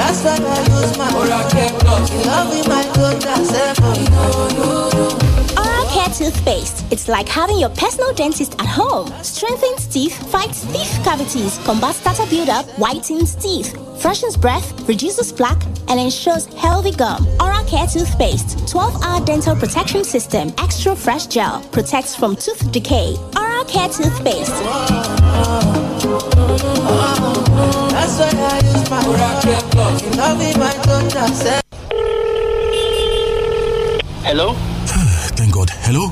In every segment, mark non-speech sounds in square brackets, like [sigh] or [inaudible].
That's why I my care love me, my Care toothpaste. It's like having your personal dentist at home. Strengthens teeth, fights teeth cavities, combats tartar buildup, whitens teeth, freshens breath, reduces plaque, and ensures healthy gum. Oral Care toothpaste. 12-hour dental protection system. Extra fresh gel protects from tooth decay. Oral Care toothpaste. swear I use my power. You love me, my daughter said. Hello? [sighs] Thank God. Hello?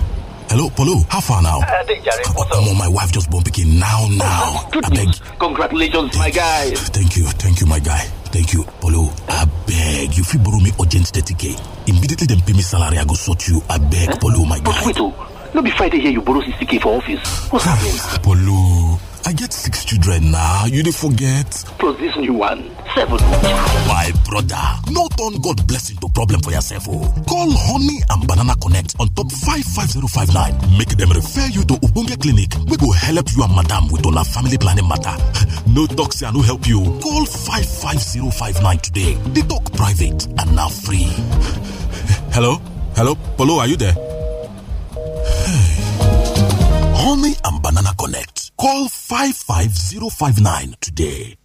Hello, Polo, how far now? Uh, Jerry, oh, I'm on my wife just born picking now, now. Oh, Good I beg. Congratulations, thank, my guy. Thank you, thank you, my guy. Thank you, Polo. I beg. You feel borrow me urgent 30k. Immediately then pay me salary, I go sort you. I beg, huh? Polo, my guy. But wait, oh. not be Friday here, you borrow 60k for office. What's [sighs] happening? Polo. I get six children now. You did forget. Plus this new one. Seven. My brother, no turn God blessing to problem for yourself. Oh. Call Honey and Banana Connect on top 55059. Make them refer you to Ubunge Clinic. We go help you and madam with all our family planning matter. [laughs] no doctor and no help you. Call 55059 today. They talk private and now free. [laughs] Hello? Hello? Polo, are you there? [sighs] Honey and Banana Connect. Call 55059 today.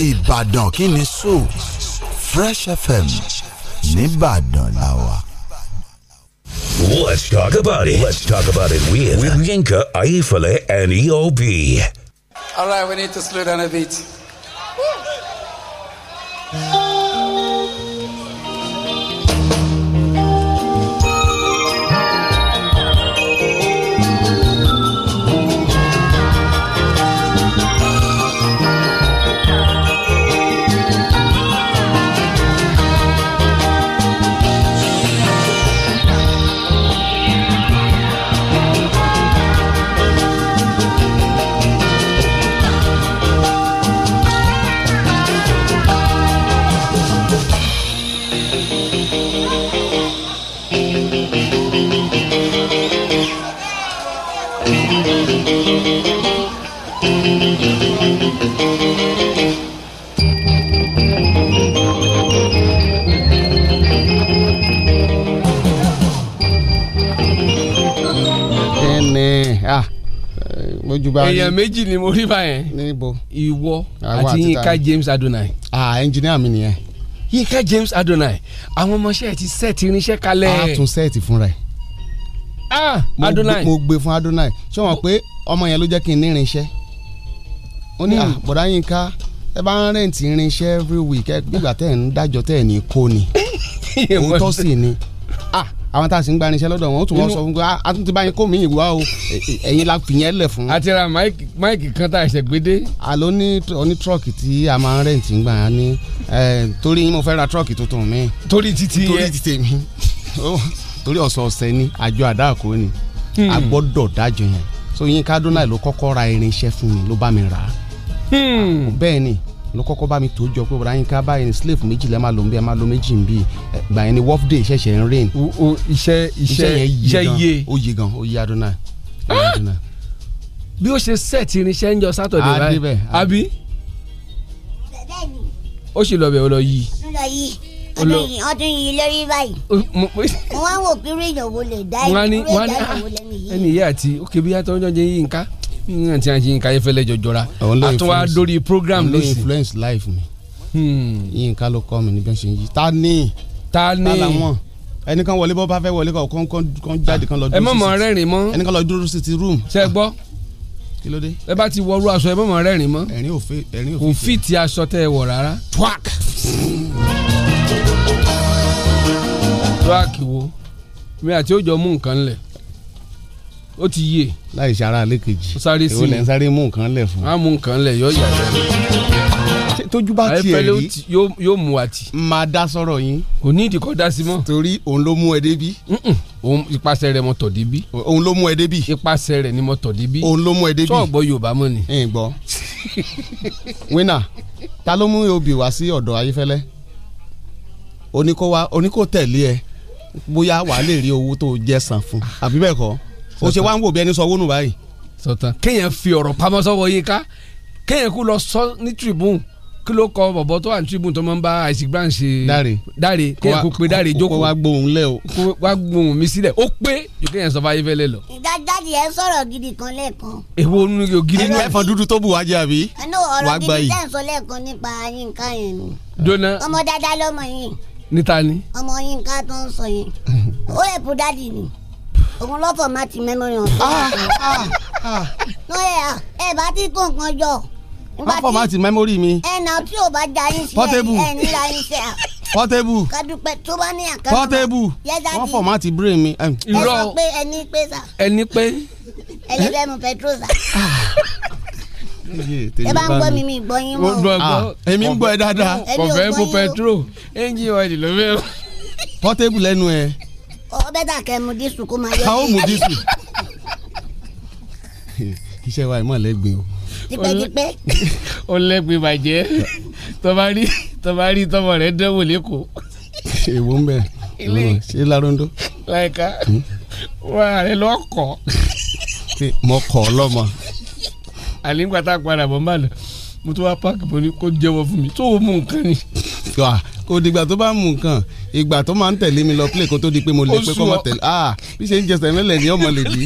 Ìbàdàn kí ni so Fresh FM nìbàdàn la let Let's talk about it. Let's talk about it with, with Yinka Aifale and EOB. All right, we need to slow down a bit. èèyàn méjì ni mo rí báyẹn. níbo ìwọ àti Yínká James Adonai. ah engineer mi nìyẹn. Yínká James Adonai àwọn ọmọọṣẹ́ ti sẹ́ẹ̀tì irinṣẹ́ kalẹ̀. a tún sẹ́ẹ̀tì fúnra ẹ̀. ah Adonai mo gbé fún Adonai ṣé wọn pé ọmọ yẹn ló jẹ́ kí n ní irinṣẹ́ ó ní àbọ̀dá hmm. yín ẹ bá ń rẹ̀ǹtì irinṣẹ́ every week nígbà tẹ̀ ń dájọ́ tẹ̀ ní kó ni [laughs] òótọ́ sì ni àwọn tá a sì ń gba irinṣẹ́ lọ́dọ̀ wọn ó tún wọ́n sọ fún pé a tún ti bá yín kó mi ìwá o ẹ̀yin la fi yẹn lẹ̀ fún. àti ra máìkì kan tá a ṣe gbédé. àló ní oní tírọ́ọ̀kì tí a máa ń rẹ̀ǹtì ń gbà á ní torí yín mo fẹ́ ra tírọ́ọ̀kì tuntun mi. torí titi yẹn torí titi mi [laughs] torí ọ̀sọ̀ọ̀sẹ̀ ni àjọ àdáàkó ni a hmm. gbọ́dọ̀ dájọ yẹn so yín kádúnà ló kọ́kọ́ ra irinṣẹ́ fún mi ló bá mi rà á Hmm. Ah, bẹ́ẹ̀ ni ló kọ́kọ́ bá mi tó jọ pé bọ̀dá yín ká báyìí ní slave méjì lẹ́ẹ̀ máa lò ń bí ẹ máa lò méjì ń gbà yẹn ni work day ṣẹ̀ṣẹ̀ ń rain. o iṣẹ́ iṣẹ́ iṣẹ́ yé o ye gan o yé aduna. Ah! bí o ṣe set irinṣẹ́ ń jọ Saturday báyìí Abi. ó sì lọ bẹ̀ ọ lọ yí. ó lọ yí ọdún yìí lórí báyìí. wọ́n á wò pé rẹ̀ ìyàwó lè dá ìrẹ̀ ìyàwó lẹ́nu yìí. ẹni ìyá àti ó kébí yàtọ̀ ọjọ́ jẹ́ yín ká nígbà tí a ti yin káyé fẹlẹ jọjọra àtúwá dórí program lóyún. influence life mi hmm. yín ká ló kọ́ mi níbi ẹ̀ṣẹ̀ yìí ta ni ta ni ta làwọn ẹnìkan wọlé bọ́ bá fẹ́ wọlé kọ́ kan lọ dúró sí ti ẹ mọ̀ mọ̀ rẹ́rìn mọ́ ẹnìkan lọ room. ṣe gbọ́ ah, kí ló bá ti wọrú aṣọ ẹ mọ̀ mọ̀ rẹ́rìn mọ́ ẹ̀rín ò fẹ́ ẹ̀rín ò kò fi ti aṣọ tẹ ẹ wọ̀ twak twak wo mi àti ó jọ mú nǹkan ó ti yé. láì ṣe ara lẹ́kejì èwo lẹ́ ń sáré mú nǹkan lẹ̀ fún. á mú nǹkan lẹ̀ yọ ìyá rẹ̀. tójú bá tiẹ̀ rí yóò mú wa tì. máa dá sọ̀rọ̀ yín. kò ní ìdíkọ́ dá sí mọ́. torí òun ló mú ẹ débi. òun ipasẹ̀ rẹ̀ mo tọ̀ débi. òun ló mú ẹ débi. ipasẹ̀ rẹ̀ ni mo tọ̀ débi. òun ló mú ẹ débi. sọ̀gbọ́ Yorùbá mọ̀ ni. ẹ gbọ́. wínà ta ló mú obì wá sí ọ̀dọ̀ Ayéfẹ́lẹ́ oníkó wa oníkó tẹ̀lé ẹ bóyá wàá lè rí owó tó jẹ san fún àbí bẹ́ẹ̀ kọ́ o ṣe wá ń wò bí ẹni sọ wónú báyìí. sọtàn kéèyàn fi ọ̀rọ̀ pamọ́ sọ́wọ́ yín ká kéèyàn kú lọ sọ ní tribune kí ló kọ bọ̀bọ̀ tó wà ní tribune tó máa ń bá Isaac Brown ṣe. dáre dáre kéèyàn kó pe dáre jókòó kó wá gbóhùn lẹ o. kó wá gbóhùn mi sílẹ̀ ó pé ju kéèyàn sọ fáyé fẹ́lẹ́ lọ. ìdájáde ẹ sọ̀rọ̀ gidi kan lẹ́ẹ̀kan. èwo nu gidi náà. ẹfọn dúdú tó bù wá jẹ àbí. ẹnu ọ̀rọ̀ gidi tẹ̀ ń sọ lẹ́ẹ̀kan nípa Yínká yẹn nù. dona ọmọ ni òun lọ́fọ̀ má ti mẹ́mọ́rì hàn. Ah, ah, ah. ẹ bá ti kó nǹkan jọ. má fọ̀ má ti mẹ́mọ́rì mi. ẹ nà tí o bá ja yín sí ẹ nílá yín sí à. pọ́tébù kadupẹ tó bá ní àkàrà pọ́tébù wọ́n fọ̀ má ti bírè mi. ẹ ẹni pé sà. ẹni pé. ẹni bẹ́ẹ̀ mu pẹtrol sà ẹ bá ń gbọ́ mi mi gbọ́ yín èmi ń gbọ́ ẹ dáadáa. kọ̀fẹ́ bu pẹtrol ẹ́ńjìn ọ̀ẹ́dì ló fẹ́. pọ́tébù lẹ́nu ẹ̀ ọ bẹ́ẹ̀ dà kẹ́ mu dísù kó máa yọ. a ó mu dísù [laughs] iṣẹ́ wa ìmọ̀ lẹ́gbẹ̀ẹ́ o. tipẹ́tipẹ́. [laughs] ó lẹ́gbẹ̀ẹ́ bàjẹ́ tọ́ba rí tọ́ba rí tọ́mọ rẹ̀ dẹ́wò lẹ́kọ̀ọ́. èwo ń bẹ ṣé larondo. láìka hmm? wọn àrẹ lọ kọ. mo kọ ọ lọmọ. àlè ń gbàtà padà bọ́ mbà lọ mo tún wá páàkì bọ́ ni kó jẹ́wọ́ fún mi tó o mú nǹkan ni. kó o dìgbà tó bá mú nǹkan ìgbà tó máa ń tẹ̀lé mi lọ play kó tó di pé mo lè pé kó máa tẹ̀lé ah bí ṣe ń jẹsẹ̀ mẹ́lẹ̀ ni ọmọ lè di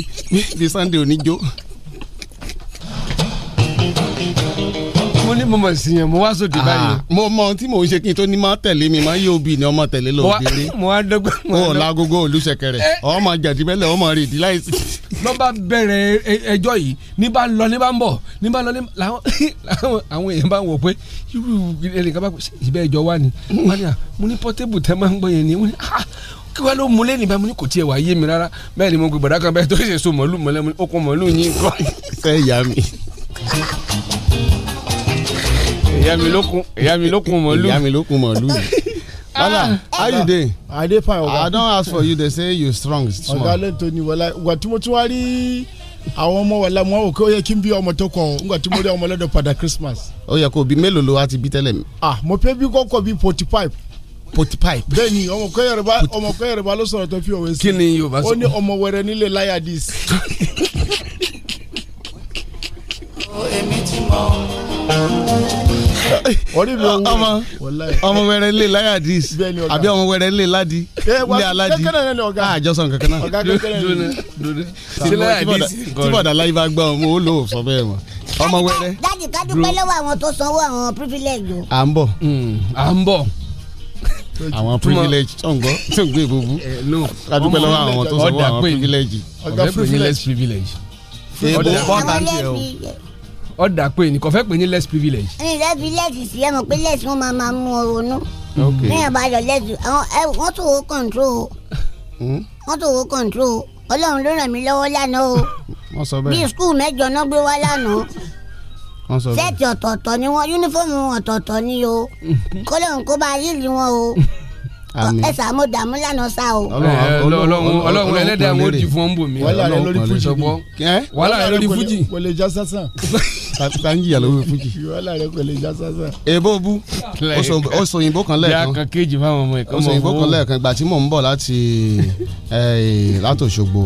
bí Sunday oníjó mo ní mo mọ̀ sí yẹn mo wá sóde ah. báyìí. mo mọ ohun tí mò ń ṣe kí n tó ní máa tẹ̀lé mi máa yóò bì ní ọmọ tẹ̀lé ló ń bèrè. mo wá dọ́gba. o la gogo olùsẹ̀kẹ̀rẹ̀ ọmọ eh. jàdíbẹ́lẹ̀ ọmọ rè dí láìsí. lọ́ bá bẹ̀rẹ̀ ẹjọ́ yìí ní bá lọ ní bá ń bọ̀ ní bá lọ ní làwọn àwọn èèyàn bá wọ̀ pé irú ẹnìkan bá pè sí ibẹ̀ ẹjọ́ wa ni mo ní pọ́tébù tẹ́ máa ń gbọ́ yẹn ni mo ní kí wàá ló mu lẹ́nu ìbámu ní kò tiẹ̀ wá yé mi rárá bẹ́ẹ̀ ni mo gbé bàdá kan bẹ́ẹ̀ tó ṣe so mọ̀lú mọ̀lẹ́mu ó kọ mọ̀lú yín kọ́. fẹ́ yà mí ìyá mọ̀lú. ìyá mọ̀lú yìí. [laughs] Ah. how you dey? I dey fine, Oga. I don ask for you, they say you strong small. Oga lento ni wala, ìgbà tí mo tún wá rí àwọn ọmọ wàlá mu àwọn òkè ó yẹ kí n bí ọmọ tó kàn ìgbà tí mo rí ọmọ lọ́dọ̀ padà Christmas. Ó yẹ kó bí mélòó ló wá ti bí tẹ́lẹ̀. Ah, mo pé bí kọ́kọ́ bí forty five. forty five. Bẹ́ẹ̀ni ọmọkọ Yorùbá ọmọkọ Yorùbá ló sọ̀rọ̀ tó fi òwe sí. Kí ni Yorùbá sọ? [laughs] orí mi òun ọmọ ọmọ wẹrẹ lè láyà dis àbí ọmọ wẹrẹ lè ládi lè aládi àjọsọ nǹkan kan náà dúró dúró sí láyà dis tí bọ̀dà láyé bá gbọ́ ọmọ ó lò ó sọ bẹ́ẹ̀ mọ́ ọmọ wẹrẹ. dájú ká dúpẹ́ lọ́wọ́ àwọn tó sanwó àwọn privilege o. à ń bọ̀ hmm, à ń bọ̀ àwọn privilege ṣọ̀ngọ́ ṣọ̀ngọ́ ìbùbù ká dúpẹ́ lọ́wọ́ àwọn tó sanwó àwọn privilege. ọ̀gá privilege privilege. èèbù bọ́ta ń tẹ̀ o ọ̀dà pé nìkan fẹ́ pè ní less privilege. ẹni less privilege sì ẹ mọ̀ pé less wọn máa máa mú ọ ronú. lẹ́yìn àbájọ less wọ́n tó wo control hmm? wọ́n tó wo control ọlọ́run ló ràn mí lọ́wọ́ lánàá o bí skul mẹ́jọ náà gbé wá lánàá sẹ́ẹ̀tì ọ̀tọ̀ọ̀tọ̀ ni wọ́n yúnífọ́ọ̀mù ọ̀tọ̀ọ̀tọ̀ ni o hmm. kọ́lọ́run kó bá yíìlì wọn o ẹ sàmú dàmú lànà sá o. ọlọ́run ọlọ́run ẹlẹ́dàá wọn ti fún ọmọ mi. wàhálà rẹ lórí fújì ni wàhálà rẹ lórí fújì. kò lè já sásán. sanji yàrá lórí fújì. wàhálà rẹ kò lè já sásán. èbó bu oṣù òyìnbó kan lẹ́ẹ̀kan. yàkàn kejì fáwọn ọmọ ẹ̀kọ́ mọ̀ oṣù òyìnbó kan lẹ́ẹ̀kan ìgbà tí mò ń bọ̀ láti látòṣogbo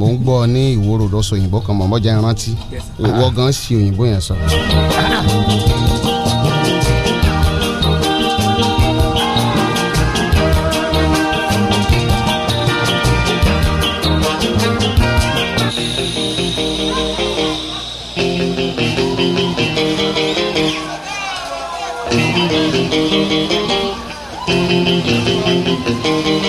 mò ń gbọ́ ní ìwòrò oṣù òyìnbó kan mọ̀ mọ́jà ìrántí wọ́n gan ṣe òyìnbó yẹn sọ. Thank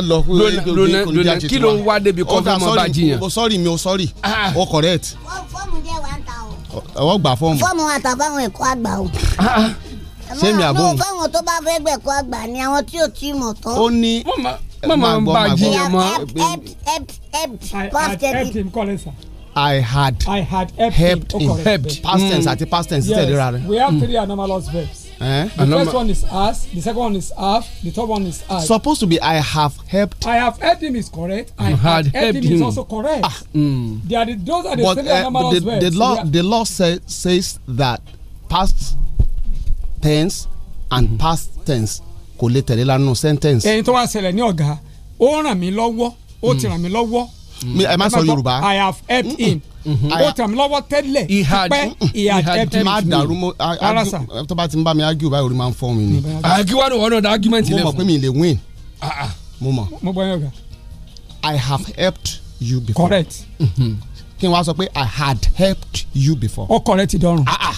sá lọ. lona lona kí ló ń wá débi kọ́fẹ́ mọ́ jiyàn. o sorry mi o sorry o ah. correct. fọ́ọ̀mù jẹ́ wà á ta o. ọwọ́ gbà fọ́ọ̀mù. fọ́ọ̀mù wa ta báwọn ẹ̀kọ́ àgbà o. sẹ́mi ah, ah. àbọ̀ mi. báwọn tó bá fẹ́ gbẹ̀kọ́ àgbà ni àwọn tí ò tí mọ̀ tán. ó ní mama ń bá jiyàn mọ́. I had, I had helped, helped him. Past tense hmm. àti past tense tẹ̀lé ra rẹ̀. we have hmm. three anomalous verbs. Eh? The first one is as, the second one is half, the third one is I. Supposed to be I have helped. I have helped him is correct. I had, had helped him, him is also correct. Ah, mm. They are the, those are the but, uh, eh, number but the, words. The law, the law say, says that past tense and mm. past tense kò lè tẹ̀lé lánàá sentence. Ẹyin tó wá ṣẹlẹ̀ ní ọ̀gá, ó ràn mí lọ́wọ́, ó ti mm. ràn mí lọ́wọ́. Mm. ẹ má sọ yorùbá. i have helped him mm-hmm. ó tẹ̀ mí lọ́wọ́ tẹ́lẹ̀ pípẹ́ he had helped me. máa dàrú mo rárá sà. tó bá ti ń bá mi argue báyìí orí máa ń fọ́ mi ni. àgíwá ni wọn náà da argument lẹ́fọ̀. mo mọ̀ pé mi lè win. Ah, ah. mo mọ̀. mo bọ́ yọ̀gà. i have helped you before. correct. Mm-hmm. kí n wá sọ pé i had helped you before. ó correct dọ̀rùn. Ah,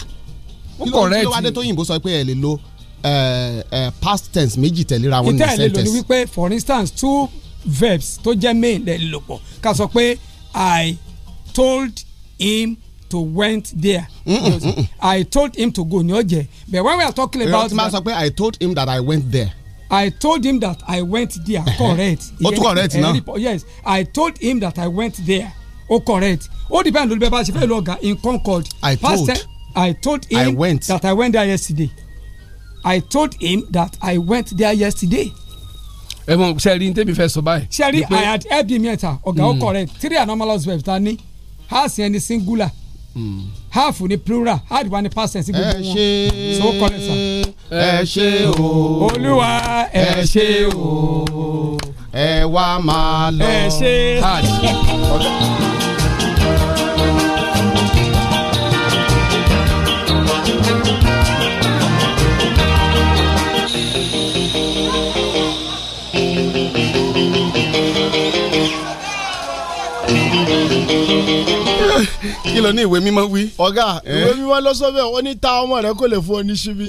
correct. kí ló wá dé tó yìnbó sọ pé ẹ lè lo eh, eh, past tense méjì tẹ̀léra wọn ní sentence. ìtẹ́ ẹ̀ lè lò ní wípé for instance two verbs tó jẹ́ main lè lò ká sọ pé I told him to went there. Mm-mm, mm-mm. I told him to go ni ó but when we are talking about. ìrántí máa sọ pé I told him that I went there. I told him that I went there [laughs] correct. ó tún correct náà. yes I told him that I went there ó oh, correct ó depend lórí bẹ́ẹ̀ bá ṣe fẹ́ lọ ga in concord. I told I told him I that I went there yesterday. I told him that I went there yesterday ẹ mọ sẹẹri ní tẹbi fẹ sọ báyìí. sẹẹri ayat ẹbí mi ẹta ọgá ọkọ rẹ three anomalous verbs ta ní half yẹn ni singular hmm. half ni plural Half one ni past tense gbogbo wọn so correct sir. ẹ ṣé o olúwa ẹ ṣé o ẹ wá máa lọ. ẹ ṣé kí ló ní ìwé mímọ́ wí. ọ̀gá ìwé mímọ́ ló sọ ó ní ta ọmọ rẹ kó lè fún ọ ní ṣíbí.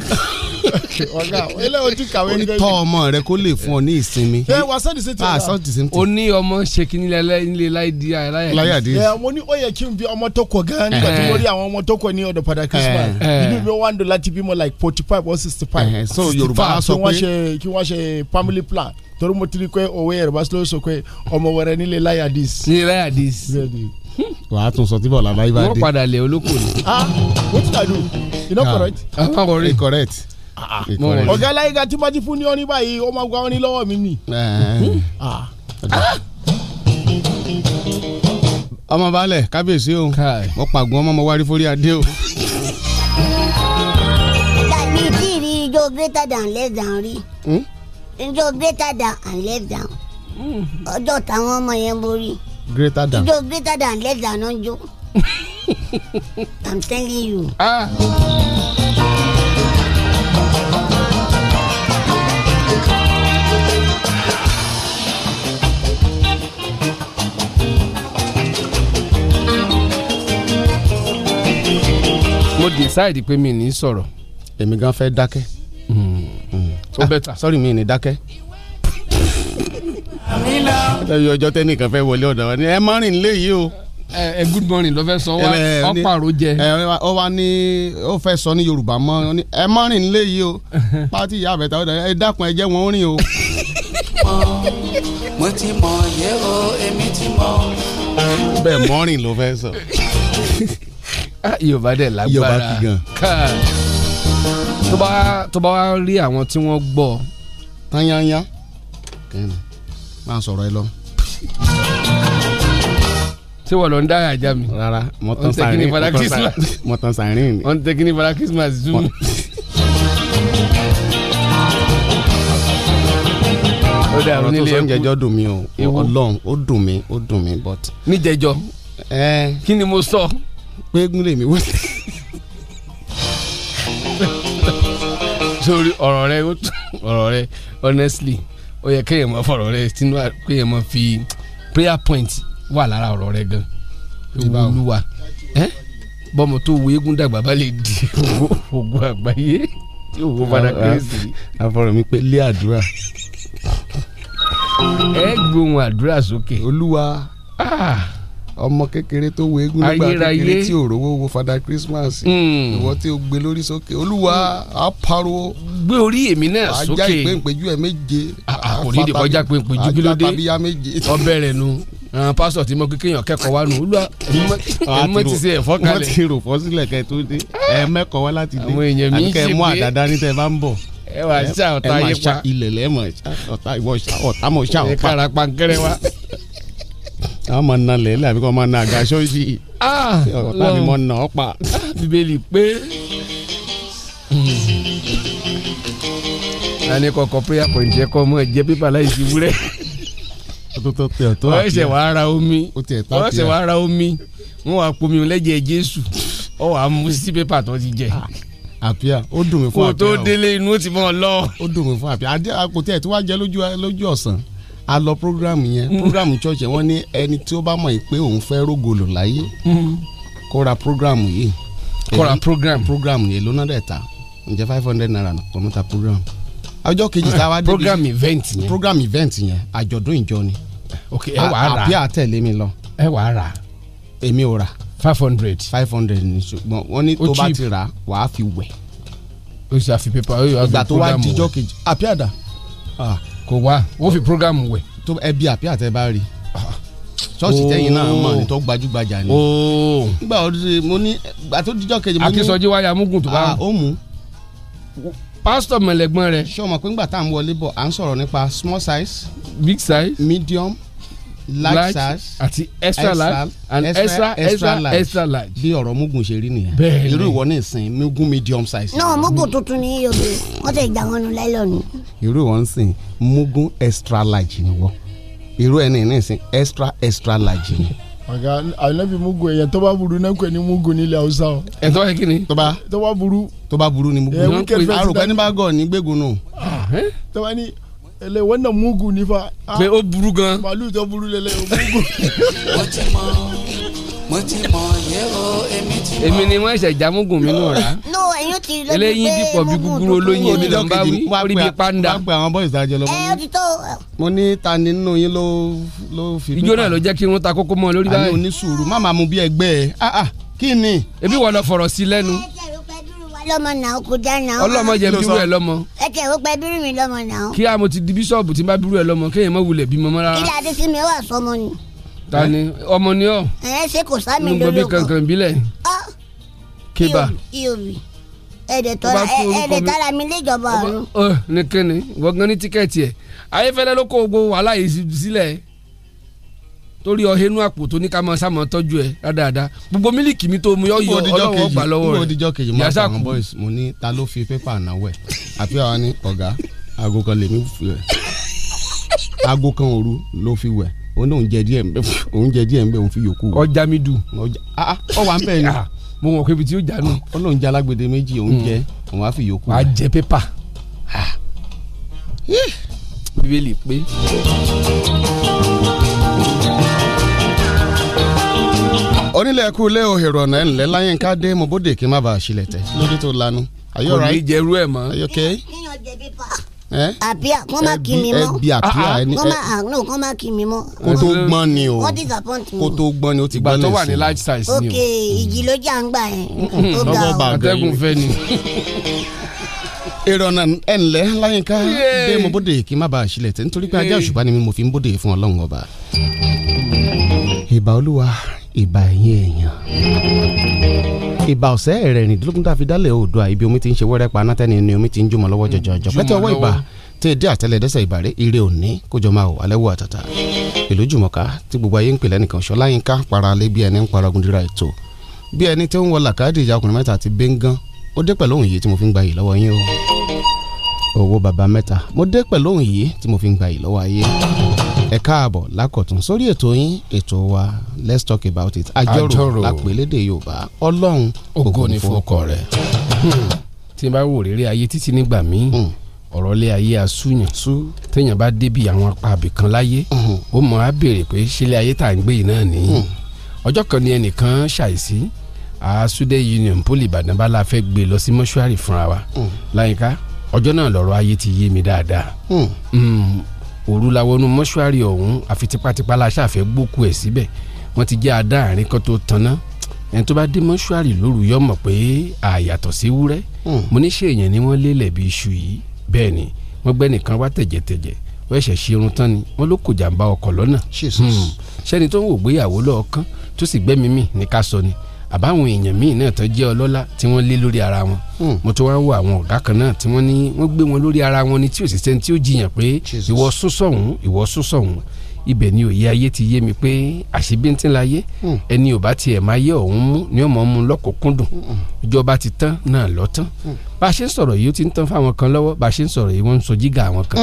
[laughs] ọ̀gá ilé ojú kàwé gẹ́gẹ́. ó ní tọ́ ọmọ rẹ kó lè fún ọ ní ìsinmi. ẹ wà sọ́ọ̀dì sí ti ọ̀gá. sọ́ọ̀dì sí ti. o ní ọmọ ṣe kí nílẹ̀ nílẹ̀ láìdí láyàdí. ẹ mo ní ó yẹ kí n bí ọmọ tó kọ gan nígbà tí eh. mo rí àwọn ọmọ tó kọ ní ọ̀dọ̀ padà Christmas eh. Eh. inú mi wá ń dọ̀ láti bímọ wàá tún sọ tí bọ̀ọ̀lù àbáyé bá dé. wọ́n padà lé olóko ni. ah wetin i do you no ah, correct. ah, ah correct. Eh, correct ah, eh, ọ̀gá aláìga tí bá ti fún ní orin báyìí ó máa gba orin lọ́wọ́ mi ni. Eh, hmm? ọmọ balẹ̀ kábíyèsí o mo pàgùn ọmọ mo wárí forí adé o. dàbí tí ìrì ijó greater than less than rí hmm? ijó greater than and less than hmm. ọjọ́ táwọn ọmọ yẹn borí greater than. ijó greater than less than náà jó [laughs] i'm telling you. Ah. mo decide pé mi ní sọ̀rọ̀. èmi gan fẹ́ dákẹ́. tó hmm. hmm. bẹ́tà. Ah, sorry mi ní dákẹ́ lẹ́yìn ọjọ́ tẹ́nìkan fẹ́ wọlé ọ̀dọ̀ wa ni ẹ má rìn lé yìí o. ẹ good morning ló fẹ́ sọ wá ọ̀pàrọ̀ jẹ. ó wá ní ó fẹ́ sọ ní Yorùbá mọ́ ẹ má rìn lé yìí o [laughs] pátí ìyá àbẹ̀tà ọ̀dọ̀ ẹ dákun ẹ jẹ́ wọn rìn o. mo ti mọ̀ yé o èmi ti mọ̀. bẹ́ẹ̀ mọ́rìn ló fẹ́ sọ. [laughs] Ah, Yorùbá dẹ̀ lágbára Yorùbá kì tó bá rí àwọn tí wọ́n gbọ́. tanyanya. kẹ́ni máa sọ̀rọ̀ ẹ lọ. ṣé wọ́n lọ ń dáhà já mi. rárá mo tán sàárín mo tán sàárín ni. wọ́n tẹ́ kíní fara Christmas zoom. ó dà ọ̀rọ̀ tó sọ ń jẹjọ́ dùn mí o ọlọ́run ó dùn mí ó dùn mí but. ní jẹjọ kí ni mo sọ. pé gúnlẹ̀ mi wò sí. sórí ọ̀rọ̀ rẹ ọ̀rọ̀ rẹ honestly ó yẹ kéèyàn mọ fọ̀rọ̀ rẹ sínú kéèyàn mọ fi prayer point wà lára ọ̀rọ̀ rẹ gan olúwa bọ́mọ tó wo eégún dàgbà bá lè di ogun àgbáyé tí òwò padà kérésì. afọ̀rọ̀ mi pé lé àdúrà. ẹ gbóhùn àdúrà sókè. olúwa. Ah ọmọ kékeré tó wo eégún nígbà kékeré tí ò rówó wo fada Christmas hmm. ìwọ tí o gbé lórí sókè olúwa á pariwo. gbé orí èmi náà sókè ajá ìpéǹpéjú ẹ méje. kò ní ìdí kọjá péǹpéjú kí ló dé ọbẹ̀ rẹ̀ nu pásítọ̀ tí mo kí kéèyàn kẹ́kọ̀ọ́ wá nù olúwa ẹ̀mọ ti ṣe ẹ̀fọ́ wọ́n ti rò fọ́ sílẹ̀ kẹ́ tó dé ẹ̀ mẹ́kọ̀ọ́ láti dé àwọn èèyàn mi ń ṣe pé àbíkẹ́ mú àdàdà ní tẹ́ bá ẹ wà ṣá ọ̀tá yé pa ẹ ṣá ọ̀tá mọ̀ ṣá ọ̀pá. ẹ kára pankẹ́rẹ́ wa àwọn máa na lẹ́lẹ́ àbí kò máa na àga ṣọ́ọ̀ṣì ọ̀tá mi mọ̀ nà ọ́ pa. Ah, bíbélì pé ẹni kọ̀ọ̀kan prayer point jẹ́ kọ́ mọ́ ẹ jẹ́ pépà láì sí wúrẹ́ wọ́n ṣẹ̀ wàá ra omi wọ́n ṣẹ̀ wàá ra omi wọ́n wàá pomi lẹ́jẹ̀ Jésù ọ wàá mú sí pépà tó ti jẹ àpíà ó dùn mí fún àpíà o kò tó délé inú ti mọ̀ lọ. ó dùn mí fún àpíà àdé àpótí ẹ̀ tí wàá jẹ lójú ọ̀sán a lọ programu yẹn mm. programu church yẹn wọ́n ní ẹni tí ó bá mọ̀ pé òun fẹ́ rógolò láyé mm. kó ra programu yìí kó programu programu yìí lónà dẹ̀ ta five hundred naira kò ní programu ọjọ́ kejì tá a wá débi program event yẹn program event yẹn àjọ̀dún ìjọ ni ok ẹ wàá rà àbí àtẹ̀lé mi lọ ẹ wàá rà èmi ò rà five hundred five hundred ni ṣùgbọ́n wọ́n ní tó bá ti rà wàá fi wẹ̀ o ṣe àfi pépà o yóò wá gbé program wẹ̀ ìgbà tó wá dijọ́ kejì àbí àdá ah, kò wá ó fi programu wẹ̀. tó ẹbí àpí àtẹ bá rí ah. ṣọ́ọ̀ṣì tẹ́yìn náà mọ̀ ní tó oh. gbajúgbajà ni. Oh. nígbà ọdún mo ní àtó díjọ́ kejì mo ní. akínsọjí wáyà amúgùn tó bá ń. Ah, ó mú. pásítọ̀ mẹ̀lẹ́gbọ́n rẹ̀. ṣé o mọ̀ pé ńgbà tá à ń wọlé bọ̀ à ń sọ̀rọ̀ nípa small size. big size. medium large size àti extra large and extra extra extra large. bí ọ̀rọ̀ mugun ṣe rí nìyẹn irú ìwọ ní ìsìn mugun medium size. náà mugun tuntun ni yíyọ bẹ wọn tẹ gbà wọn nu láìlọ́ọ̀nù. irú ìwọ ń sìn mugun extra large ni wọ irú ẹni ní ìsìn extra extra large ni ọ̀gá ànábì mugu ẹ̀yẹ tó bá burú náà kò ní mugu nílẹ̀ haúsá o. ẹ tọ́ ẹ kíni. tó bá tó bá burú. tó bá burú ni mugu. ẹ wíkẹ́ fẹ́ẹ́ ti dá. àròkọ ẹni bá gọ̀ ní gbégun nù. Ah, tó bá ní ele wannan mugu ni fa. pé ah, ó burú gan. màálù tó burú lele o mugu. mo ti mọ mo ti mọ yẹ o èmi ti mọ. èmi ni wọ́n ṣe jamugun mi no rà. no ẹ̀yin ti lọ bí pé eléyìí dìpọ̀ bí gúgúrú olóyin èmi ló ń bá wí orí bí panda. wọ́n gba àwọn bọ́ọ̀sì àjẹ lọ. ẹ ó ti tó. mo ní ta ni nínú yín ló ló fi. ijó náà ló jẹ́ kí wọ́n ta kókó mọ́ lórí báyìí. àní onísùúrù má máa mu bí ẹgbẹ́ ẹ ah, ah, kí ni. ebi wọ́n lọ fọ̀rọ̀ sí lẹ́nu lọ́mọ náà kò dá náà. ọlọ́mọ jẹ bírú ẹ lọ́mọ. ẹ tẹ o pẹ bírú mi lọ́mọ náà. kí a mo ti di bíṣọ̀bù tí n bá bírú ẹ lọ́mọ kéèyàn má wulẹ̀ bímọ mọ́ rárá. ilé adé sí mi wà sọmọ ni. ta ni ọmọ ni ọ. ẹ ṣe kò sá mi lórúkọ. nùgbọ́n bí kankan bílẹ̀. ọ kébà. iobi ẹ̀ẹ́dẹ̀ tọ́ra mi léjọba ọ̀run. ní kíni wọ́n gan ní tíkẹ́ẹ̀tì ẹ̀ ayéfẹ́lẹ́ ló kó gbogbo wàhálà yìí sílẹ̀ torí ọ henu àpò tó ní ká máa sáà máa tọ́jú ẹ dáadáa gbogbo mílìkì mi tó mu yọ yọ ọlọ́wọ́ gbà lọ́wọ́ rẹ mo dijọ́ kejì mo àtàwọn boys mo ní ta ló fi pépà náwó ẹ̀ àfi àwọn ní ọ̀gá aago kan lèmi fi wẹ̀ aago kan òru ló fi wẹ̀ òun náà oúnjẹ díẹ̀ ńbẹ oúnjẹ díẹ̀ ńbẹ òun fi yòókù wẹ̀. ọjà mi dùn ọwà ń bẹ̀ ni ah, mo mọ̀ pé tí ó jà nù. ó lóun jẹ alágbède méjì oúnjẹ hmm. òun á fi yòókù wẹ̀. wàá jẹ pépà ah. bíbélì pé. onílẹ̀ kú lé o èrò ọ̀nà ẹ̀ ńlẹ̀ láyé nǹka dé mo bóde kí n má bàa ṣílẹ̀ tẹ̀ lójú tó lanu. kò ní jẹrú ẹ̀ mọ́. ayọ̀ kẹ́. níyàn jẹ̀bi pa àbíà kọ́ máa kí ẹni kọ́ kó tó gbọ́n ni o kó tó gbọ́n ni o ti gbọ́n lẹ́sìn. ìgbà tó wà ní large size ni o. ok ìjì ló jà ń gbà yẹn. lọ́wọ́ bá yìí atẹ́gùn fẹ́ láyínká dé mo bóde kí n má bàa ṣílẹ̀ tẹ̀ nítorí pé ajá òṣùpá ni mo fi ń bóde fún ọlọ́run ọba. ìbà olúwa ìbà ẹ̀yin èèyàn. ìbà ọ̀sẹ́ ẹ̀rẹ̀ rìndínlógún tá a fi dálẹ̀ Oòduà ibi omi ti ń ṣe wẹ́rẹ́ pa anátẹ́ni ni omi ti ń jùmọ̀ lọ́wọ́ jọjọjọ pẹ́tẹ́ ọwọ́ ìbà tí èdè àtẹlẹdẹsẹ̀ ìbàrẹ́ ire òní kójọ máa wò alẹ́ wò àtàtà ìlú jùmọ̀ká tí gbogbo ayé ń pè lẹ́nìkan ṣọlá yín ká paralé bí ẹni ń paragun dira ètò bí ẹni tí ó ń wọ làkàdì ìjà ọkùnrin mẹ́ta àti bẹ́ngàn ó dé pẹ̀lú òun yìí tí mo fi ń gba yìí lọ́wọ́ yín o owó baba mẹ́ta mo dé pẹ̀lú òun yìí tí mo fi ń gba yìí lọ́wọ́ ayé ẹ káàbọ̀ lákọ̀tún sórí ètò yín ètò wa let's talk about it àjọrò lápẹ̀lédè yorùbá ọlọ́run ògo ni fọkọ rẹ̀. tí n bá wò rere ayé títí nígbà míì hmm. ọ̀rọ̀ lé ayé asúnyàn téèyàn bá débi àwọn apá abìkan láyé hmm. ó mọ̀ á béèrè pé ṣílẹ̀ ayé tá à ń gbé yìí náà nìyí hmm. ọjọ́ kan ni ẹnìkan ṣàìsí àásùdé union poli ìbàdàn bá la fẹ́ gbé lọ sí mọ́ṣúárì fúnra wa láyìnká ọjọ́ náà lọ́rọ̀ ayé ti yé mi dáadáa òru la wọnú mọ́ṣúárì ọ̀hún àfi tipátipá la ṣàfẹ́ gbókù ẹ̀ síbẹ̀ wọ́n ti jẹ́ adá àárín kan tó tanná ẹni tó bá dé mọ́ṣúárì lóru yọ mọ̀ pé àyàtọ̀ sí wúrẹ́ hmm. mo ní ṣe èèyàn ni wọ́n lélẹ̀ bí iṣu yìí bẹ́ẹ̀ ni wọ́n gbẹ́ nìkan wá tẹ̀jẹ̀tẹ̀jẹ̀ wọ́n ẹ̀ṣẹ̀ ṣe irun tán ni wọ́n ló kò jàǹbá ọkọ̀ lọ́nà hmm. ṣẹ́ni tó ń wò gbéyàwó lọ́ọ̀kan tó sì gbẹ́mímì ní ká sọ ni àbáwọn èèyàn míì náà tó jẹ́ ọlọ́lá tí wọ́n lé lórí ara wọn hmm. mo tún wá wo àwọn ọ̀gá kan náà tí wọ́n ní wọ́n gbé wọn lórí ara wọn ni tí òṣìṣẹ́ tí ó jiyàn pé ìwọ sún sọ̀hún ìwọ sún ibẹ̀ ni òye ayé ti yé mi pé àṣebíntín la yé hmm. ẹni ò bá tiẹ̀ máa yé ọ̀hún mú ni ọmọ mu lọ́kùnkúndùn hmm, ìjọba ti tán náà lọ tán bá a ṣe ń sọ̀rọ̀ yìí ó ti ń tán fáwọn kan lọ́wọ́ bá a ṣe ń sọ̀rọ̀ yìí wọ́n ń sọ jígà àwọn kan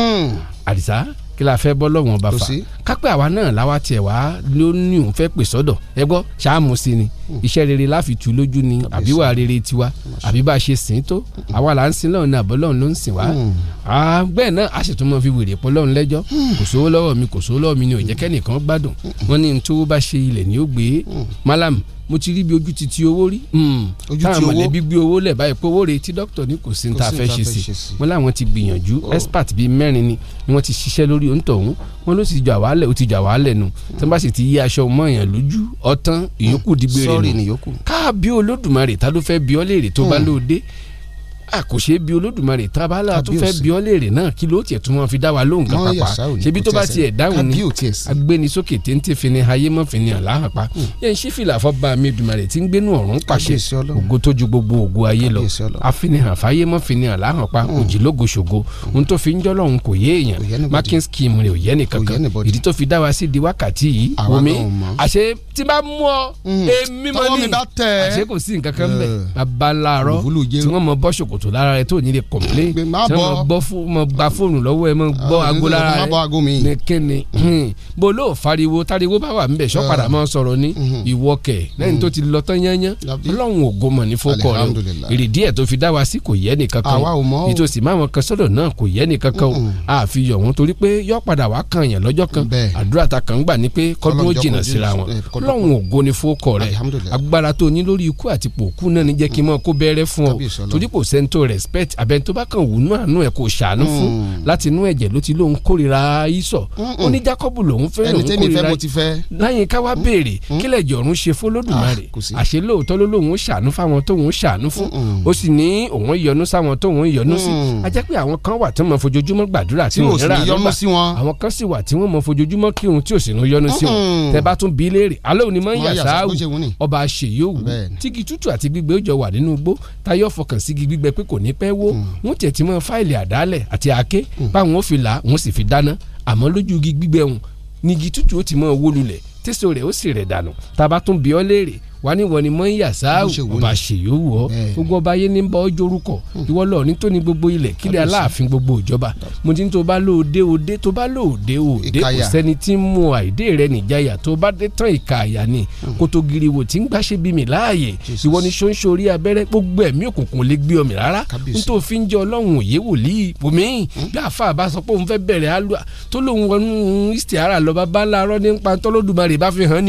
àdìsá kí la fẹ́ bọ́ lọ́wọ́n bá fa kápẹ́ àwa náà láwa tiẹ̀ wá ló ní òun fẹ́ pè sọ́dọ̀ ẹ gbọ́ ṣáàmù sí ni hmm. iṣẹ́ rere láfi tu lójú ni àbí rere tiwa àbí a ṣe sìn tó hmm. àwa là ń sin lọ́run náà bọ́lọ́run ló ń sìn wá hmm. bẹ́ẹ̀ náà a sì tún mọ fi wèrè pọ́ lọ́run lẹ́jọ́ kò sówó lọ́wọ́ mi kò sówó lọ́wọ́ mi ni ò jẹ́ kẹ́nìkan gbádùn wọ́n ní ntòwó bá ṣe ilẹ̀ ni ó gbé malam mo ti rí bí ojú ti hmm. ti owó rí táwọn mọ̀lẹ́bí gbé owó lẹ̀ báyìí pé owó rẹ̀ tí dókítà ní kò sí ní ta fẹ́ ṣe sí wọn láwọn ti gbìyànjú expert bíi mẹ́rin ni ni wọ́n ti ṣiṣẹ́ lórí òǹtọ̀hún wọn ló sì jọ àwálẹ̀ ó ti jọ àwálẹ̀ nu tí wọ́n bá sì ti yí aṣọ mọ́yàn lójú ọ̀tán ìyókù dìgbére nù káàbí olódùmarè ta ló fẹ́ bí ọ́ léèrè tó bá hmm. lóde àkòṣe bí olódùmarè tábàlà tó fẹ́ bí ọ́ léèrè náà kí ló tiẹ̀ tún wọn fi dá wa lóhùn kan pàpà ṣebí tó bá tiẹ̀ dáhùn ni agbénisókè téńté fini ayé mọ́ fini àláhàpá yẹn hmm. ṣí fìlà fọba mi dùmarè tí ń gbénu ọ̀run pàṣẹ ògo tó ju gbogbo ògo ayé lọ àfinihàn fáyé mọ́ fini àláhàpá hmm. òjìlógo ṣògo hmm. ohun tó fi ń jọ́ lọ́hùn kò yé èèyàn marking scheme rẹ̀ ò yẹ́ nìkankan ìdí tó kòtò lára rẹ tó ní lè complain tí wọ́n gbọ́ mọ gba fóònù lọ́wọ́ ẹ mọ ah, gbọ́ aago lára rẹ ní kíni hmm. bó ló fariwo tariwo bá wà nbẹ sọ́padà ah. máa sọ̀rọ̀ ní hmm. ìwọ kẹ̀ lẹ́yìn hmm. tó ti lọ tán yányán ọlọ́run ògo mọ̀ ní fọ́kọ̀ rẹ ìrìdí ẹ̀ tó fi dá wa sí kò yẹ nìkan kan ìtòsí máwọn kan sọ́dọ̀ náà kò yẹ nìkan kan àfi yọ̀ wọ́n torí pé yọ padà wá kan yẹn lọ́jọ́ kan àdúrà ta kàn gbà ní pé kọ́dún ó jìnnà síra wọn ọlọ́run ògo ní fọ́kọ̀ rẹ agbára tó ní lórí ikú àti pòkú náà ní jẹ́ kí n tó respect abẹ́ni tó bá kàn wù nú àánú ẹ̀ kò ṣàánú mm. fún láti inú ẹ̀jẹ̀ ló ti lóun kórira Ísọ̀ ó ní Jákọ́bù lòun fẹ́ràn òun kórira láyìn ká wá béèrè kílẹ̀ jọ̀rún ṣe fọlọ́dùmarè ah, àṣẹ lóòótọ́ ló lóun ṣàánú fáwọn tóun ṣàánú fún ó sì ní òun yọ́nú sáwọn tóun yọ́nú sí mm. a jẹ́ pé àwọn kan wà tí wọ́n fojoojúmọ́ gbàdúrà tí ò ní yọ́nú sí wọn àwọn kan sì wà tí wọ́n mọ fojoojúmọ́ kí òun tí ò sì ní yọ́nú sí wọn tẹ bá tún bí léèrè alóhùn ni mọ́ ń yàtá ọba àṣeyọ́wù tíkì tútù àti gbígbé ó wà nínú igbó táyọ̀ fọkàn sí gbígbẹ pé kò ní pẹ́ wó hmm. wọ́n tiẹ̀ ti mọ fáìlì àdálẹ̀ àti àáké hmm. báwọn ó fi là wọ́n sì fi dáná àmọ́ lójú igi wọn ni igi tútù ó ti mọ wó lulẹ̀ tẹ́sán rẹ̀ ó sì rẹ̀ dànù tá tún bi léèrè wà ní wọ́n ni mọ́ ń yà sáà ọba ṣèyówù ọ́ gbogbo ọba ayé ní bọ́ jorúkọ hmm. ìwọ lọ ní tóní gbogbo ilẹ̀ kílẹ̀ aláàfin gbogbo ìjọba mo ti ní tó bá lóde òde tó bá lóde òde kò sẹ́ni tí ń mu àìdè rẹ nìjáyà tó bá dé tán ìka àyà ni hmm. kòtò giriwo tí ń gbàṣẹ bí mi láàyè ìwọ ni ṣóńṣó orí abẹ́rẹ́ gbogbo ẹ̀mí òkùnkùn lè gbé ọmọ rárá n tó fi ń jẹ ọlọ́run òye wòlíì bùnmí hmm. bí àfa bá sọ pé òun fẹ́ bẹ̀rẹ̀ alua tó lóun wọnú istihara lọ́ba bá láàárọ̀ nípa tọ́lódùmarè bá fi hàn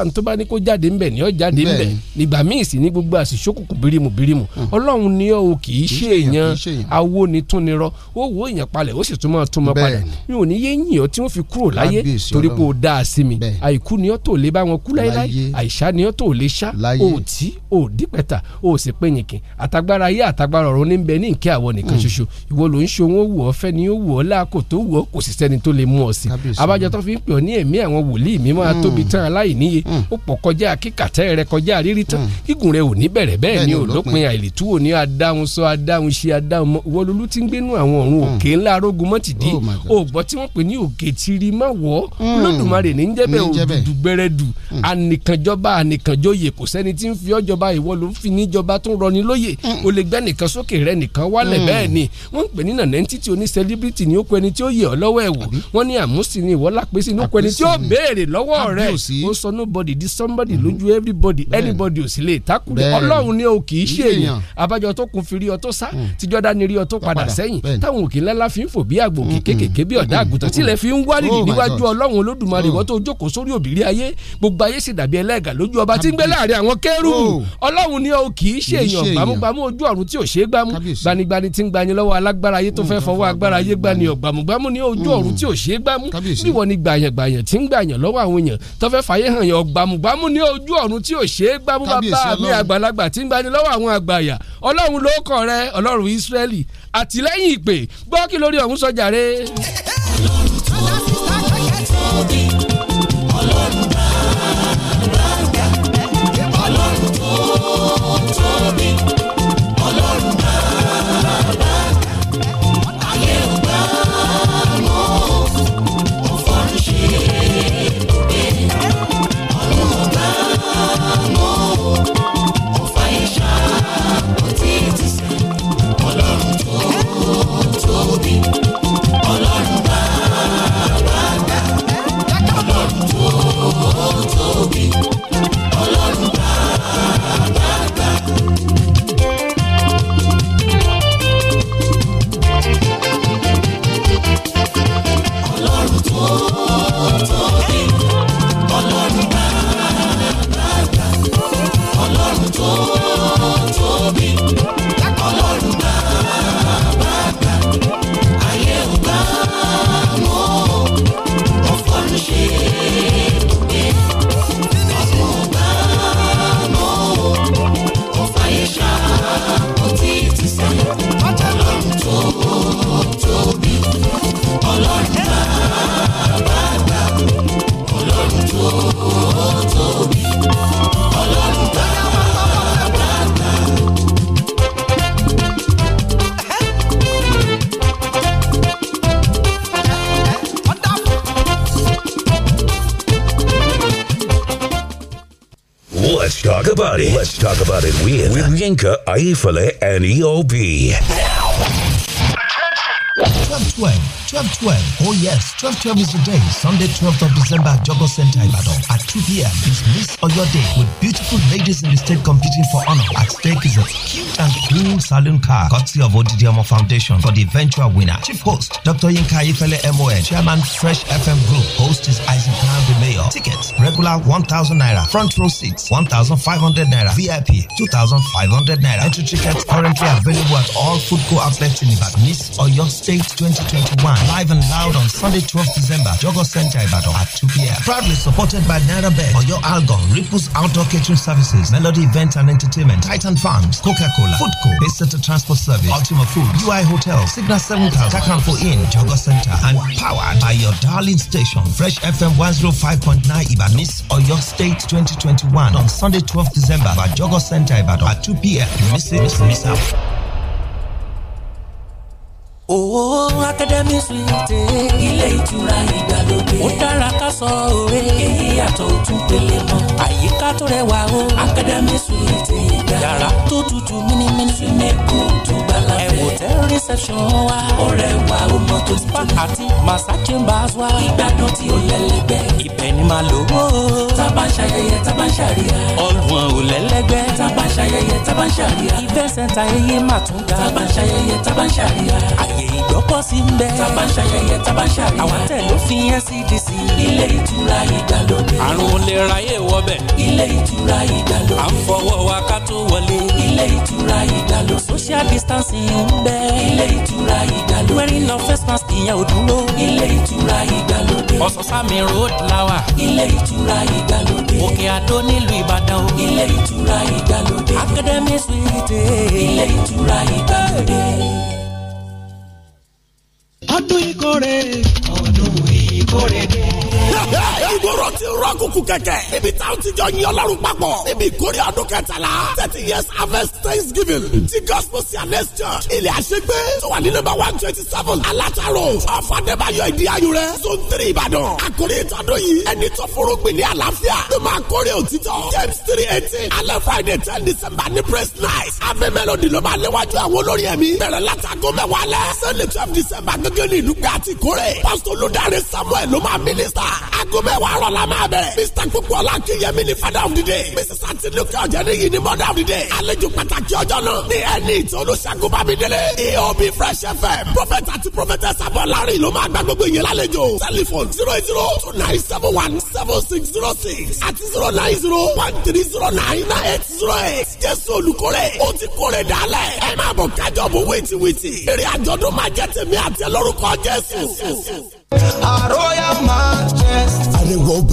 àfa tó bá ní kó jáde ńbẹ ni ó jáde ńbẹ nígbà míì sì ní gbogbo àṣìṣókùnkù bírímù bírímù hmm. ọlọ́run ni ó kì í ṣe èèyàn awo ni tún ni rọ ó wo èèyàn palẹ̀ ó sì tún máa tún máa palẹ̀ mi ò ní yé yìn ọ́ tí wọ́n fi kúrò láyé torí pé ó dá a sí mi àìkú ni ó tó lè bá wọn kú láéláé àìsá ni ó tó lè sá òtí òdìpẹ̀tà òsì péyìnkìn àtagbára ayé àtagbára ọ̀run ní bẹ ní ìkẹ́ àwọn nìkan hmm. ṣoṣo ìwọ ló ń ṣe òun ó wù ọ́ fẹ́ ni ó wù ọ́ láàkó tó wù ọ́ kò sì sẹ́ni tó lè mú ọ sí abájọ tó fi ń pè ọ́ ní ẹ̀mí àwọn wòlíì mímọ́ atóbi hmm. tán aláìníye Mm. ó pọ̀ kọjá kíkàtẹ́ rẹ kọjá rírí tán mm. gígùn rẹ ò ní bẹ̀rẹ̀ bẹ́ẹ̀ ni ò lópin àìlètú ò ní adáhùn sọ adáhùn ṣe adáhùn mọ wọlúlú ti ń gbénú àwọn ọ̀run mm. òkè ńlá arógun mọ́ ti di ògbọ́ oh tí wọ́n pè ní òkè tìrì má wọ́ lódùmarè ní jẹ́bẹ̀ òdùdù gbẹrẹdù anìkànjọba anìkànjọyè kò sẹ́ni tí ń fi ọjọba ìwọ ló ń fi níjọba tó ń rọni lóye ni wọ́n ń pè ní nànẹ́ tí everybody di somebody mm-hmm. lójú everybody anybody ò sì lè takùrẹ́ ọlọ́run ni o kì í ṣe èèyàn abájọ tó kun fi rí ọ tó sá mm. tíjọ́ dání rí ọ tó padà sẹ́yìn táwọn òkè ńláńlá fi ń fò bí àgbò kékèké bí ọ̀dà àgùntàn tilẹ̀ fi ń wárìrì oh níwájú ọlọ́run olódùmarè oh. wọ́n tó jókòó sórí òbírí ayé gbogbo ayé sì dàbí ẹlẹ́gà lójú ọba tí ń gbé láàrin àwọn kérúbù oh. ọlọ́run ni o kì í ṣe èèyàn gbàmúgbàmú ojú ọ̀run ni ojú ọ̀run tí ò mm, ni mm. gbàyàn gbàyàn tí ń gbàyàn lọ́wọ́ àwọn èèyàn tó fẹ́ fàyè gbàmùgbàmù ní ojú ọ̀run tí ò ṣe é gbàmù mi àgbàlagbà tí ń gbani lọ́wọ́ àwọn àgbàyà ọlọ́run ló kọ̀ rẹ ọlọ́run Ísírẹ́lì àtìlẹ́yìn ìpè gbọ́ kí lórí ọ̀hún sọ jàre. ọlọ́run tó lásìkò kẹ́kẹ́ tó bí. with, with Yinka, Aifale, and EOB. Now. Attention! Club 12. Twelve twelve. Oh, yes, twelve twelve is the day. Sunday, twelfth of December at Jogo Center, Ibadan. At two p.m. is Miss Oyo Day with beautiful ladies in the state competing for honor. At stake is a cute and cool saloon car courtesy of Odidiomo Foundation for the eventual winner. Chief host, Dr. Yinka Ifele MON, Chairman Fresh FM Group. Host is Isaac Brown, the mayor. Tickets, regular one thousand naira. Front row seats, one thousand five hundred naira. VIP, two thousand five hundred naira. Entry tickets currently available at all food co outlets in Ibadan. Miss Oyo State twenty twenty one. live and loud on Sunday, 12th December, Jogo Center Ibadan at 2 p.m. Proudly supported by Naira Bet, Oyo Algon, Ripple's Outdoor Catering Services, Melody Events and Entertainment, Titan Farms, Coca-Cola, Foodco, Base Center Transport Service, Ultima Food, UI Hotel, Signal 7000, Takanfo Inn, Jogo Center, and powered by your darling station, Fresh FM 105.9 Ibadan. Miss Oyo State 2021 on Sunday, 12th December by Jogo Center Ibadan at 2 p.m. miss it, miss, miss out. Owó Akademi Suite. Ilé ìtura ìgbàlódé. Ó dára ká sọ òwe. Èyí yàtọ̀ òtún mọ́. Àyíká tó rẹwà o. Akademi Suite ìgbà. Yàrá tó tutù mímímí. Súnmẹ́kù tó gbàlá fẹ́. Ẹ̀wò tẹ́ reception wa. Ọ̀rẹ́ wa ó mọ tó ti tó. Spa àti Massa Chambers wa. Ìgbádùn tí ó lẹ́lẹ́gbẹ́. Ibẹ̀ ni màá lò ó. Tábà ń ṣayẹyẹ, tábà ń ṣàríyá. Ọlùwọ̀n ò lẹ́lẹ́gbẹ́. Tábà ń ṣayẹyẹ, tábà ààyè ìgbọ́kọ̀sí ń bẹ. tábà ń ṣayẹyẹ tábà ń ṣàríyá. àwọn tẹ̀ ló NCDC. E ilé ìtura ìdàlódé. àrùn olè ráyè wọbẹ̀. ilé ìtura ìdàlódé. à ń fọwọ́ wa ká tó wọlé. ilé ìtura ìdàlódé. social distancing ń bẹ. ilé ìtura ìdàlódé. wearing of face mask ìyẹn ò dúró. ilé ìtura ìdàlódé. ọ̀sán-sámi road lawa. ilé ìtura ìdàlódé. òkè àdó nílùú ìbàdàn. ilé ìtura ìdàlódé. academy suite. ilé ìtura ìdàlódé ọdún ikore ọdún ìkórèdè. Ìgboro ti rọ́kùnkùn kẹ̀kẹ́. Ibi táwọn ti jọ yín ọlọ́run papọ̀. Níbi ìkórè ọdún kẹtàlá. Thirty years harvest thanksgiving. Ti gospel Sianes church. Ilé àṣegbé. Tó wà ní nọ́mbà one twenty seven. Alátàrò. Ọ̀fọ̀dẹ́bayọ̀ ìdí ayú rẹ̀. Zone three Ìbàdàn. Àkórí ìtàdọ́ yìí. Ẹni tó forúgbìn ní àlàáfíà. Ló máa kórè òtítọ́. James three eighteen. Alẹ́ Friday ten December ní press night. Abẹ́ mélòdì ló máa léwájú àwọn olórí ẹ̀mí. Bẹ̀rẹ̀ látàgọ́ mẹ́wàá lẹ́. Sunday twelve December gẹ́gẹ́ ní ìlú gbé àti kórè. Pásítọ̀ ẹ̀ ló máa mínísítà. aago mẹ́wàá rọ̀ la máa bẹ̀rẹ̀. mr kúkúọ̀lá Kiyemi ni father of the day. mrs atinúkẹ́ ọ̀jẹ̀dẹ̀ yìí ni mother of the day. àlejò pàtàkì ọjọ́ náà ní ẹni ìtàn olóṣàgùn bámidélé. eob fresh fm prophet àti prophetess abọ́lárin ló máa gba gbogbo ìyẹn lálejò. telephone zero eight zero two nine seven one seven six zero six àti zero nine zero one three zero nine nine eight zero eight. jésù olùkórè ó ti kórè dálẹ̀. ẹ máa bọ̀ kájọ bọ̀ wétíwétí. èrè àjọ̀dún máa jẹ́ tèmi àti ẹlọ́rùkọ jésù. Arroyo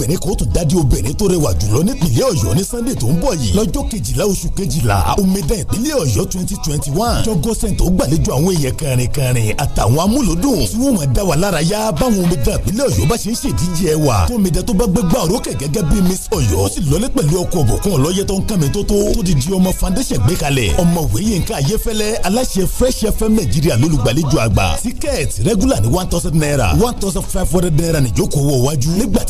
obìnrin kò tún dádì obìnrin tó rẹwà jùlọ nípìnlẹ̀ ọ̀yọ́ ní sunday tó ń bọ̀ yìí lọ́jọ́ kejìlá oṣù kejìlá omidan ìpínlẹ̀ ọ̀yọ́ twenty twenty one jọgọ́sẹ̀ tó gbàlejò àwọn èèyàn kẹrìnkẹrìn àtàwọn amúlòdùn tí wọ́n máa dá wa lára yá báwọn omidan ìpínlẹ̀ ọ̀yọ́ bá ṣe ń ṣèdíje ẹwà tómidan tó bá gbégbá òrókè gẹ́gẹ́ bí miss ọ̀yọ́ sì lọlé pẹ̀lú ọkọ̀ òbùkún ọlọ́yẹ tó ń kàn mí tó tó tó di di ọmọ foundation gbé kalẹ̀ ọmọ wẹ̀yìnká ayéfẹ́lẹ́ aláṣẹ fresh fm nàìjíríà lólùgbàlejò àgbà tíkẹ́ẹ̀tì regular ní one thousand naira one thousand five hundred naira níjókòó wọ̀ wájú nígbà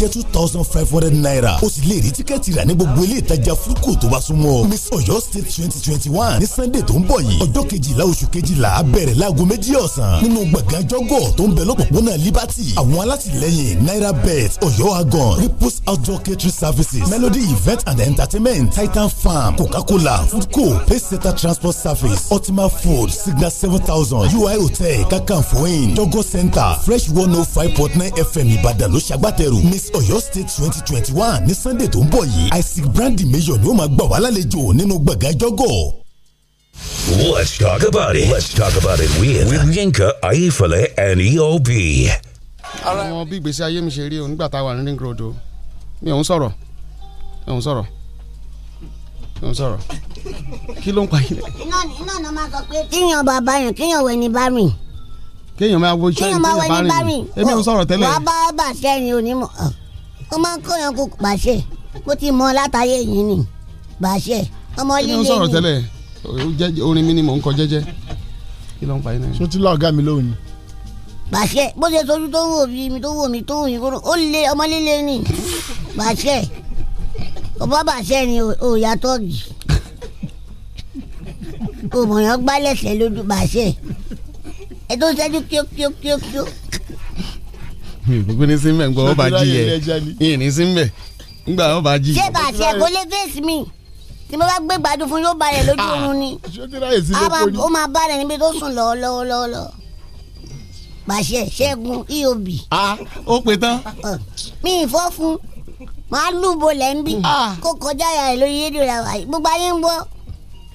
jẹ́ two thousand five hundred naira o sì lè rí tíkẹ́ẹ̀tì rà ní gbogbo ilé ìtajà fúlùkù tó bá súnmọ́ Miss Oyo State twenty twenty one ní Sunday tó ń bọ̀ yìí ọjọ́ kejìlá oṣù kejìlá bẹ̀rẹ̀ láago méjì ọ̀sán nínú gbọ̀ngàn jọ́gọ̀ tó ń bẹ lọ́pọ̀pọ̀nà Liberty àwọn alátìlẹyìn naira bet Oyo Agon. ripples outdoor catering services melody event and entertainment titan farm coca-cola foodco paysetter transport service ultima food signal seven thousand ui hotel kakanfo inn jọ́gọ̀ center fresh one oh five point nine fm Ìbàdàn ló ṣàgbátẹrù miss Miss Oyo State twenty twenty one ní Sunday tó ń bọ̀ yìí Isaac Brandy Mayor ni ó máa gbà wá lálejò nínú gbọ̀ngàn ìjọ́gọ̀. Let's talk about it. Let's talk about it with, with Yinka Ayefele and EOB. Àwọn bí ìgbésí ayé mi ṣe rí o nígbà tá a wà ní ring road o mi ò ń sọ̀rọ̀ mi ò ń sọ̀rọ̀ mi ò ń sọ̀rọ̀ kí ló ń pa yín. iná ni iná ni wọ́n máa sọ pé kíyàn bàbá yàn kíyàn wẹ̀ ní bá rìn kéèyàn máa wo iṣẹ́ ìdíyàn bá rìn ní èmi ò sọ̀rọ̀ tẹ́lẹ̀. wàá bá bàṣẹ ni onímọ̀ ó máa ń kóyan kó bàṣẹ bó ti mọ látàyè yìí ni bàṣẹ ọmọ líle ni. èmi ò sọ̀rọ̀ tẹ́lẹ̀ orin mi ni mò ń kọ jẹ́jẹ́ kí ló ń pa iná yẹn. sotí lọ́ọ̀gá mi lóhùn ni. bàṣẹ bó ṣe sojú tó wò mí tó wò mí tó wò mí kúrò ó lé ọmọ líle ni bàṣẹ ọba bàṣẹ ni ò yàtọ̀ òmòyàn gbálẹ̀ṣẹ̀ ẹ tó ṣẹ́jú kíókíókíó. ìbùkún ní sínbẹ̀ ńgbọ́ ọba jí yẹ ìrìn sínbẹ̀ ńgbà ọba jí. ṣé bá a ṣe kó lè fèsì mi tí mo bá gbé gbádùn fún yóò bá rẹ lójú ah. oorun ni ó máa bá rẹ níbi tó sùn lọ́wọ́lọ́wọ́ pàṣẹ ṣẹ́gun eob. ó pè tán. mi ì fọ́ fún màá lùbọ̀ lẹ́ńbí hmm. ah. kó kọjá yàrá lórí rédíò la wà yìí gbogbo ayé ń gbọ́.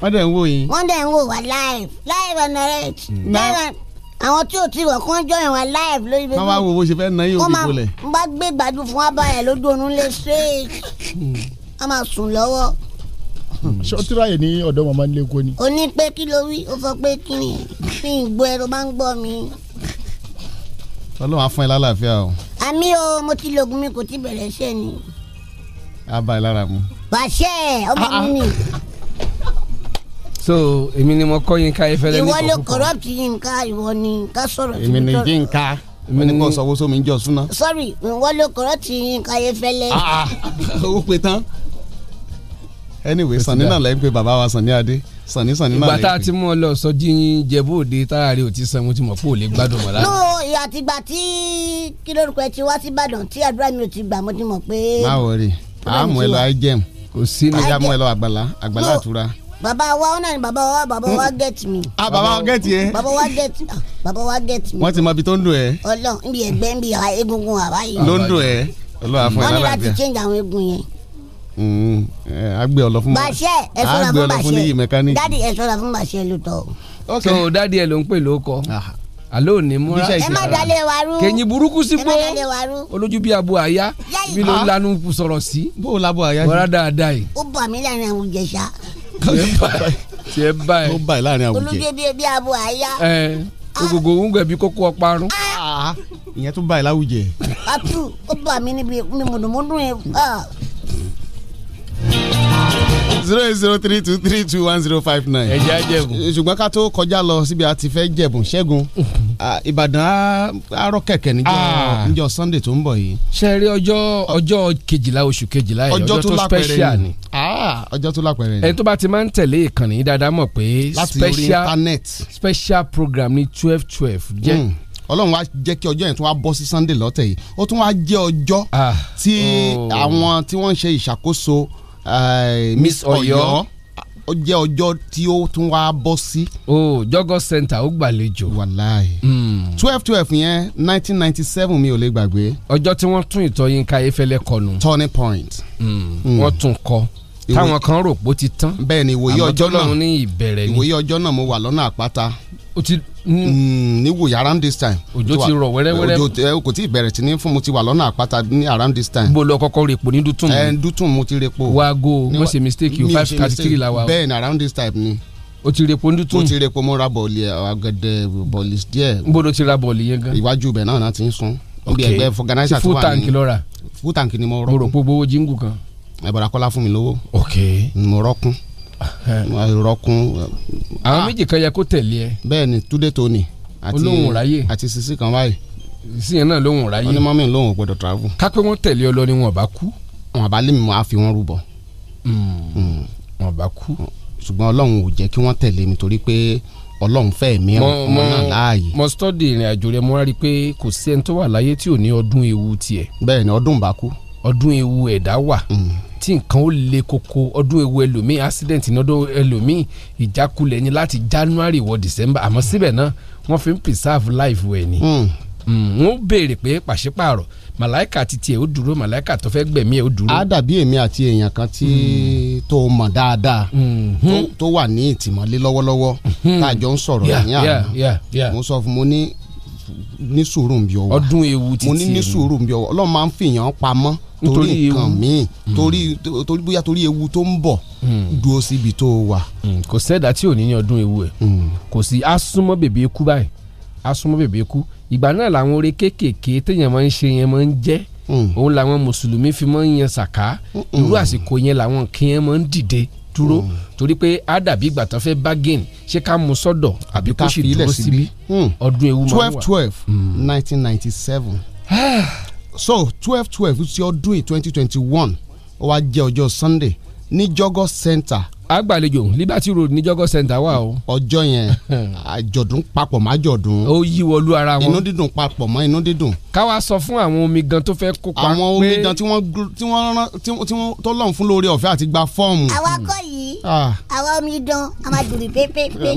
wọ́n dẹ̀ ń wò yín. wọ́n dẹ̀ ń wò wá live live on the right àwọn tí ò ti rọ̀ kán jọ ìwà live lórí bébí. káwá wo bó ṣe fẹ́ na yóò fi bolẹ̀. wọ́n máa gbé gbàdúrà fún wa báyẹn lójú oorun lé straight wọ́n máa sùn lọ́wọ́. sọtúrà hmm. yìí ní ọ̀dọ́ màmá ń lékò ni. o ní pé kí ló wí o fọ pé kí ni fi ìgbó ẹ̀rọ máa ń gbọ́ mi. ọlọ́run á fún ẹ lálàáfíà o. àmì o mo ti lògùn mi kò ti bẹ̀rẹ̀ iṣẹ́ ni. a bá ẹ lára mu. bàṣẹ́ ọmọ mi ni. [laughs] so èmi ni mo kọ́ Yínká Ayéfẹ́lẹ́ ní kọ̀ọ̀kan. ìwọ ló corrupt Yínká ìwọ ni Yínká sọ̀rọ̀ sí mi. èmi ni Yínká èmi ni kò sanwó sómi ń jọ súná. sorry ìwọ ló corrupt Yínká Ayéfẹ́lẹ́. Ah, ah, ó pe tán anyway sànni náà lẹ́yìn pé bàbá wa sànni adé sànni sànni náà lẹ́yìn pé. ìgbà tá a ti mú ọ lọ sọjí jẹ̀bú òde tára rẹ ò ti san mo ti mọ̀ lè gbádùn mọ́ lára. nù ìyá àtìgbà tí kí ẹ ti wá sí Ìbàdàn tí àdúrà mi ò ti gbà mo ti mọ̀ pé. má wọrí àmú ẹ lọ àìjẹun kò sí ní àmú ẹ lọ àgbàlá àgbàlá àtúrà. Baba wa ọ̀nà ni bàbá wa baba hmm. ah, wa get mi. a baba wa get ye. Ah, baba wa get, baba wa get mi. wọ́n ti mọ ibi tó ń dùn ẹ́. ọlọ nbí ẹgbẹ́ nbí egungun àbá yìí. ló ń dùn ẹ́ ọlọ́wà fún ẹ̀ lálàbíà. wọ́n ní láti change àwọn egun yẹn. agbe hmm, eh, ọlọ fún bàṣẹ ẹ ṣọ́ra fún bàṣẹ dadi ẹ ṣọ́ra fún bàṣẹ ló tọ. so dadi ẹ ló ń pè ló kọ alo ah. ni múra ẹ má dalẹ̀ waru kẹ̀yìn burúkú sí gbó olójú bíi abo àyà bí ló lanu sọ̀rọ̀ sí. bó o labo àyà jù. bọ́lá tí ẹ bá ẹ. ó bá ẹ láàrin àwùjẹ. olùgbé bíi ebi abo àyà. ẹ ogogo oúnjẹ bíi kókó ọparun. Ah. Ah, ìyẹn tún bá ẹ láwùjẹ. papu ó bà mí níbi mímúdùmúdù yẹn zero eight zero three two three two one zero five nine. ẹ̀jẹ̀ àjẹ̀bùn. ṣùgbọ́n ká tó kọjá lọ síbi a ti fẹ́ jẹ̀bùn ṣẹ́gun [laughs] ìbàdàn àárọ̀ kẹ̀kẹ́ ah. níjọ́ sunday tó ń bọ̀ yìí. ṣe rí ọjọ́ ọjọ́ kejìlá oṣù kejìlá yìí ọjọ́ tó special ni. Ah, ọjọ́ tó lápẹ̀rẹ̀ ni. ẹni tó bá ti máa ń tẹ̀lé ìkànnì yìí dáadáa mọ̀ pé special special program ni twelve twelve jẹ́ hmm. ọlọ́run wa jẹ́ kí ọjọ́ yẹn tún wá bọ́ sí sunday lọ́tẹ̀ yìí ó tún wá jẹ́ ọjọ́ ah. tí oh. àwọn tí wọ́n ń ṣe ìṣàkóso miss ọ̀yọ́ ó jẹ́ ọjọ́ tí ó tún wá bọ́ sí. o jọgọ center ó gbàlejò. wàláì hmm. twelve twelve yẹn nineteen ninety seven mi ò lè gbàgbé. ọjọ́ tí wọ́n tún ìtọ́ Yínká Ayéfẹ́lẹ́ kọnu. turning point. Hmm. Hmm. wọ́n tún kọ táwọn kan rò pó ti tán. bẹ́ẹ̀ ni ìwòye ọjọ́ náà àmọ́ tọ́lọ́run ní ìbẹ̀rẹ̀ ni. ìwòye ọjọ́ náà mo wà lọ́nà àpáta. o ti Mm. Mm, ní wòye around this time. òjò ti rọ̀ wẹ́rẹ́wẹ́rẹ́. òjò kò tí ì bẹ̀rẹ̀ sí ní fún mo ti wà lọ́nà àpáta ní around this time. bó lọ kọ́kọ́ repo ní dútùn. ẹ dútùn mo ti repo. waago mo ṣe mistake o five thirty three la wa o. bẹ́ẹ̀ ni around this time ni. o ti repo ní dútùn. mo ti repo mo ra bọ̀ọ̀lì agẹdẹ eh, bọ̀ọ̀lì díẹ̀. n bolo ti ra bọ̀ọ̀lì yẹn gan. iwájú ibẹ̀ náà ti ń sun. ok ẹgbẹ́ organizer tó wà ní. full tank lọ ra. full tank ni mo rọ́kùn. kan. ẹ bọ̀dà kọ́lá fún mi lówó. ok mo ìrọkùn. àwọn ah. méjì kan yẹ kó tẹ̀lé ẹ. bẹ́ẹ̀ni túndé tóní olóhùn ráyè àti sisi kan báyìí. sisi yẹn náà lóhùn ráyè. onímọ̀ mi lóhùn gbọ́dọ̀ travel. kápẹ́ wọn tẹ̀lé ọ lọ ni wọn bá kú. wọn bá lé mi wọn á fi wọn rúbọ. Hmm. Hmm. wọn bá kú. ṣùgbọ́n ọlọ́run ò jẹ́ kí wọ́n tẹ̀lé mi torí pé ọlọ́run fẹ́ mi ọmọ náà láàyè. mo stọ́dì ìrìn àjò rẹ mo rárí pé kò sí ẹni tó wà láyé tí ò ní ọdún ewu tiẹ̀. bẹ́ẹ̀ni ọdún bá kú. ọdún ewu ẹ̀dá wà. Hmm tí nǹkan ó le koko ọdún ewu ẹlòmíì accident ní ọdún ẹlòmíì ìjákulẹ̀ ni láti January wọ December àmọ́ síbẹ̀ náà wọ́n fi ń preserve life wẹ̀ ni hmm. Hmm, wọ́n béèrè pé pàṣípààrọ̀ màláìka ti tiẹ̀ ó dúró màláìka tó fẹ́ gbẹ̀mí ẹ̀ ó dúró. á dàbí èmi àti èèyàn kan tí hmm. tó mọ̀ dáadáa tó wà ní ìtìmọ́lé lọ́wọ́lọ́wọ́ tá a jọ ń sọ̀rọ̀ ní àná mo sọ fún mo ní ní sùúrù ń bí ọwọ́ ọdún ewu títí mo ní ní sùúrù ń bí ọwọ́ ọlọ́run máa ń fìyàn pamọ́ torí nǹkan míì hmm. torí torí bóyá torí ewu tó ń bọ̀ hmm. dúró síbi tó wà. Hmm. kò sẹ́dá tí ò ní ní ọdún ewu ẹ̀ kò sí asúnmọ́ bèbè ikú báyìí asúnmọ́ bèbè ikú ìgbà náà làwọn oore kéékèèké téèyàn máa ń ṣe yẹn máa ń jẹ́ òun làwọn mùsùlùmí fi máa ń yan sàká irú àsìkò yẹn làwọn kìnyẹn máa ń dìde dúró hmm. torí pé á dàbí ìgbà tán fẹ́ bargain ṣé ká mú sọ́dọ̀ àbí kó sì dúró síbí hmm. ọdún ewu máa wà. twelve twelve hmm. nineteen ninety seven ah. so twelve twelve ti ọdún yìí twenty twenty one ó wá jẹ́ ọjọ́ sunday ní Jogos Center agbàlejò liberty road ní jọgọ center wà o. ọjọ́ yẹn [laughs] àjọ̀dún papọ̀ má jọ̀dún. ó yí wọlú ara wọn. inú dídùn papọ̀ mọ́ inú dídùn. káwa sọ fún àwọn omidan tó fẹ́ kópa pé. àwọn omidan tí wọ́n tí wọ́n rán tí wọ́n tó lọ́n fún lórí ọ̀fẹ́ àti gba fọ́ọ̀mù. àwa kọ yìí àwa omidan a máa jùlù pépépé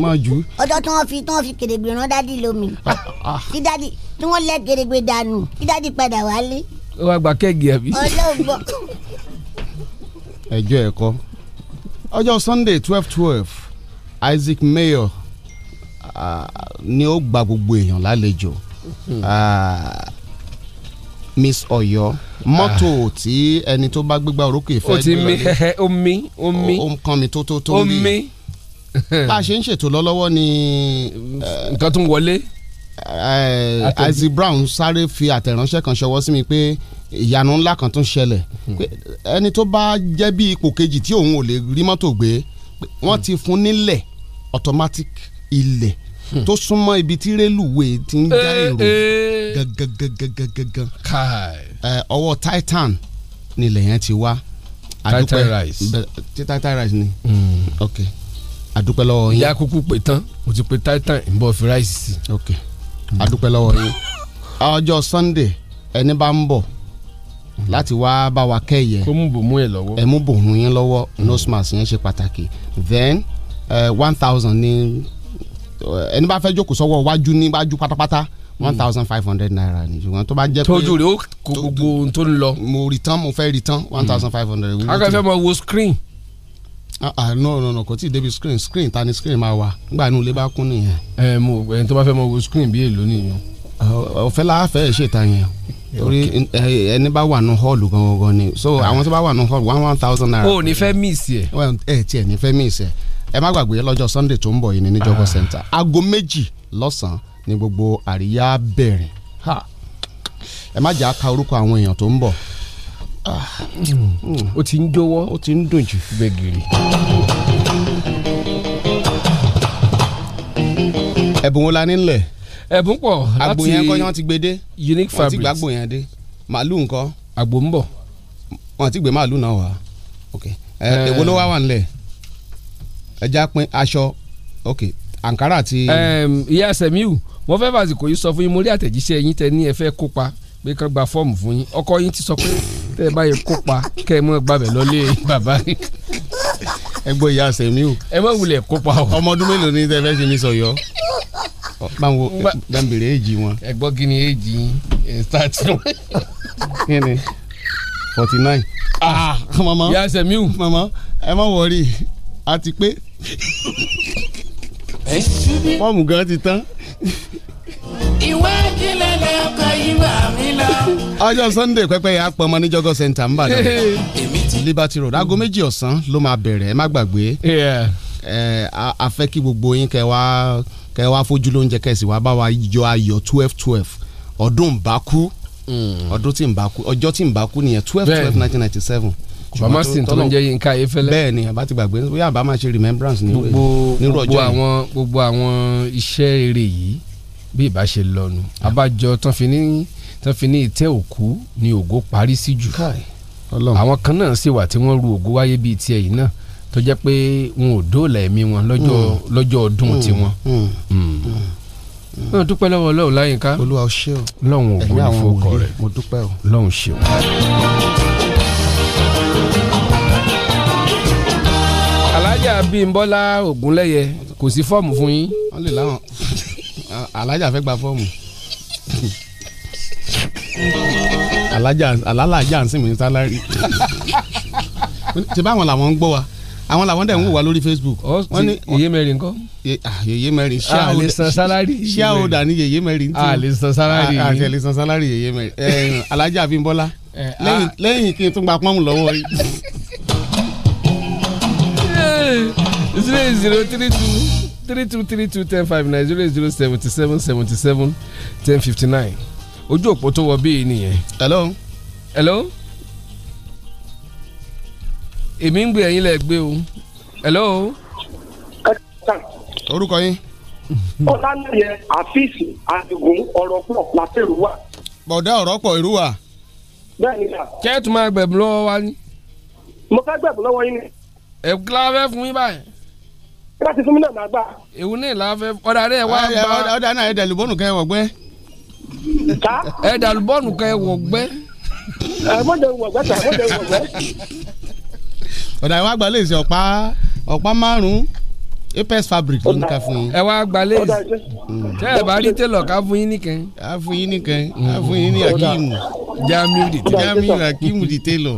ọjọ́ tí wọ́n fi tí wọ́n fi kèrègbè rán dádì lómi [laughs] ah, ah. tí dádì tí wọ́n lẹ́ kèrègbè dànù tí dádì padà wálé. ó wá gba kẹ́ẹ̀gì àbí. ọlọ́ọ̀gbọ́n [laughs] ẹjọ́ ẹ̀kọ́ ọjọ́ sunday twelve twelve isaac Mayo uh, ni ó gba gbogbo èèyàn lálejò uh, miss ọ̀yọ́ mọ́tò ah. tí ẹni tó bá gbégbá orókè fẹ́ gbé lọ omi omi omi kan mi tó tó tó rí omi [laughs] bá a ṣe ń ṣètò lọ́lọ́wọ́ ni. Eh, nǹkan tó ń wọlé. Eh, isaac brown sáré fi àtẹ̀ránṣẹ́ kan ṣọwọ́ sí mi pé ìyanu ńlá kan tún ṣẹlẹ̀ hmm. ẹni tó bá jẹ́ bí ipò kejì tí òun ò lè rí mọ́tò gbé wọ́n hmm. ti fún nílẹ̀ automatic ilẹ̀ hmm. tó súnmọ́ ibi tí rélùwé ti ń já èrò eh, eh. gangan eh, ọwọ́ titan nílẹ̀ yẹn ti wá titan rice titan rice ni ok àdúpẹ́ lọ́wọ́ yín ìyá kúkú pé tán mo ti pe titan ń bọ̀ fi rice sí. ok àdúpẹ́ lọ́wọ́ yín [laughs] ọjọ́ sunday ẹni bá ń bọ̀ láti wá bá wa kẹ́yẹ. kó mú bòmú ẹ lọ́wọ́. ẹ mú bòmú yẹn lọ́wọ́ nose mask yẹn ṣe pàtàkì then eh, one thousand ní eh, ẹni bá fẹ́ jókòó sọ́wọ́ wájú ní wájú pátápátá hmm. one thousand five hundred naira ni ṣùgbọ́n tó bá jẹ́ pé tójú rẹ̀ ó kó gbogbo ohun tó ń lọ. mo return mo fẹ́ return hmm. one thousand five hundred. akẹ́fẹ́ mo wo screen. Ah, ah no no no kò tí ì débi screen screen ta ni screen máa wà nígbà inú ilé bá kún nìyẹn. ẹ eh, mo ẹni tó bá fẹ́ mo wo screen bí èlò nìyẹn. Ah, ọ̀fẹ́ la fẹ́ ṣètà yẹn torí ẹni bá wà nù hall gangan ni so ah. àwọn tó bá wà nù hall one one thousand naira. o ní fẹ́ miss ẹ̀. ẹ tiẹ̀ ní fẹ́ miss ẹ̀ ẹ má gbàgbé lọ́jọ́ sunday tó ń bọ̀ yìí ní níjọ́gọ́ ah. center aago méjì lọ́sàn-án ni gbogbo àríyá bẹ̀rẹ̀ ẹ má jà á ka orúkọ àwọn èèyàn tó ń bọ̀. ó ah. hmm. ti ń jọ̀wọ́ ó ti ń dùn jù gbẹ̀gìrì. ẹ̀bùn wo la nílẹ̀ ẹ̀bùn pọ̀ láti agbo yẹn kọ́ yẹn ti gbé dé unique fabric wọ́n ti gbé agbo yẹn dé màálù ńkọ́. agbo ń bọ̀. wọ́n ti gbé màálù náà wá ok èwo ló wá wà nílẹ̀ ẹja pin aṣọ ok ankara àti. ìyá sẹ́miu mo fẹ́ fàsìkò yìí sọ fún yín mo rí àtẹ̀jíṣẹ́ yín tẹ ní ẹ fẹ́ kópa pé kán gba fọ́ọ̀mù fún yín ọkọ yín ti sọ pé tẹ́ ẹ báyìí kópa kẹ́ ẹ mọ́ gbàbẹ̀ bàbá yín ẹ gbọ́ ìyá sẹ́miu. ẹ má wulẹ̀ kópa o. ọmọ ọdún mélòó ni tẹ́ fẹ́ ṣe mí sọ yọ báwo gbàǹbèrè èjì wọn. ẹ gbọ́ èjì start kí ni forty nine. ah mama yà sẹ́mi o. mama ẹ má wọrí àti pé fọ́ọ̀mù gan ti tán. ìwé ìjìnlẹ̀ lẹ́kọ̀ọ́ ìwà mi lọ. ọjọ́ sunday pẹ́pẹ́ yà á pọn ọmọ ní jọgọ́ center ń bàdàn liberty road aago méjì ọ̀sán ló máa bẹ̀rẹ̀ ẹ má gbàgbé ẹ a kí gbogbo yín kẹ́ wá kẹ́ wá fojú lóúnjẹ kẹ́sì wá bá wa yọ ayọ̀ twelve twelve ọdún ìbákú mm. ọdún tí ìbákú ọjọ́ tí ìbákú nìyẹn twelve twelve nineteen ninety seven bàmá sì tó ń jẹ yín ká yé fẹlẹ. bẹ́ẹ̀ ni àbá ti gbàgbé bóyá àbá máa ṣe remembrance ni. gbogbo gbogbo àwọn gbogbo àwọn iṣẹ́ eré yìí bí ìbá ṣe lọnu abájọ tán fi ní tán fi ní ìtẹ́ òkú ni ògo parí sí jù àwọn kan náà sì wà tí wọ́n ru ògo wáyé bíi tiẹ̀ yìí náà tó jẹ́ pé wọn ò dóòlà ẹ̀mí wọn lọ́jọ́ hmm. ọdún hmm. tiwọn hmm. náà dúpẹ́ lọ́wọ́ ọlọ́run láyínká olúwa ṣé o lọ́hùn ògbó ní fọkọ rẹ̀ mo dúpẹ́ o lọ́hùn ṣé o. alájà bímbọ́lá ògúnlẹ́yẹ kò sí fọ́ọ̀mù fún yín. wọ́n lè láwọn alájà fẹ́ gba fọ́ọ̀mù alájà alálàájà ń sìn mí sálárì tí báwọn làwọn ń gbọ́ wa àwọn làwọn dẹ̀ ń wò wá lórí facebook. wọ́n ní yèyé mẹ́rin kọ́. yèyé ah, mẹ́rin ṣá o ah, ah, lè san sálárì. ṣá o dà ní yèyé mẹ́rin tí. a lè san sálárì. a lè san sálárì yèyé mẹ́rin. alhaji abimbola eh, lẹ́yìn kí n tún gba pọ́nmù lọ́wọ́ yìí. zero zero three two three two three two ten five nine zero zero seventy seven seventy seven ten fifty nine ojú òpó tó wọ bíi nìyẹn. hello. hello èmi ń gbé ẹ̀yin lẹ gbé o hello. orúkọ yín. ọlánàyẹ afis adigun ọ̀rọ̀ pọ̀ látẹ̀rù wà. bọ̀dá ọ̀rọ̀ pọ̀ irú wa. bẹ́ẹ̀ni máa gbẹ̀bù mo fẹ́ gbẹ̀bù lọ́wọ́ yín ni. ẹ̀ kí fún yín báyìí. kí láti fún mi náà máa gbà. èwo náà la ọ̀dà rẹ̀ wá ọ̀dà náà kẹ́ ọ̀dà ìwà àgbà lè ṣe ọ̀pá ọ̀pá márùn-ún apex fabric ló ń ka fún yín. ẹ wá gba léèsì mm. tẹ ẹ bá rí télọ̀ ká fún yín nìkan. ká fún yín nìkan ká fún yín ní akimu. jamiu di télọ̀ jamiu akimu di télọ̀.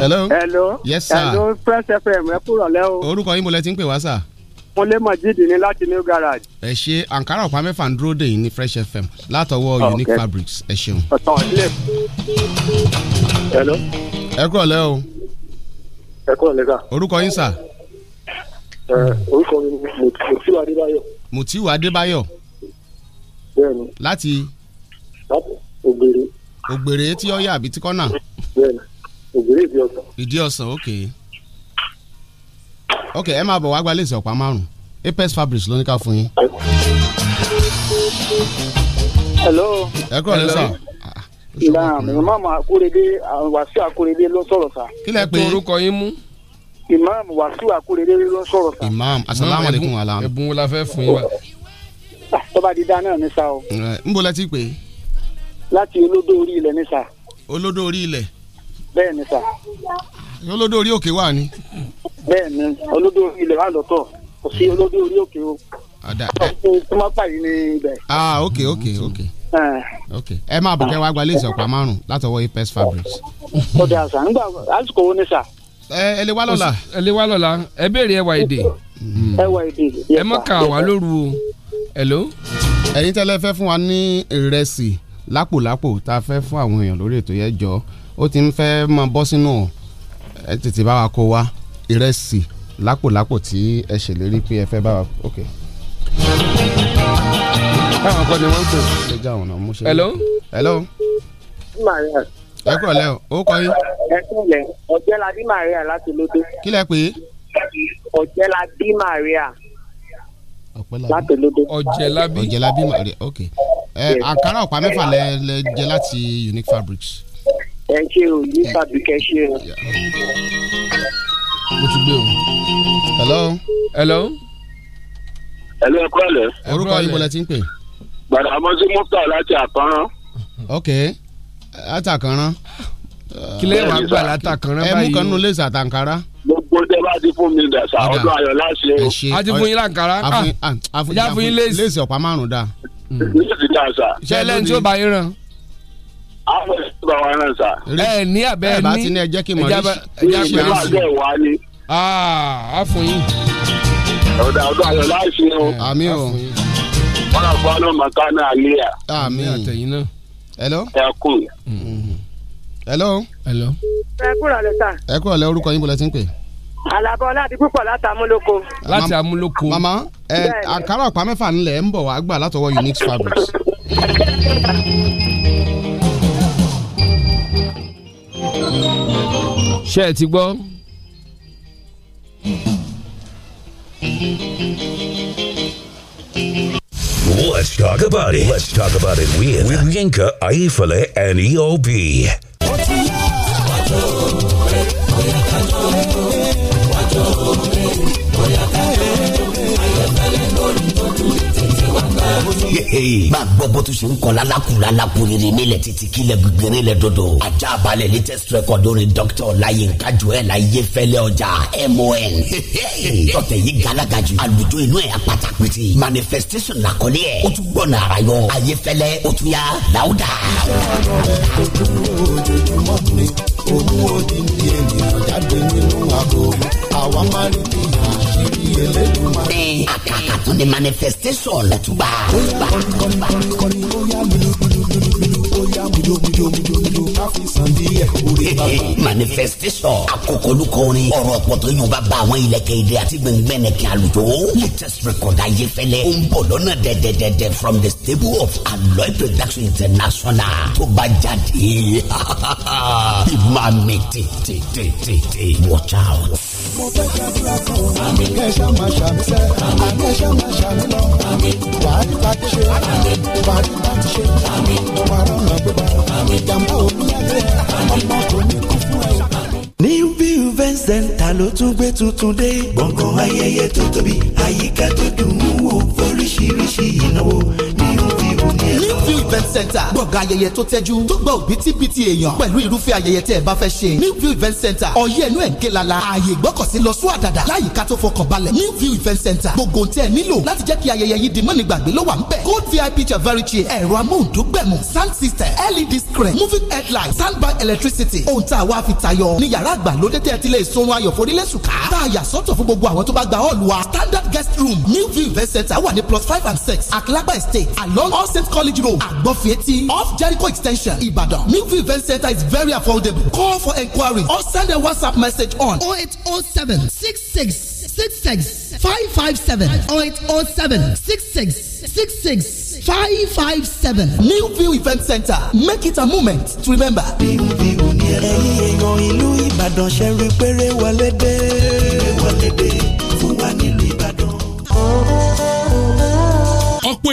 hello. hello. yes sir. hello Fresh FM ẹ kúrọ̀lẹ́ o. orúkọ yín mo lẹ ti ń pè wá sà wọn lé majidi ní láti new garage. ẹ ṣe ankara ọ̀pá mẹ́fà ń dúró dè ní fresh fm látọwọ́ ah, unique fabrics ẹ ṣeun. ọ̀tàn ilé. hello. ẹ kúrò lẹ́ o. ẹ kúrò lẹ́ orúkọ yín sà. ẹ orúkọ mi ni Mutiu Adébáyọ̀. Mutiu Adébáyọ̀. láti. láti Ògbèrè. Ògbèrè tí Ọ̀yọ́ àbí tí kọ́nà. bẹ́ẹ̀ni Ògbèrè ìdí ọ̀sán. ìdí ọ̀sán okay. ok ẹ máa bọ̀ wá gba ọ̀pá márùn ló ní ká fún yín. hello. ẹ kúrò lè ìlànà màmá àkúrẹ́dẹ́ wàásù ló sọ̀rọ̀ mú imam wàsíù àkúrẹ́dẹ́ ló imam asalaamualeykum ala. ẹ̀bùn wo la fẹ́ fún yín wa. Ah, tọ́ba o. n pè é. láti olódó orí ilẹ̀ ní sa. olódó orí òkè wà ni. bẹ́ẹ̀ni olódó orí ilẹ̀ wà lọ́tọ̀ kò sí olódó orí òkè o. ọ̀dà ẹ tó máa pàdé ní ibẹ̀. ah ok ok ok ok ẹ máa bọ̀ kẹ́ wá gba léèsì ọ̀pá márùn-ún látọwọ́ apes fabrics. ọ̀dà àṣà nígbà àsìkò wo ni sà. ẹ ẹ lè wá lọ́la. ẹ lè wá lọ́la ẹ béèrè ẹwà èdè. Mm. ẹwà èdè. ẹ mọ̀ ká wà lóru o. hello. ẹ̀yin tẹ́lẹ̀ fẹ́ fún wa ní ìrẹsì lápòlápò tá a fẹ́ fún àwọn èèyàn lórí ètò yẹn jọ ó ti ń fẹ́ máa bọ́ sínú ẹ tètè bá wa kó wa ìrẹsì lápòlápò tí ẹ ṣèlérí pé ẹ fẹ́ bá wa ok. báwọn kọ́ ni wọ́n ń pè é já ọ̀nà mú ṣe. hello. hello. ẹ kúrò lẹ́ o ó kọ́ yín. ẹ kúrò ọ̀jẹ́ladí Maria láti lóde. kí lẹ pè é. ọ̀jẹ́ladí Maria láti lóde. ọ̀jẹ̀lábí ọ̀jẹ̀lábí Maria ok. àkàrà ọ̀pá mẹ́fà lẹ jẹ láti Unique Fabrics ẹ ṣe o ní tàbí kẹ ṣe o. mo ti gbé o. hello. hello. hello ẹ kúrò lẹ. orúkọ yìí mo lẹ ti ń pè. gbàdámọ́sí mọ́tò láti àkànrán. ok láti àkànrán. kílẹ̀ wàá gbà láti àkànrán báyìí. ẹ mú kan nínú lẹ́sà àtàǹkárá gbogbo tẹ bá ti fún mi dàsa ọdún ayọ̀ láṣẹ o. a ti fún yín lankara a fún yín léèsì ọ̀pá márùn-ún da. léèsì dàsa. ṣẹlẹ̀ ní tí ó bá yín ràn àwọn ẹ ní abẹ́ ní ẹ bá ti ní ẹ jẹ́ kí n ṣe é a fún yín. ọ̀dà ọ̀dà ayọ̀ láìsí o. Eh, àmín o. wọn àgbọ̀ ọ̀nà màkà náà lé à. àmín àtẹ̀yìn náà. hello. ẹ kú. Mm-hmm. hello. hello. orúkọ yín bọ̀lẹ́ tí ń pè. àlàbọ̀ láti púpọ̀ láti amúlòkó. láti amúlòkó. mama àkàrà ọ̀pá mẹ́fà ńlẹ̀ ń bọ̀ wá gbà látọwọ́ Unique Fabrics. [laughs] ṣé ti gbọ́. Let's talk about it. Let's talk about it with, with Yinka, Aifale, and EOB. máa gbọ́ bó tún ṣe ń kọ́ lálákùnrin alákùnrin nílẹ̀ títí kílẹ̀ gbígbéré lẹ̀ dodo ajá balẹ̀ latest record orin dr ọláyínká joel ayéfẹ́lẹ́ ọjà mon tọ̀tẹ̀ yìí galaga jù àlùjọ inú ẹ̀ apata pété manifestation làkọ́lé ẹ̀ ó tún gbọ́nà ara yọ ayéfẹ́lẹ́ ó tún yá láwùdà. ojoojúmọ́ ni owó òdì ní ènìyàn jáde nínú àgọ́ àwa máa ń bí àṣírí Elédùmarè. Manifestation. àkàkà tún ni manifestation lọ́túbà. kọ́ni ó yá mi lóbìlóbìló ó yá mi lóbìlóbìló ká fi sàn díẹ̀ orí bàbá. manifestation àkókò olùkọrin ọ̀rọ̀ ọ̀pọ̀tọ̀ yóò bá bá àwọn ilẹ̀kẹ̀ èdè àti gbẹ̀ngbẹ̀nẹ̀kẹ̀ àlùjọ. latest record ayéfẹ́lẹ́ ó ń bọ̀ lọ́nà dẹ̀dẹ̀dẹ̀dẹ̀ from the stable of Aloy production international tó bá jáde. [laughs] ìmọ̀ àmì tètè tètè watch out mo fẹ́ ṣàdúrà kan o. àmì kẹ́sà máa ṣàmì sẹ́. àmì kẹ́sà máa ṣàmì lọ. àmì wàá rí pàtí ṣe. àmì wàá rí pàtí ṣe. àmì wàá rọ̀nà gbígbà. àmì jàmbá òbí yàgbé. ọmọ kò ní kú fún ẹ New View Event Center ló tún gbé tuntun dé. gbọ̀ngàn ayẹyẹ tó tóbi àyíká tó dùn ún wò fóríṣiríṣi ìnáwó New Newfield event center gbọ̀ngàn ayẹyẹ tó tẹ́jú tó gba òbítíbitì èèyàn pẹ̀lú irúfẹ́ ayẹyẹ tẹ́ ẹ bá fẹ́ ṣe Newfield event center ọ̀yẹ́ ẹnu ẹ̀ ń ké lala ààyè ìgbọ́kọ̀sí lọ sún àdàdà láyìíká tó fọkàn balẹ̀ Newfield event center gbogbo tẹ́ ẹ nílò láti jẹ́ kí ayẹyẹ yìí di mọ́ni gbàgbé ló wà ń bẹ̀ gold vip chavari chair ẹ̀rọ amóhùndógbẹ̀mù sound system led screen moving headlight standby electricity ohun tá a wá fi tayọ ní yàrá àgbàlódé tẹ́ ẹ ti lè sunrun ayọ̀ forílẹ̀sùká tá a yà sọ́tọ̀ fún gbogbo àwọn tó bá gba hall wa standard guest room Newfield event center wà ní plus five and six àkìlágbà estate along us state college road agbofieti off jericho extension ibadan new event center is very affordable call for enquiry or send a whatsapp message on 0807 66 66 557 new view event center make it a moment to remember. bíbélì ni ẹ̀yin èèyàn ìlú ìbàdàn ṣe rí péré wọlé dé wọlé dé fún wa nílùú ìbàdàn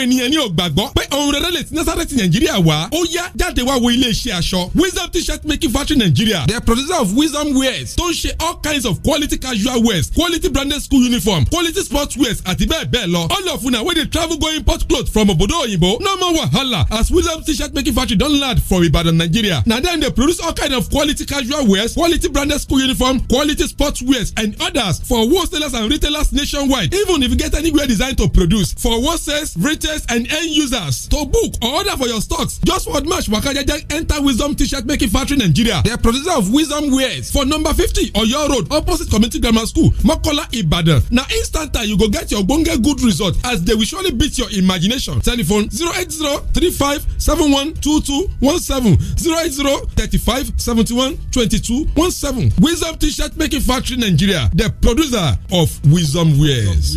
àwọn ènìyàn ní ò gbàgbọ́ pé ohun rere lè ti Nazareth Nàìjíríà wá ó yá jáde wá wo ilé aṣọ Wisdom t-shirt making factory Nigeria the producer of Wisdom wears tó ń ṣe all kinds of quality casual wears quality branded school uniform quality sports wears àti bẹ́ẹ̀ bẹ́ẹ̀ lọ all of una wey dey travel go import cloth from obodo oyinbo no more wahala as Wisdom t-shirt making factory don land for Ibadan Nigeria na dem dey produce all kinds of quality casual wears quality branded school uniform quality sports wears and others for wholesalers and retailers nationwide even if you get anywhere design to produce for wholesales retail agents and end users. To book or order for your stocks, just word match waka jeje enter Wisdom t-shirt making factory Nigeria. They producer of Wisdom wears for number fifty Oyo Road opposite Community Grammar School, Mokola Ibadan. Na instant you go get your ogbonge good result as they will surely beat your imagination. Telephone zero eight zero three five seven one two two one seven zero eight zero thirty five seventy one twenty two one seven. Wisdom t-shirt making factory Nigeria, the producer of Wisdom wears.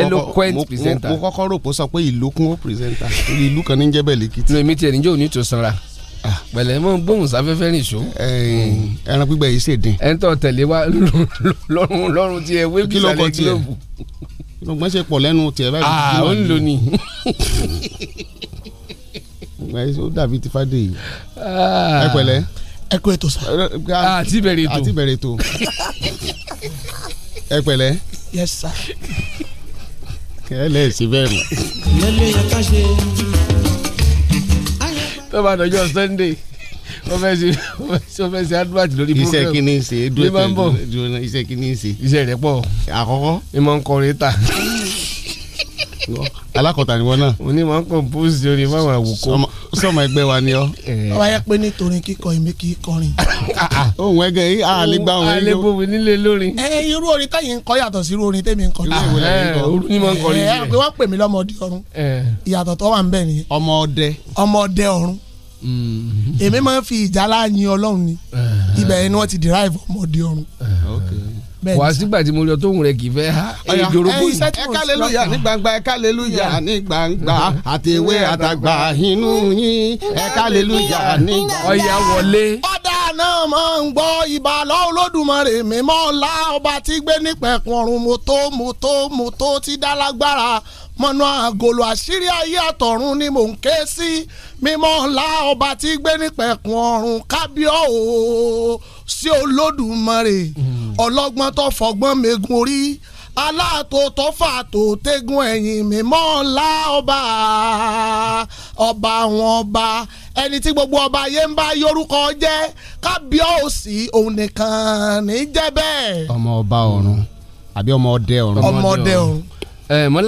eloquent presenter. mo kọ́kọ́ rò pé ó sọ pé ìlú kún ó presenter ìlú kan ní jẹ́bẹ̀ lẹ́kìtì. nínú èmi tiẹ̀ níjẹ́ òní tó sanra ah. pẹ̀lẹ́ mọ́ gbóhùn sáfẹ́fẹ́ rìn ṣó. ẹran gbígbẹ yìí ṣèdín. ẹ ń tọ́ tẹ̀lé wa lọ́rùn lọ́rùn tiẹ̀ wé bí sálẹ̀ gílóòbù. lọ́gbọ́n ṣe pọ̀ lẹ́nu tiẹ̀ báyìí. aa ah, ó ń lò ní. ó dàbí ti fàdé yìí. Ah. ẹ pẹ̀lẹ́. ẹ kú ètò sá. àti bẹ̀rẹ̀ bẹ̀rẹ̀ ètò. [laughs] ẹ pẹ̀lẹ́. yes sir kẹ́lẹ́ sí bẹ́ẹ̀ mọ́. tó bá dọjọ́ Sunday wọ́n fẹ́ ṣe wọ́n fẹ́ ṣe advert lórí program. iṣẹ́ kí ni é ṣe dúró tẹ̀ dúró iṣẹ́ kí ni ń ṣe. iṣẹ́ rẹ̀ pọ̀. àkọ́kọ́. ìmọ̀ ń kọrin ta alákọ̀tà ni wọ́n náà. mo ní mọ̀ ń compose lórí fáwọn àwòkọ́. sọmọ ẹgbẹ́ wa ni ọ. ọba eh. yẹ pé nítorí kíkọ èmi kì í kọrin. [laughs] ohun ẹgẹ yìí a lè gba ohun yìí. a lè bomi nílé lórin. ẹ eh, eh, irú orin táyì ń kọ yàtọ̀ sí irú orin tèmi ń kọ. irú ah, ni mo ń kọrin. ẹ pé wọ́n pè mí lọ́mọdé ọ̀run. ìyàtọ̀ tó wà ń bẹ nìyẹn. ọmọ ọdẹ. ọmọ ọdẹ ọ̀run mm-hmm. èmi máa ń fi ìjálá yin ọlọ́run ni ibẹ̀ ni wọ́n ti derive ọmọdé ọ̀run wàá sígbà tí mo yọ tóun rẹ kì í fẹ́ ha ìjòrògbò yìí. ẹ kálẹ́lúyà ní gbangba ẹ kálẹ́lúyà ní gbangba àtẹ̀wé àtàgbà inú yín ẹ kálẹ́lúyà ní gbangba. ọ̀yà wọlé. ọ̀dà náà máa ń gbọ́ ìbàlọ́ olódùmarè mímọ́ ọ̀la ọba tí gbé nípẹ̀kun ọ̀run mo tó mo tó mo tó ti dá lágbára mọ̀nà àgòlò àṣírí ayé àtọ̀run ni mò ń ké sí mímọ́ ọ̀la ọba tí gbé nípẹ̀kun ọ̀run kábíọ́ o sí olódùmarè. Mm -hmm ọlọ́gbọ́n tó fọgbọ́n megun orí aláàtò tọ́fà tó tẹ́gun ẹ̀yìn mímọ́ ńlá ọba ọba àwọn ọba ẹni tí gbogbo ọba ayé ń bá yorùkọ jẹ́ kábíọ́ọ̀sì òun nìkan ní jẹ́ bẹ́ẹ̀. ọmọ ọba ọ̀run àbí ọmọ ọdẹ ọ̀run. ọmọ ọdẹ ọ̀run ẹ mọ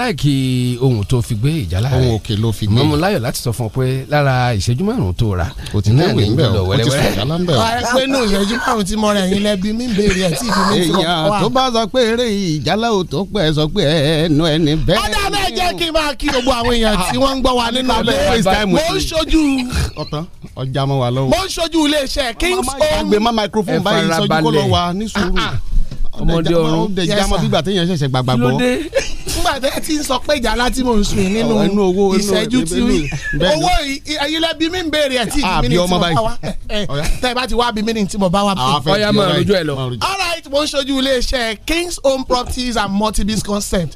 ohun tó fi gbé ìjálá rẹ ohun òkè ló fi gbé mọ láyọ̀ láti sọ fún ọ pé lára ìṣẹ́jú márùn tó ra o ti náwó ń bẹ o o ti sọ ìjálá ń bẹ o. pé nù ìṣẹ́jú márùn tí mo rẹ̀ yín lẹ́bi mí béèrè ẹ̀ tí ìbí mi ti rọ̀ wá. tó bá sọ pé eré ìjálá ò tó pẹ́ sọ pé ẹnu ẹni bẹ́ẹ̀. ọ̀dà bẹ́ẹ̀ jẹ́ kí n máa kí gbogbo àwọn èèyàn tí wọ́n ń gbọ́ wa nínú ilé ọmọdé ọrùn ọdẹ ìjà mọ bí gbàtẹ́ yẹn nígbà tẹ́ ti ń sọ pé ìjà láti mò ń sùn nínú ìṣẹ́jú tí owó ayélujábí mi ń béèrè àti ìdí ah, mi ní tí mo bá wá tẹ́ ẹ bá ti wá bí mi ní tí mo bá wá bí. Ah, ọ̀ya máa rojú ẹ lọ. all right mo ń ṣojú iléeṣẹ́ King's Home Properties and Multi-Biz Concept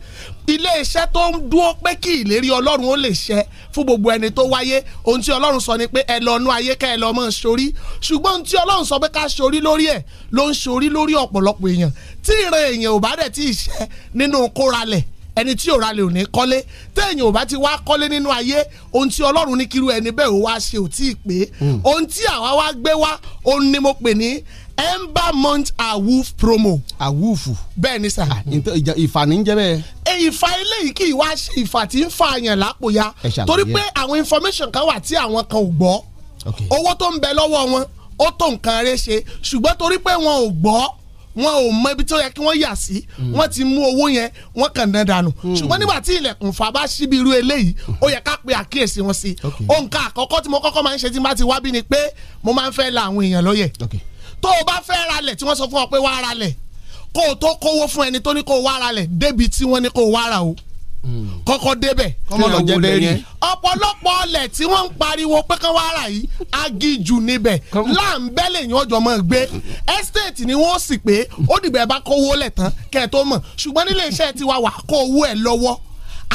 iléeṣẹ́ tó ń dúró pé kí ìlérí ọlọ́run ó lè ṣẹ fún gbogbo ẹni tó wáyé ohun tí ọlọ́run sọ ni pé ẹ lọ nú ayé ká ẹ lọ mọ́ sórí ṣùgbọ́n ohun tí ọlọ́run sọ pé ká sórí lórí ẹ̀ ló ń sórí lórí ọ̀pọ̀lọpọ̀ èèyàn tí ìran èèyàn ò bá dẹ̀ tí ì ṣẹ nínú kóralẹ̀ ẹni tí òralẹ̀ ò ní kọ́lé téèyàn ò bá ti wá kọ́lé nínú ayé ohun tí ọlọ́run ní kírú ẹni bẹ́ẹ̀ ò wá ṣe ò tí ì pé hmm. ohun tí àwa wá gbé wá òun ni mo pè ní ember month awoof promo. awoofu. bẹ́ẹ̀ ni sà. Ah, ìfàní ń jẹ́ bẹ́ẹ̀. e ìfà eléyìí kì í wá ṣe ìfà tí ń fa àyàn lápò ya. torí pé àwọn information kan wà tí àwọn kan ò gbọ́. owó tó ń bẹ lọ́wọ́ wọn ó tó nǹkan rẹ ṣe ṣùgbọ́n torí pé wọn ò gbọ́ wọn ò mọ ibi tó yẹ kí wọ́n yà sí mm. wọ́n ti mú owó yẹn wọ́n kàn dán dànù mm. ṣùgbọ́n nígbà tí ilẹ̀kùn fà bá síbi irú eléyìí ó yẹ ká pe àkíyèsí wọn sí òǹkà àkọ́kọ́ tí mo kọ́kọ́ máa ń ṣe tí n bá ti wá bí ni pé mo máa ń fẹ́ la àwọn èèyàn lóye. Okay tó o bá fẹ́ ralẹ̀ tí wọ́n sọ fún ọ pé wàá ralẹ̀ kó o tó kówó fún ẹni tó ní kó o wá ralẹ̀ débi tí wọ́n ní kó o wá ra o hmm. kọ́kọ́ débẹ̀ kọ́mọ́lọ́ jẹ́ bẹ́ẹ̀ ni. ọ̀pọ̀lọpọ̀ ọlẹ̀ tí wọ́n ń pariwo pé kán wá rà yìí agiju níbẹ̀ láǹbẹ́lẹ̀ yẹn ọjọ́ mọ́ gbé ẹ́stéètì ni wọ́n sì pé ó dìgbà ẹ bá kówó lẹ̀ tán kẹ́ ẹ tó mọ̀ ṣùgbọ́n nílé iṣẹ́ tiwa wà kó owó ẹ̀ lọ́wọ́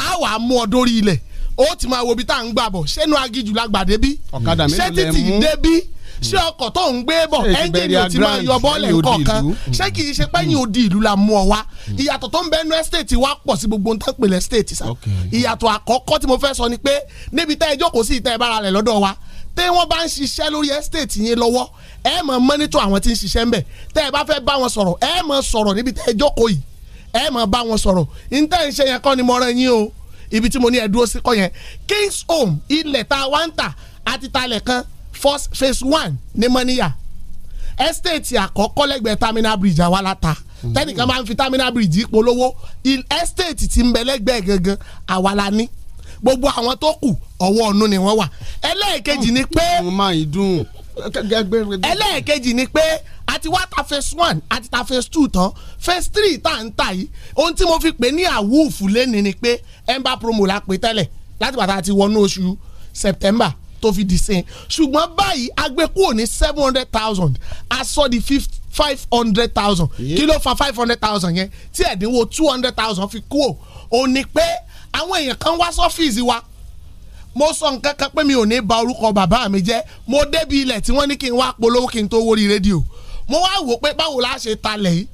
á wà á mú ọ dórí ilẹ̀ ó ti máa wo ibi tá à ń gbà bọ̀ ṣẹ́nu agiju la gbà débí ṣé ọkọ̀ tó ń gbé bọ̀ ẹ́ńjìnì ò ti máa yọ bọ́ọ̀lẹ̀ kọ̀ọ̀kan ṣé kì í ṣe pẹ́yìn odi ìlú la mú ọ wá ìyàtọ̀ tó ń bẹ́nu ẹ́stéètì wa pọ̀ sí gbogbo nǹkan pèlè ẹ́stéètì sá ìyàtọ̀ àkọ́kọ́ tí mo fẹ́ sọ ni pé níbi tá ẹ jókòó sí ìtẹ́ ìbára rẹ̀ lọ́dọ̀ wa tí wọ́n bá ń ṣiṣẹ́ lórí ẹ́stéètì yẹn lọ́wọ́ ẹ mọ̀ mọ́nítọ̀ àwọn tí ń ṣiṣẹ́ ń bẹ̀ tẹ́ ẹ bá fẹ́ bá wọn sọ̀rọ̀ ẹ mọ̀ sọ̀rọ̀ níbi tẹ́ ẹ jókòó yìí ẹ mọ̀ bá wọn sọ̀rọ̀ níta ń ṣe yẹn kọ́ ni mo rán yín o ibi tí mo ní ẹ dúró sí kọ́ yẹn King's Home ilẹ̀ tá a wá ń tà àti talẹ̀ kan first phase one ní mọ́níyà estate àkọ́kọ́ lẹ́gbẹ̀ẹ́ terminal bridge àwalata mm. tẹ́nìkan máa ń fi terminal bridge polówó estate ti ń bẹ lẹ́gbẹ̀ẹ́ gangan àwala ní gbogbo àwọn tó kù ọwọ́ ọ̀nù ni wọ́n wà ẹlẹ́ẹ̀kejì ni pé ẹlẹ́ẹ̀kejì ni pé a ti wá ta phase one a ti ta phase two tán phase three tá à ń yìí ohun tí mo fi pè ní àwùfù lẹ́ni ni pé ember promo la pè tẹ́lẹ̀ láti bàtà ti wọnú oṣù September tó fi di sin ṣùgbọ́n báyìí agbẹ́kúrò ní seven hundred thousand aṣọ di five hundred thousand kí ló fa five hundred thousand yẹn tí ẹ̀dínwó two hundred thousand fi kúrò ó ní pé àwọn èèyàn kan wá sọ́fíìsì wa mo sọ nǹkan kan pé mi ò ní ba orúkọ bàbá mi jẹ́ mo débi ilẹ̀ tí wọ́n ní kí n wá polówó kí n tó wórí rédíò mo wá wò pé báwo la ṣe talẹ̀ yìí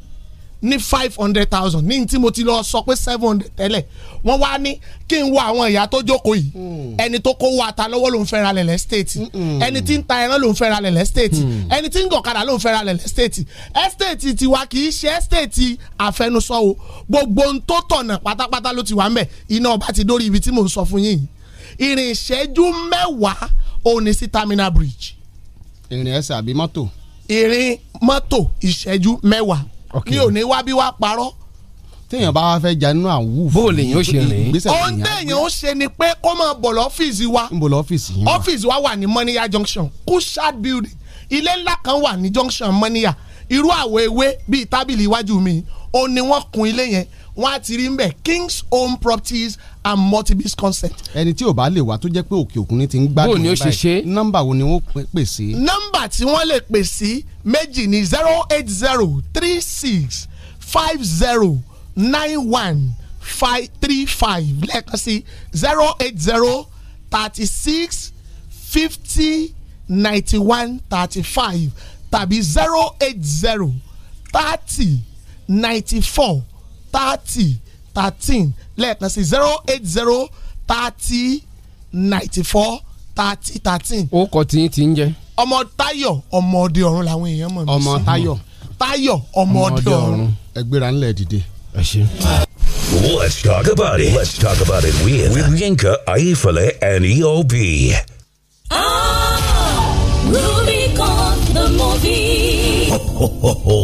ní five hundred thousand ní tí mo ti lọ sọ pé seven hundred tẹ́lẹ̀ wọ́n wá ní kí n wo àwọn ìyá tó jókòó yìí hmm. ẹni tó kó ata lọ́wọ́ ló ń fẹ́ ra lẹ̀lẹ́ state hmm. ẹni tí ń ta ẹran ló ń fẹ́ ra lẹ̀lẹ́ stéètì hmm. ẹni tí ń gọ̀kadà ló ń fẹ́ ra lẹ̀lẹ́ stéètì ẹ́stéètì tiwa kì í ṣe ẹ́stéètì àfẹnusọ o gbogbo ohun tó tọ̀nà pátápátá ló ti wà ń iná ọba ti dórí ibi tí mò ń sọ fún yín ìrìn ìṣẹ́jú mẹ́wàá òní sí terminal bridge. ìrìn ẹsẹ̀ àbí mọ́tò. ìrìn mọ́tò ìṣẹ́jú mẹ́wàá Okay, ò ní wá bí wá parọ́. téèyàn bá wá fẹ́ janú àwọn wúfù. bó o lè yàn ó ṣe rè é. ohun téèyàn ó ṣe ni pé kó máa bọ̀ lọ́fíìsì wa. ń bọ̀ lọ́fíìsì yín wa. ọ́fíìsì wa wà ní mọ́níyà junction kushad building ilé ńlá kan wà ní junction mọ́níyà irú àwọ̀ ewé bíi tábìlì iwájú mi ó ní wọ́n kun ilé yẹn wọ́n á ti rí ń bẹ̀ King's Home Properties and multi-biz consent. ẹni tí ò bá lè wá tó jẹ́ pé òkè òkun ni ti ń gbádùn ní báyìí nọ́mbà wo ni wọ́n pè sí. nọ́mbà tí wọ́n lè pè sí méjì ni zero eight zero three six five zero nine one five three five lẹ́ẹ̀kan sí zero eight zero thirty six fifty ninety one thirty five tàbí zero eight zero thirty ninety four thirty thirteen lẹ́ẹ̀kan sí zero eight zero thirty ninety four thirty thirteen. ó kọ tí tí ń jẹ. ọmọ Táyọ̀ ọmọ ọdẹ ọ̀run làwọn èèyàn mọ̀ mí sí. ọmọ Táyọ̀. Táyọ̀ ọmọ ọdẹ ọ̀run. ẹgbẹ́ra ńlẹ̀ dìde. ẹ ṣe. Let's talk about it. Let's talk about it with, with Yinka, Aifale, and EOB. Ah, Rubicon the movie. Ho, ho, ho, ho.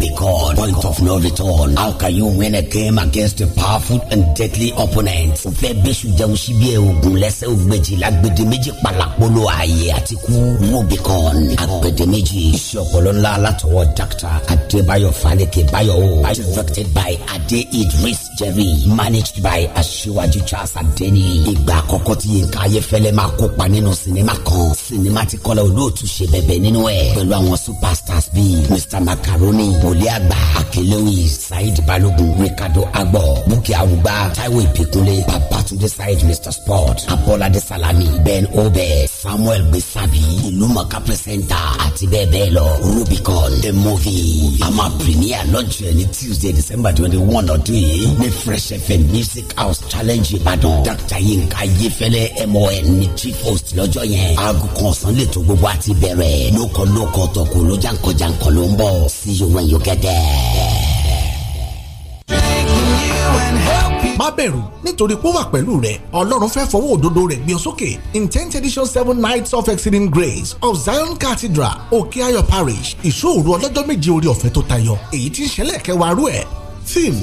because point of no return. How can you win a game against a powerful and deadly opponent? O fẹ́ bẹ́sù jẹ́ oṣù bí oògùn lẹ́sẹ̀ ògbèjì lágbèdè méjì palàpolo ààyè àti kú Rubicon. Àgbèdè méjì iṣẹ́ ọpọlọ ńlá látọwọ́ Dr. Adébáyọ̀ Fálékè Báyọ̀ o. Directed by Adé Idris Jerry. Managed by Aṣíwájú Charles Adéni. Ìgbà àkọ́kọ́ tí Yinka Ayéfẹ́lẹ́ máa kópa nínú sinimá kan. Sinimá ti Kọ́lá Olóòtú ṣe bẹ̀bẹ̀ nínú ẹ̀. Pẹ̀lú àwọn superstars bíi Mr. Macaroni wòlíì àgbà akelewi saheed balogun ricardo agbo bukki arugba taiwo ìpèkúnlé babatunde saheed mr sport abolade salami ben obe samuel gbèsàbí ìlúmọ̀ká pẹ̀sẹ̀ntà àti bẹ́ẹ̀ bẹ́ẹ̀ lọ rubicon the movie a máa premier lọ́jọ́ ní tuesday december twenty one ọdún yìí ní fresh fm music house challenge ìbàdàn dr yinka yefẹlẹ mon ní chief host lọ́jọ́ yẹn aago kan ọ̀sán lè tó gbogbo àti bẹ̀rẹ̀ lóko lóko tọkọ ló jàǹkọ̀ jàǹkọ̀ ló ń bọ̀ see you when you Ọ̀gẹ̀dẹ̀ má bẹ̀rù nítorí pé ó wà pẹ̀lú rẹ̀ ọlọ́run fẹ́ fọwọ́ òdodo rẹ̀ gbé ọ sókè in tenth edition seven nights of exceeding grace of zion cathedral òkè ayọ̀ parish ìṣòro ọlọ́jọ́ méje orí ọ̀fẹ́ tó tayọ èyí tí ń ṣẹlẹ̀ kẹwàá rú ẹ̀ team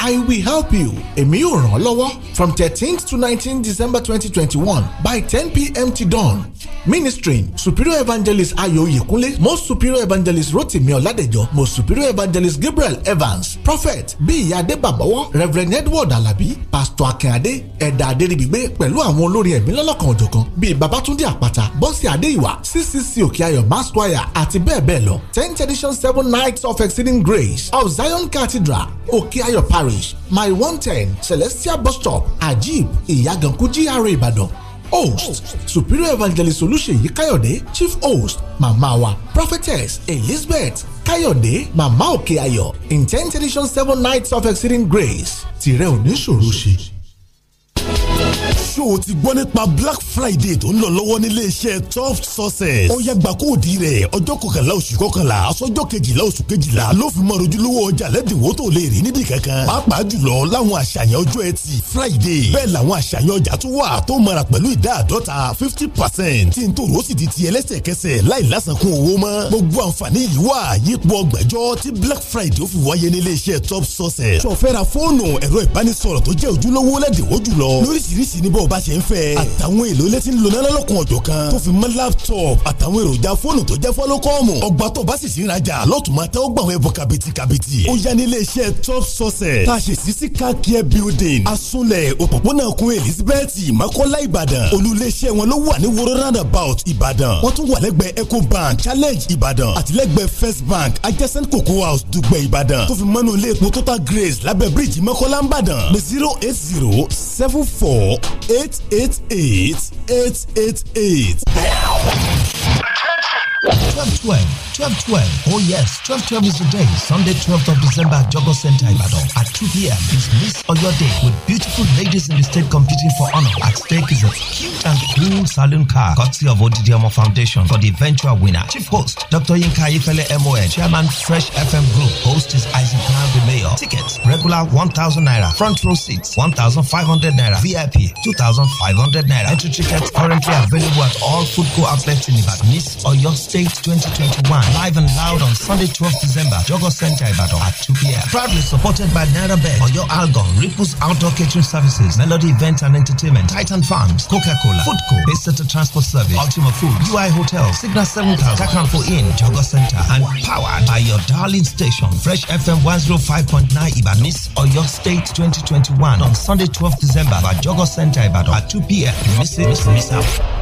I will help you èmi yóò ràn ọ́ lọ́wọ́ from thirteenth to nineteenth December twenty twenty one by ten pm till dawn Ministry: superior evangelist Ayo Yekunle most superior evangelist Rotimi Oladejo most superior evangelist Gabriel Evans prophet Biyi Adebabawo reverend Edward Alabi pastor Akinade Ẹ̀dà Adéríbigbé pẹ̀lú àwọn olórin ẹ̀mí lọ́lọ́kan òjọ̀kan bíi Babatunde Àpàtà Bọ́sì Adéìwà CCC Òkè Ayọ̀ masquire àti bẹ́ẹ̀ bẹ́ẹ̀ lọ tenth edition seven nights of exceeding grace of Zion Cathedral okeayo parish My one ten celestial bus stop ajib ìyàgànkú GRA ìbàdàn host superior evangelist olùṣèyí káyọ̀dé chief host màmá wa prophetess elizabeth káyọ̀dé màmá òkè ayọ̀ in ten edition seven nights of exceeding grace tìrẹ ò ṣe ṣó o ti gbọ́ nípa black friday tó ń lọ lọ́wọ́ nílé iṣẹ́ top success. ó yá gbà kóòdì rẹ̀ ọjọ́ kọkànlá oṣù kọkànlá aṣọ́jọ́ kejìlá oṣù kejìlá ló fi mọ ojúlówó ọjà lẹ́dínwó tó lè rí níbi kankan. pàápàá jùlọ láwọn àṣàyàn ọjọ́ ẹtì friday bẹ́ẹ̀ làwọn àṣàyàn ọjà tó wà tó mara pẹ̀lú ìdá àdọ́ta fifty percent tí n tó rò sì di ti ẹlẹ́sẹ̀kẹsẹ̀ láì lásàkún owó mọ́. gbogbo àǹfààní yìí wà yípo ọgbẹ̀jọ́ tí black friday ó fi wáyé nílé iṣẹ́ top success. sọfẹ́ra fóònù ẹ̀rọ ìbánisọ̀rọ̀ tó jẹ́ ojúlówó lẹ́dínwó jùlọ lóríṣiríṣi níbọ̀ bọ́rọ̀ bá ṣe ń fẹ́. àtàwọn èlò ilé tí ń lona lọ́lọ́kun ọ̀jọ̀ kan tó fi mọ́ laptop àtàwọn èròjà fóònù tó jẹ́ fọ́lọ́kọ́ọ̀mù ọgbà tó bá sì sí ìrajà lọ́tùmọ̀ tẹ́ ó gbà wọ́n ẹ̀bùn kàbìtì kàbìtì. ó yá ní iléeṣẹ́ top success tá a ṣe sí sí car building asunlẹ̀ òpópónà kun elizabeth makola ìbàdàn olùléeṣẹ́ wọn ló wà ní woro roundabout ìbàdàn wọ́n tún wà lẹ́gbẹ̀ẹ́ eco bank challenge ìbàdàn àtìlẹ́gbẹ̀ẹ́ first bank adjacent cocoa house dùgbẹ̀ ìbàdàn tó fi mọ́nú grace lábẹ́ bíríìjì makola ìbàdàn zero eight zero seven four eight eight eight eight eight eight. Attention! Club 12. 1212. Oh, yes, 1212 is the day. Sunday, 12th of December at Jogo Center, Ibadan. At 2 p.m. is Miss Oyo Day with beautiful ladies in the state competing for honor. At stake is a cute and cool saloon car, courtesy of Odidiomo Foundation for the eventual winner. Chief host, Dr. Yinka Ifele MON, Chairman Fresh FM Group. Host is Isaac Brown, the mayor. Tickets, regular 1,000 naira. Front row seats, 1,500 naira. VIP, 2,500 naira. Entry tickets currently available at all food co outlets in Ibadan. Miss Oyo State 2021 time, live and loud on Sunday, 12th December, Jogo Center Ibadan at 2 p.m. Proudly supported by NaraBet, Oyo Algon, Ripple's Outdoor Catering Services, Melody Event and Entertainment, Titan Farms, Coca-Cola, Foodco, Base Transport Service, Ultima Food, UI Hotel, Signal 7000, Kakampo Inn, Jogo Center, and powered by your darling station, Fresh FM 105.9 Ibadan. Miss Oyo State 2021 on Sunday, 12th December at Jogo Center Ibadan at 2 p.m. You miss it, miss, miss out.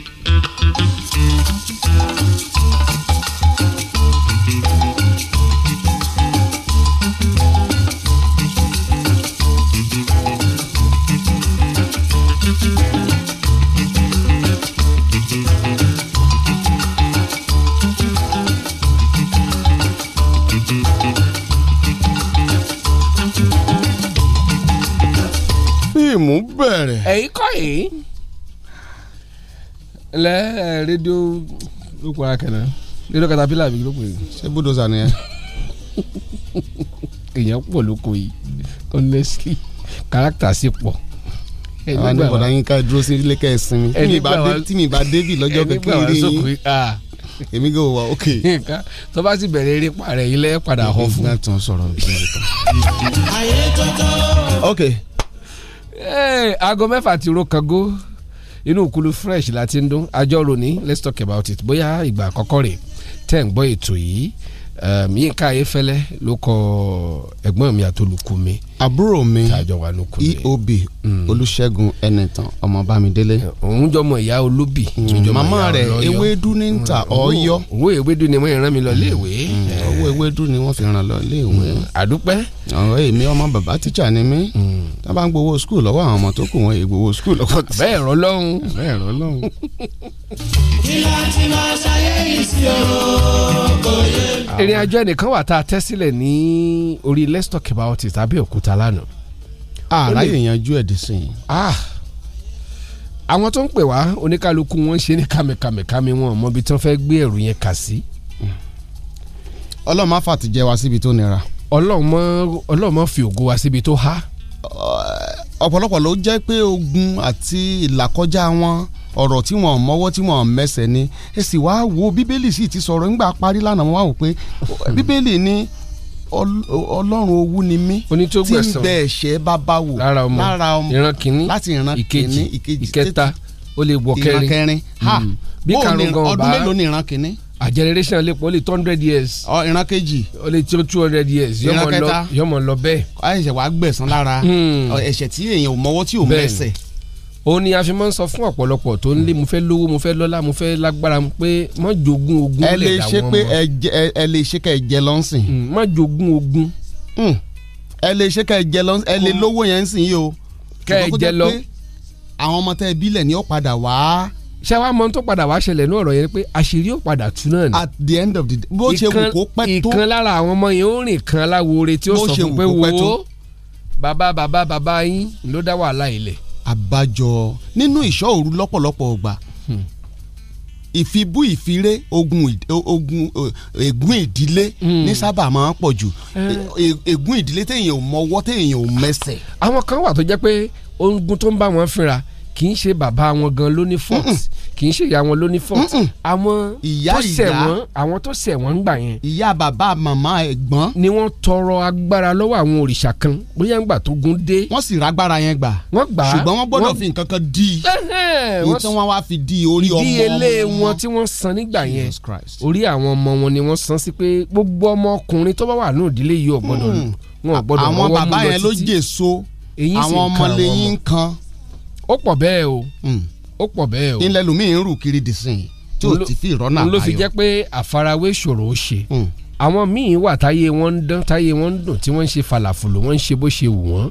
fíìmù bẹ̀rẹ̀. ẹ̀yin kọ́ yìí lẹ́ rédíò ló kọ́ akẹ́nà rédíò katapila àbí ló pè é. ṣé búdòsà ni ẹ. èèyàn pọ̀ lóko yìí honestly káràkítà sì pọ̀ àwọn àdúgbò bọ̀dá yín ká dúró sí ilé kẹ́sìn mi tí mi bá débi lọ́jọ́ kékeré yín èmi gò wá ok. tó bá ti bẹ̀rẹ̀ eré parẹ́ ilé padà họ fún. ok. Eh, aago mẹ́fà ti ro kango inú kulu fresh la ti ń dún àjọrò ní let's talk about it bóyá ìgbà àkọ́kọ́ rẹ̀ tẹ́ ń gbọ́ ètò yìí um, yínká ayéfẹ́lẹ́ ló kọ ẹ̀gbọ́n mi àtolùkù mi àbúrò mi eob Mm. olùṣègùn ẹnìtàn ọmọ bámidélé. òun jọmọ ìyá olóbì. màmá rẹ ewédú ní mm. ta ọyọ. owó ewédú ni wọ́n rán mi lọ léèwé. Mm. owó ewédú ni wọ́n fi ràn lọ léèwé. àdúpẹ́. ọ̀rọ̀ èmi ọmọ bàbá tíṣà ni mí. tá a bá ń gbowó skul lọ́wọ́ àwọn ọmọ tó kù wọ́n ègbowó skul lọ́wọ́ tí. bẹ́ẹ̀ rọ lọ́hùn. bẹ́ẹ̀ rọ lọ́hùn. kí la ti ṣayé yìí sí o ìrìn àjò ẹnìkan wà tá a tẹ́ sílẹ̀ ní orí let's talk about it Abẹ́òkúta lánàá àráyè ah, yanjú ẹ̀ dísìn. Ah. àwọn tó ń pè wá oníkálukú wọn ṣe ní kàmìkàmìkàmì wọn mọ ibi tí wọ́n fẹ́ gbé ẹ̀rù yẹn kà sí. ọlọ́run má fàtìjẹ wa síbi tó nira. ọlọ́run má fi ògo wa síbi tó há. ọ̀pọ̀lọpọ̀ ló jẹ́ pé ogun àti ìlàkọjá wọn ọ̀rọ̀ tí wọ́n mọ́wọ́ tí wọ́n mẹsẹ̀ ni ẹ sì wá wo bíbélì sì ti sọ̀rọ̀ ńgbà parí lánàá wọn wá wò pé [laughs] bíbélì ni ọlọ́run owú ni mí tí ń bẹ ẹ̀ṣẹ̀ bàbá wò lára ọmọ ìran kìíní láti ìran kìíní ìkejì ìkẹta ó lè wọ kẹrin ìran kẹrin ha hmm. bí karùn-ún ọdún mélòó ni ìran kìíní. a generation lè pọ̀ ó lè two hundred years. ọ ìran kejì. ó lè tó two hundred years. ìran kẹta yọmọ lọ bẹ́ẹ̀. a ṣẹ̀ṣẹ̀ wàá gbẹ̀san lára hmm. ẹ̀ṣẹ̀ tí èèyàn ò mọwọ́ tí ò mẹ́sẹ̀. bẹ́ẹ̀ ó ní a fi máa ń sọ fún ọ̀pọ̀lọpọ̀ tó ń lé mo fẹ́ lówó mo fẹ́ lọ́lá mo fẹ́ lágbára mo pé má jogún ogún lẹ̀ dàwọn ọmọ ẹ lè ṣe ká ẹ jẹ lọ́nsìn. má jogún ogún. ẹ lè ṣe ká hmm, hmm, ẹ jẹ lọ́nsìn ẹ lè hmm. lówó yẹn sìn yìí o. ká ẹ jẹ lọ. àwọn ọmọ tẹ ẹ bílẹ̀ ni ó padà wá. ṣé wàá mọ tó padà wá ṣẹlẹ̀ ní ọ̀rọ̀ yẹn pé àṣírí ó padà tú náà ni. at the end of the day bó ṣe wù kó pẹ́ tó. ìkan lára àwọn ọmọ yẹn ó rìn kan láwo ore tí ó sọ fún pé wo bàbá bàbá bàbá yín ló dá wàhálà ilẹ̀ àbájọ nínú ìṣọ́ òru lọ́pọ̀lọpọ̀ ọgbà hmm. ìfibú ìfiré ogun ogun ègún ìdílé hmm. ní sábà máa ń pọ̀ jù eh. e-, e-, ègún ìdílé téèyàn ò mọwọ́ téèyàn ò mẹsẹ̀. àwọn kan wà tó jẹ́ pé ogun tó ń bá wọn fínra kì í ṣe bàbá wọn gan ló ní fault kì í ṣe ìyá wọn ló ní fault àwọn tó ṣẹ̀ wọ́n àwọn tó ṣẹ̀ wọ́n gbà yẹn. ìyá bàbá màmá ẹ̀gbọ́n. ni wọ́n tọrọ agbára lọ́wọ́ àwọn òrìṣà kan bóyá ń gbà tó gun dé. wọ́n sì rágbára yẹn gbà. wọ́n gbà á ṣùgbọ́n wọ́n gbọ́dọ̀ fi nǹkan kan di. èyí tí wọ́n wá fi di orí ọmọ wọn. ìdíyelé wọn tí wọ́n san nígbà yẹn orí àwọn ọmọ wọn ni wọ́n san sí pé gbogbo ọmọ lẹ́yìn mm. kan ó pọ̀ bẹ́ẹ̀ o. ilẹ̀ lómi ń rù kiri dìsìn tí ò ti fi ìrọ́nà àbáyọ. ló fi jẹ́ pé àfarawé ṣòro ó ṣe hmm. àwọn míì wà táyé wọn ń dán táyé wọn ń dùn tí wọ́n ń ṣe falàfòlò wọ́n ń ṣe bó ṣe wù wọ́n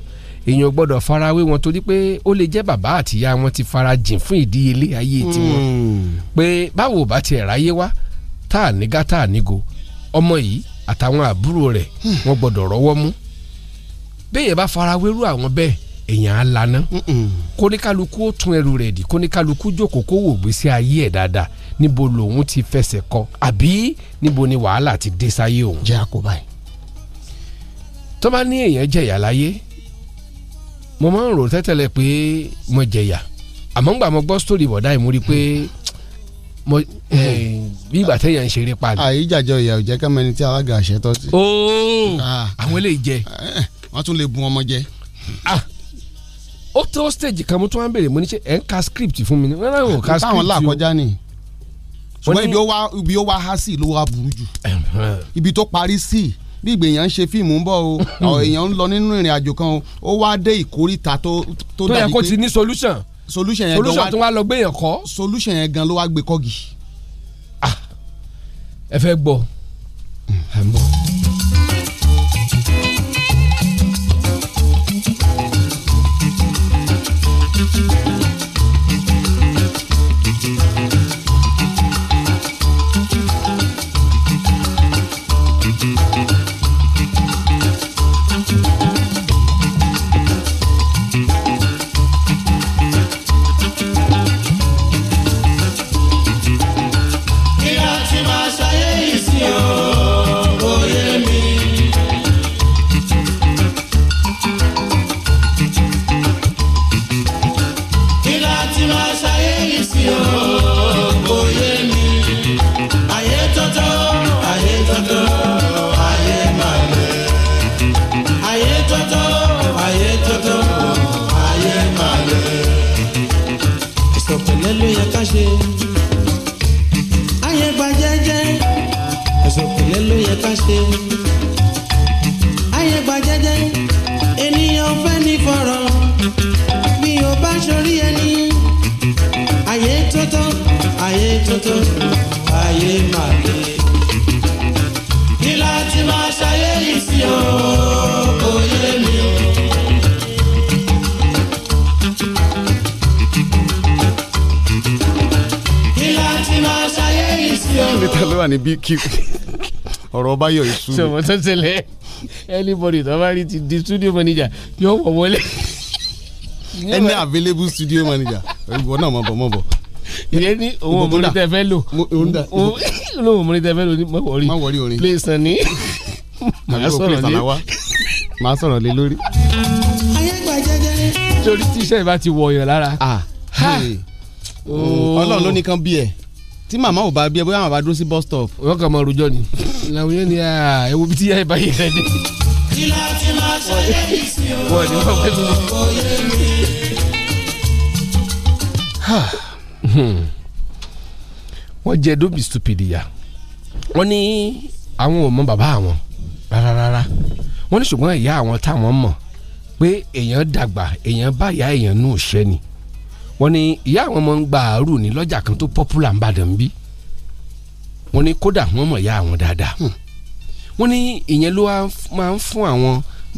èèyàn gbọ́dọ̀ farawé wọn torí pé ó lè jẹ́ bàbá àtìyá wọn ti fara jìn fún ìdíyelé ayé tiwọn hmm. pé báwo bá tiẹ̀ ráyé wá tá à nígá tá à nígo ọmọ yìí àtàwọn àbúrò rẹ̀ hmm. wọ́n gbọ́dọ̀ rọ́wọ́ mú béèyàn bá farawé rú àwọn bẹ́ẹ̀ èèyàn á lana kóníkálukú ó tún ẹrù rẹ̀ dì kóníkálukú jókòó kó wò gbèsè ayé ẹ̀ dáadáa níbo lòun ti fẹsẹ̀ kọ àbí níbo ni wàhálà ti dé sáyé òun. jẹ́ àkóbá yìí. tó bá ní èèyàn jẹ̀yà láyé mo máa ń rò tẹ́tẹ̀lẹ̀ pé mo jẹ̀yà àmọ́ ngbà mo gbọ́ sítórì bọ̀dá yìí mo rí i pé mo bí ìgbà téèyàn ń ṣeré pa ni. àyè ìjàjọ ìyà ò jẹ́ ká mẹ́ni tí alága àṣẹ tọ́ sí. ooo ah. àwọn eléyìí jẹ. Eh, eh, wọ́n tún lè bun ọmọ jẹ. ah ó tó stage kan mo tún wá ń béèrè mo ní ṣe ẹ̀ ń ka script fún mi ni wọ́n láwọn ò ka script o. táwọn là ni ṣùgbọ́n ibi ó wá ibi ó wá há sí ló wá burú jù ibi tó parí sí bí ìgbèyàn ṣe fíìmù ń bọ̀ o [laughs] àwọn èèyàn ń lọ nínú ìrìn àjò kan ó wá dé ìkórìtà tó tó dàbí pé tó yẹ kó ti ní solution solution yẹn solution tó wá lọ gbé yẹn kọ́ solution yẹn gan ló wá gbé kọ́gì. Ah, ẹ fẹ́ gbọ́ ẹ mọ̀. tótó ayé máa le. kí láti máa ṣayé yìí sí o kò mi sọ̀rọ̀ tó anybody tó bá rí ti di studio manager yóò wọ̀ wọlé. any available studio manager ìwọ náà mọ̀ bọ̀ mọ̀ bọ̀ ìyẹn ní òun òmùrí tẹ fẹ́ lò òun òmùrí tẹ fẹ́ lò ní mọ̀wọ́rí play Sunny màá sọ̀rọ̀ lé lórí. torí tíṣẹ́ ìbá ti wọ̀yàn lára. ọlọ́run ló ní kan bí ẹ̀ tí màmá ò bá bí ẹ bóyá màmá dúró sí bus stop. wọ́n kàn mọ rojọ́ ni. làwọn yẹn ni ẹ wo bí tíyà ẹ bá rẹ dé. wọ́n ní wọ́n fẹ́ tó wọ́n jẹ́ don't be stupid ya wọ́n ní àwọn ò mọ bàbá àwọn rárá rárá wọ́n ní ṣùgbọ́n ìyá àwọn táwọn mọ̀ pé èèyàn dàgbà èèyàn bá ìyá èèyàn nù ṣẹ́ ni wọ́n ní ìyá àwọn ọmọ ń gba àárù ní lọ́jà kan tó popular ń bàdàn ń bí wọ́n ní kódà wọ́n mọ̀ ìyá àwọn dáadáa hmm. wọ́n ní ìyẹn ló máa ń fún àwọn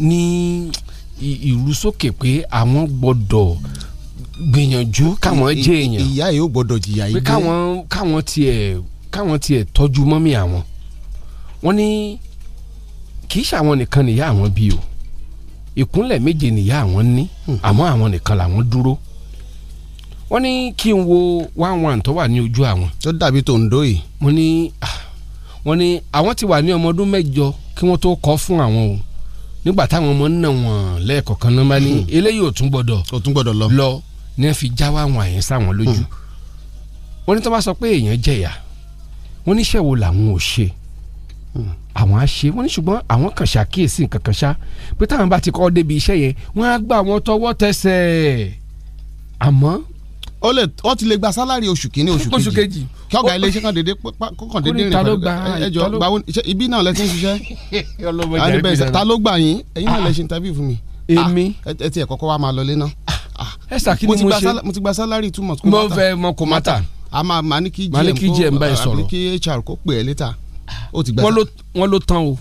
ní ìrúsókè pé àwọn gbọ́dọ̀ gbìyànjú káwọn jẹ èèyàn ìyá yìí ò gbọ́dọ̀ jìyà yìí dé káwọn káwọn tiẹ̀ káwọn tiẹ̀ tọ́jú mọ́mí àwọn wọ́n ní kì í ṣàwọn nìkan nìyá àwọn bí o ìkúnlẹ̀ méje nìyá àwọn ní hmm. àmọ́ àwọn nìkan làwọn dúró wọ́n ní kí n wo one one tó wà ní ojú àwọn. tó dàbí tó ń dóye. mo ní ah, wọ́n ní àwọn ti wà ní ọmọ ọdún mẹ́jọ kí wọ́n tó kọ́ fún àwọn o nígbà táwọn ọmọ ń nà wọ́n náà bá ní hmm. eléyìí ò tún gbọ́dọ̀ lọ ní wọ́n fi jáwọ́ àwọn àyẹn sáwọn lójú hmm. wọ́n ní tó bá sọ pé èèyàn jẹ̀yà wọ́n ní iṣẹ́ wo làwọn ò ṣe hmm. àwọn á ṣe wọ́n ní ṣùgbọ́n àwọn kàn ṣàkíyèsí nǹkan kan ṣá pé táwọn bá ti kọ́ débi iṣẹ́ yẹn wọ́n á gbà wọ́n tọwọ́ tẹsẹ̀ àmọ́ ó lè ó ti lè gba sálárì oṣù kìíní oṣù kejì kí ọ̀gá ilé iṣẹ́ kan dédé kọkàn dédé rìn pẹ̀lú ẹjọ́ gbawo ibi náà lẹsìn ṣiṣẹ́ [laughs] ta ló gbà yín ẹ̀yin náà lẹsìn ah. tàbí fún mi ah, èmi ẹ ti ẹ kọ́kọ́ wa máa lọlé náà ẹsà ah, kí ni mo ṣe mo ti gba salary two months kò mo fẹ́ mo kò mata a ma ma ní kí gm kó ma ní kí gm báyìí sọ̀rọ̀ ma ní kí hr kó pè é létà ah, ó ti gba salary. wọ́n ló tán o.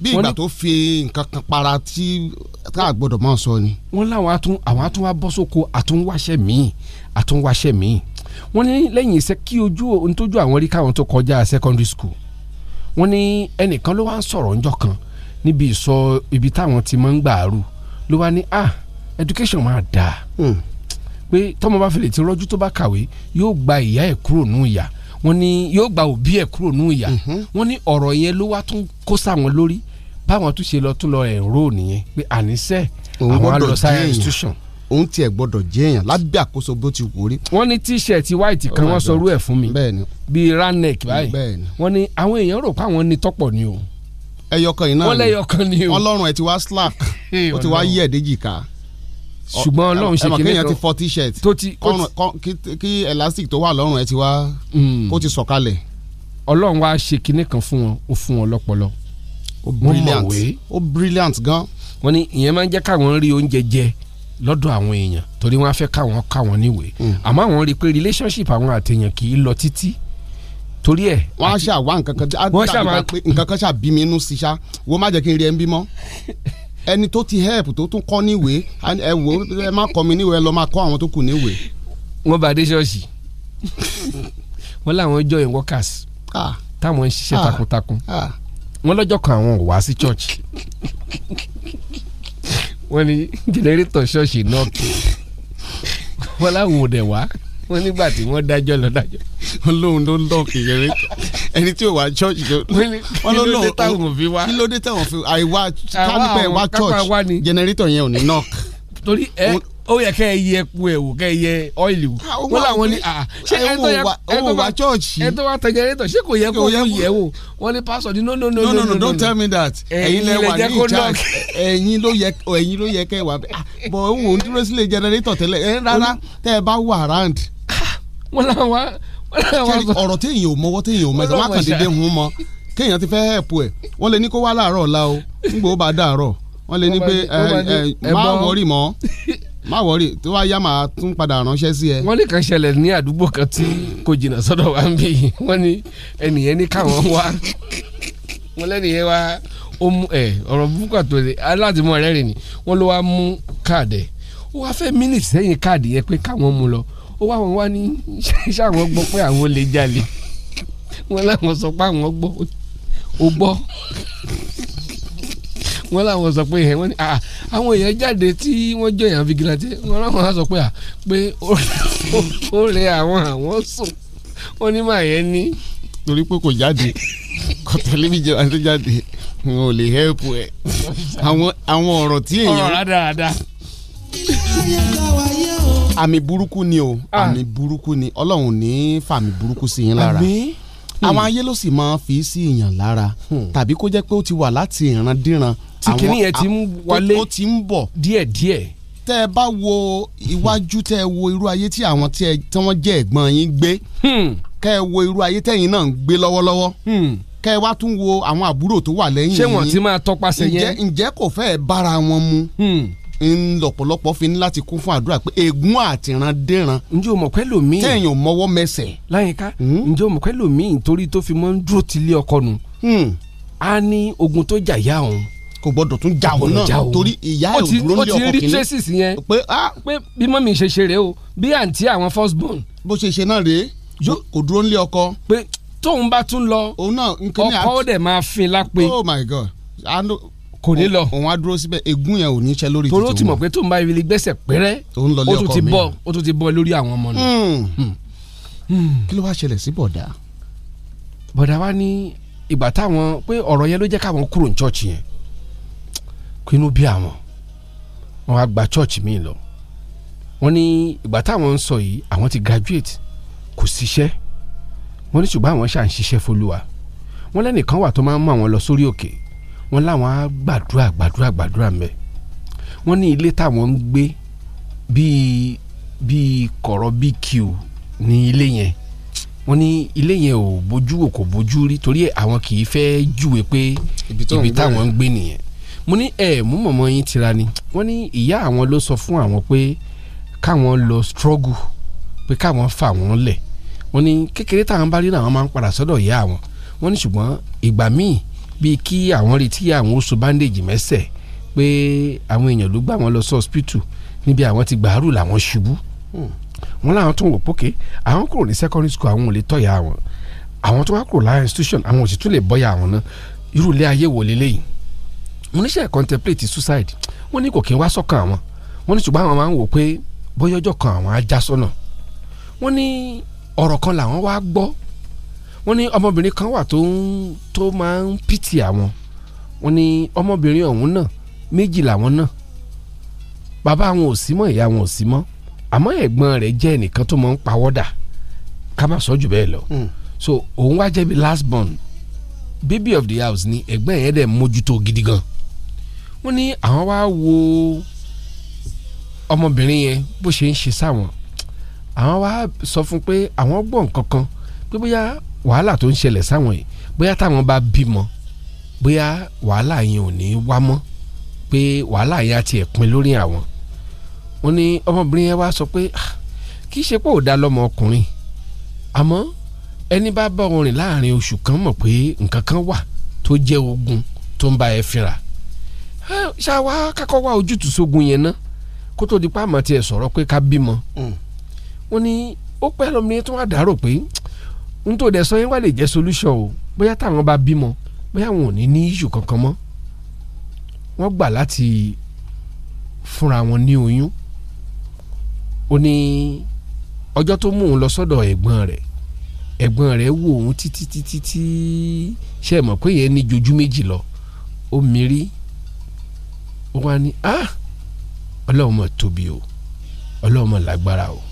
bí ìgbà tó fi nǹkan kan para tí tá a máa sọ ni. wọ́n láwọn atún àwọn atún wa bọ́ sóko àtúnwáṣẹ́ míì àtúnwáṣẹ́ míì wọ́n ní lẹ́yìn iṣẹ́ kí ojú ntójú àwọn rí káwọn tó kọjá secondary school wọ́n ní ẹnìkan ló wá ń sọ̀rọ̀ ńjọ́ kan níbi ìsọ ibi táwọn ti máa ń gbàárù ló wá ní ah education máa da, hmm. pé tọ́mọ bá fèlè tí rọ́jú tó bá kàwé yóò gba ìyá ẹ̀ kúrò nù ìyà wọ́n ní yóò gba òbí ẹ̀ kúrò nù ìyà mhm. wọ́n ní ọ̀rọ̀ yẹn ló wá tún kó sáwọn lórí báwọn tún ṣe lọ tún lọ ẹ̀rọ nìyẹn pé àníṣe àwọn lọ institution. òun tiẹ̀ gbọ́dọ̀ jẹ́ èèyàn lábẹ́ àkóso bó ti wò rí. wọ́n ní t-shirt white kan wọ́n sọ orú ẹ̀ fún mi bíi ranek báyìí wọ́n ní àwọn èèyàn rò pé àwọn ní tọ́pọ̀ ni o. ẹyọkan yìí náà ni wọ́n lẹ́yọkan ni o. ọlọ́run ẹ ti wá slack [laughs] ó ti wá yẹ̀ẹ́dẹ́jì ká ṣùgbọ́n ọlọ́run ṣe kí ni tó fọ t-shirt tó ti kí elastic tó wà lọ́rùn ẹ ti wá hmm. kó ti sọ̀kalẹ̀. ọlọ́run wá ṣe kinní kan fún wọn ó fún wọn lọ́pọlọ. ó brilliant ó brilliant gan. wọ́n ní ìyẹn máa ń jẹ́ káwọn rí oúnjẹ jẹ lọ́dọ̀ àwọn èèyàn torí wọ́n á fẹ́ káwọn káwọn níwèé hmm. àmọ́ àwọn rí i pé relationship àwọn àtẹ̀yàn kì í lọ títí torí ẹ. wọ́n á ṣàwá nǹkan kan ṣàbí mi inú sí ṣá wọ́n má jẹ́ kí n rí ẹ ń bímọ. [laughs] ẹni tó ti help tó tún kọ́ níwèé ẹ wò ẹ má kọ́ mi níwèé ẹ lọ́ọ́ máa kọ́ àwọn tó kù níwèé. wọ́n bá dé ṣọ́ọ̀ṣì [laughs] wọ́n láwọn join workers ah. táwọn ń ṣiṣẹ́ ah. takuntakun ah. wọ́n lọ́jọ́ kan àwọn ò wá sí church wọ́n ní jẹnẹrétọ̀ ṣọ́ọ̀ṣì náà kì wọ́n láwọn ò dẹ̀ wá wọ́n nígbà tí wọ́n dájọ́ lọ dájọ́. olóhùn ló ń dán kìkìrì ẹni tí ò wá chọ́ọ̀chì tó. wọ́n ló lọ kí ló dé táwọn fi àìwá kánpẹ̀ wá chọ́ọ̀chì jẹnẹrétọ̀ yẹn ò ní knock. torí ẹ ó yẹ kẹ́ ẹ yẹ eku ẹ wò kẹ́ ẹ yẹ ọ́ìlì wò. Ah, wọ́n làwọn ní ah, ṣé ẹ̀tọ́ wá chọ́ọ̀chì. ẹ̀tọ́ wá tẹ̀jẹ̀rẹ́tọ̀ ṣé kò yẹ kó yẹ wò wọ́n ní pásọ̀ ní no no no no no no don't tell me that ẹ̀yin lẹ wà ní ìjà ẹ̀yin ló yẹ ẹ̀yin ló yẹ kẹ́ ẹ wà ah, bọ̀ òun dúró sílé jẹnẹrétọ̀ tẹ́lẹ̀ rárá tẹ́ ẹ bá wà round wọ́n làwọn wọ́n làwọn sọ. ọ̀rọ̀ téèyàn ò mọwọ́ téèyàn ò mẹsàn-án wọ́n kàn déédéé hun mọ́ kéèyàn ti fẹ́ hẹ̀pù ẹ̀ wọ́n lè ní kó wá láàárọ̀ ọ̀la o nígbà ó bá dàárọ̀ wọ́n lè ní pé ẹ má wọrí mọ́ má wọrí tó wá yá máa tún padà ránṣẹ́ sí ẹ. wọ́n lè kàn ṣẹlẹ̀ ní àdúgbò kan tí kò jìnnà sọ́dọ̀ wa ń bì í wọ́n ní ẹnìyẹn ní káwọn wá wọ́n lẹ́nìyẹn wá ó mú ẹ ọ̀rọ̀ búkà tó lè aládìmọ̀ rẹ́rìn ni wọ́n ló wá mú káàdì ẹ̀ ó wá fẹ́ mínítì sẹ́yìn káàdì yẹn pé káwọn mú lọ ó wá wọn wá ní ṣé àwọn gbọ́ pé àwọn lè jalè wọn làwọn sọ pé àwọn gbọ́ ó gbọ́ wọn làwọn sọ pé ẹ wọn ni àwọn èèyàn jáde tí wọ́n jọ èèyàn vigilante wọn làwọn sọ pé à pé ó rẹ àwọn àwọn sùn ó ní màá yẹn ní. torí pé kò jáde kò tẹ̀lé mi àti jáde n ò lè hẹ́pù ẹ̀ àwọn ọ̀rọ̀ tí èèyàn. ọ̀rọ̀ rádàrádà àmì burúkú ni o ah. àmì burúkú ni ọlọ́run ní fàmì burúkú sí yín lára àwọn ayé ló sì máa fi sí èèyàn lára hmm. tàbí kó jẹ́ pé ó ti wà láti ìrandíran tí kìíní yẹn ti ń wọlé ó ti ń bọ̀ díẹ̀díẹ̀. tẹ́ ẹ bá wo iwájú tẹ́ ẹ wo irú ayé tí àwọn tí wọ́n jẹ́ ẹ̀gbọ́n yín gbé hmm. kẹ́ ẹ wo irú ayé tẹ́yìn náà ń gbé lọ́wọ́lọ́wọ́ hmm. kẹ́ ẹ wá tún wo àwọn àbúrò tó wà lẹ́yìn yín ṣé wọ́n ti máa tọpasẹ̀ yẹn ǹjẹ́ kò fẹ́ẹ̀ bára wọn mu ń lọ̀pọ̀lọpọ̀ fi ń láti kún fún àdúrà pé ègún àtìrán dẹ́ran. ǹjẹ́ o mọ̀ pẹ́ lòmíì. téèyàn mọ́wọ́ mẹsẹ̀. láyìnká hmm? ǹjẹ́ o mọ̀ pẹ́ lòmíì torí tó fi mọ́ ń dúró ti ilé ọkọ nù. Hmm. a ní ogun tó jà yá òun. kò gbọdọ̀ tún jà òun náà torí ìyá ẹ̀ ò dúró ní ọkọ kìíní. ó ti rí traces yẹn ah! pé bí mọ́mí ṣe ṣe rèé o bí àǹtí àwọn first born. bó ṣe ṣe náà rèé kò dúró ní ọkọ. pé tóun bá tún lọ ọkọ oh my god kò ní lọ. òun á dúró síbẹ̀ ègún yẹn ò ní ṣe lórí tuntun. toró ti mọ̀ pé tó ń bá ibi gbẹ́sẹ̀ pẹ́rẹ́ ó tún ti bọ́ ó tún ti bọ́ lórí àwọn ọmọ náà. Hmm. Hmm. Hmm. kí ló wá ṣẹlẹ̀ sí bọ̀dà. bọ̀dà wa ní ìgbà táwọn pé ọ̀rọ̀ yẹn ló jẹ́ káwọn kúrò ní chọ́ọ̀chì yẹn kí inú bí àwọn wọn á gba chọ́ọ̀chì míì lọ wọ́n ní ìgbà táwọn ń sọ yìí àwọn ti graduate kò síṣẹ́ wọ́n ní ṣùgbọ́n àwọn ṣà ń ṣiṣẹ́ fọlúwa wọ́n lẹ́nìkan wà tó máa ń mú àwọn lọ sórí òkè wọ́n láwọn á gbàdúrà gbàdúrà gbàdúrà mẹ́ wọ́n ní ilé táwọn ń gbé bíi bíi kọ̀rọ̀ bíi kiu ní ilé yẹn wọ́n ní ilé yẹn ò bójú wò kò bójú rí torí àwọn kì í fẹ́ júwe pé ibi táwọn ń gbé nìyẹn mo ní ẹ mú mọ̀mọ́ yín tira ni wọ́n ní ìyá àwọn ló sọ fún àwọn pé káwọn lọ struggle pé káwọn fà wọ́n lẹ̀ wọ́n ní kékeré táwọn bá rí náà wọ́n máa ń padà sọ́dọ̀ ìyá àwọn wọ́n ní ṣùgbọ́n ìgbà míì bíi kí àwọn rí tí àwọn oṣù bandage mẹ́sẹ̀ pé àwọn èèyàn ló gbà wọ́n lọ sí hospital níbi àwọn ti gbàárù làwọn ṣubú hmm. wọn làwọn tún wò pókè àwọn kúrò ní secondary school àwọn ò lè tọ́yà àwọn àwọn tó wá kúrò lára institution àwọn ò sì tún lè bọ́yà àwọn náà irú ilé ayé wò leléyìí wọ́n níṣẹ́ contemplate suicide wọ́n ní kò kí n wá sọ́kàn àwọn wọ́n ní ṣùgbọ́n àwọn máa ń wò pé bóyá ọjọ́ kan àwọn á já sọ́nà wọ́n ní ọ̀rọ̀ kan làwọn wá gbọ́ wọ́n ní ọmọbìnrin kan wà tó ń tó máa ń pìtì àwọn wọ́n ní ọmọbìnrin ọ̀hún náà méjì làwọn náà bàbá àwọn ò sí mọ́ ìyá àwọn ò sí mọ́ àmọ́ ẹ̀gbọ́n rẹ̀ jẹ́ ẹnìkan tó máa ń pawọ́dà ká má sọ jù bẹ́ẹ̀ lọ hmm. so òun wá jẹ́ bí last born baby of the house ni ẹ̀gbọ́n yẹn dẹ̀ mójútó gidi gan wọ́n ní àwọn wá wo ọmọbìnrin yẹn bó ṣe ń ṣe sáwọn àwọn wá sọ fún pé àwọn gbọ́ nǹkan pé bóyá wàhálà tó ń ṣẹlẹ̀ sáwọn yìí bóyá táwọn bá bímọ bóyá wàhálà yẹn ò ní wá mọ́ pé wàhálà yẹn á tiẹ̀ pin lórí àwọn ó ní ọmọbìnrin yẹn wá sọ pé ah, kì í ṣe pé ò dá lọ́mọ ọkùnrin àmọ́ ẹni bá bá òun rìn láàrin oṣù kan mọ̀ pé nǹkan kan wà tó jẹ́ ogun tó ń ba ẹ fínra ah, ṣá wa kákọ́ wá ojútùú sógun yẹn náà kó tó di pa tiẹ̀ sọ̀rọ̀ pé ká bímọ. Hmm. wọ́n ní ó pẹ́ lọ́mọdé tó wà dárò pé nítorí ọdẹ sọ yẹn wá lè jẹ́ solution o bóyá táwọn bá bímọ bóyá wọn ò ní ní issue kankan mọ́ wọ́n gbà láti fúnra wọn ní oyún ó ní ọjọ́ tó mú òun lọ sọ́dọ̀ ẹ̀gbọ́n rẹ̀ ẹ̀gbọ́n rẹ̀ wò òun títí títí tí ṣe mọ̀ pé yẹn ní jojú méjì lọ ó mírí ó wá ní ah! ọlọ́run mọ̀ tóbi o ọlọ́run mọ̀ lágbára o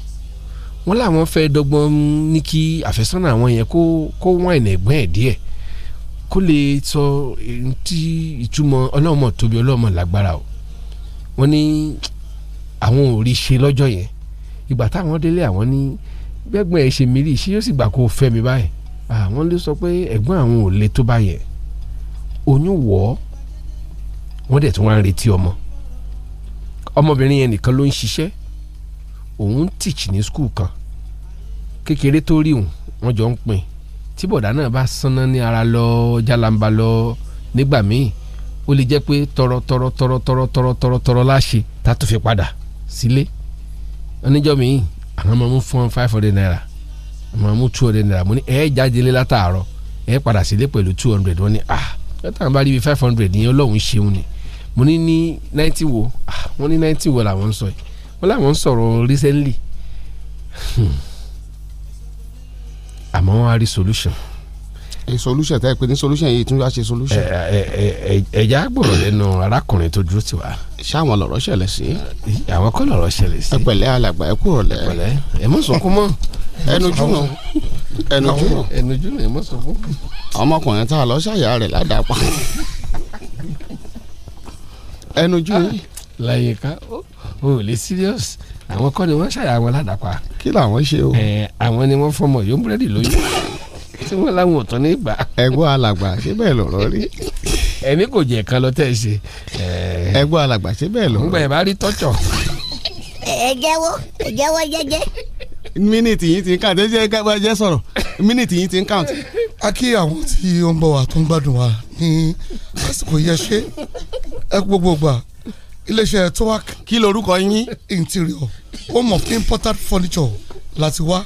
wọ́n làwọn fẹ́ dọ́gbọ́n ní kí àfẹ́sọ́nà àwọn yẹn kó kó wọ́n ẹ̀nà ẹ̀gbọ́n ẹ̀ díẹ̀ kó lè sọ ti ìtumọ̀ ọlọ́mọ tóbi ọlọ́mọ lágbára o wọ́n ní àwọn ò rí ṣe lọ́jọ́ yẹn ìgbà táwọn délé àwọn ní gbẹ́gbọ́n ẹ̀ ṣe mìíràn ṣé yóò sì gbà kó fẹ́ mi báyìí àwọn ló sọ pé ẹ̀gbọ́n àwọn ò le tó bá oyún wọ̀ ọ́ wọ́n dẹ̀ tún wá retí ọmọ ọmọbìnrin yẹn nìkan ló ń ṣiṣẹ́ òun teach ní skul kan kékeré tó rí òun wọ́n jọ ń pín tí bọ̀dá náà bá sanná ní ara lọ jálàmbá lọ nígbà míì ó lè jẹ́ pé tọrọ tọrọ tọrọ tọrọ tọrọ tọrọ tọrọ láṣẹ tá a fi padà sílé oníjọ́ míì àwọn ọmọ mú fún five hundred naira àwọn mú two hundred naira mo ní ẹ jáde lé látàárọ̀ ẹ padà sílé pẹ̀lú two hundred wọ́n ní ah lọ́tà ń bá rí ibi five hundred yẹn ọlọ́run ṣeun ni mo ní ní ninety wo ah wọ́n ní ninety wo làwọn ń sọ yìí wọ́n láwọn ń sọ̀rọ̀ recently hmm. àmọ́ wọ́n á rí solution. a solution tẹ́ ẹ pé ní solution yìí tún wá ṣe solution. ẹ̀já gbọ́dọ̀ lẹ́nu arákùnrin tó dúró tiwa. ṣáwọn lọ̀rọ̀ ṣẹlẹ̀ sí. àwọn kọ́ lọ̀rọ̀ ṣẹlẹ̀ sí. ẹ pẹ̀lẹ́ alàgbà ẹ kúrò lẹ́. ẹ pẹ̀lẹ́ ẹ mọ̀ sọ́kún mọ́ ẹnujú nù ẹnujú nù ẹnujú nù ẹ mọ̀ sọ́kún. ọmọkùnrin tá a lọ ṣàyà rẹ̀ ládàá pa ẹnujú yìí láyéká o ò lè serious àwọn kọ́ ni wọ́n ṣàyà wọn ládàpá. kí làwọn ṣe o. ẹ àwọn ni wọ́n fọmọ yóò búrẹ́dì lóyún tí wọ́n láwọn ò tán ní ìgbà. ẹgbọ́n alàgbà ṣé bẹ́ẹ̀ lọ̀rọ̀ rí. ẹni kò jẹ́ kan lọ tẹ́ ẹ ṣe. ẹgbọ́n alàgbà ṣé bẹ́ẹ̀ lọ̀rọ̀. ńgbà ẹ̀ bá rí tọ́jọ̀. ẹ jẹ́wọ́ ẹ jẹ́wọ́ jẹ́jẹ́. mínítì yìí ti ń kàn jẹ́jẹ́ gbàgbà jẹ́ sọ̀rọ̀ mínítì yìí ti ń kàn. a kí àwọn tí ó ń bọ̀ wá tó ń gbádùn wa ní àsìkò yẹn ṣe ẹ gbogbo gbà iléeṣẹ́ towak. kí lorúkọ yín. interior home of imported furniture láti wá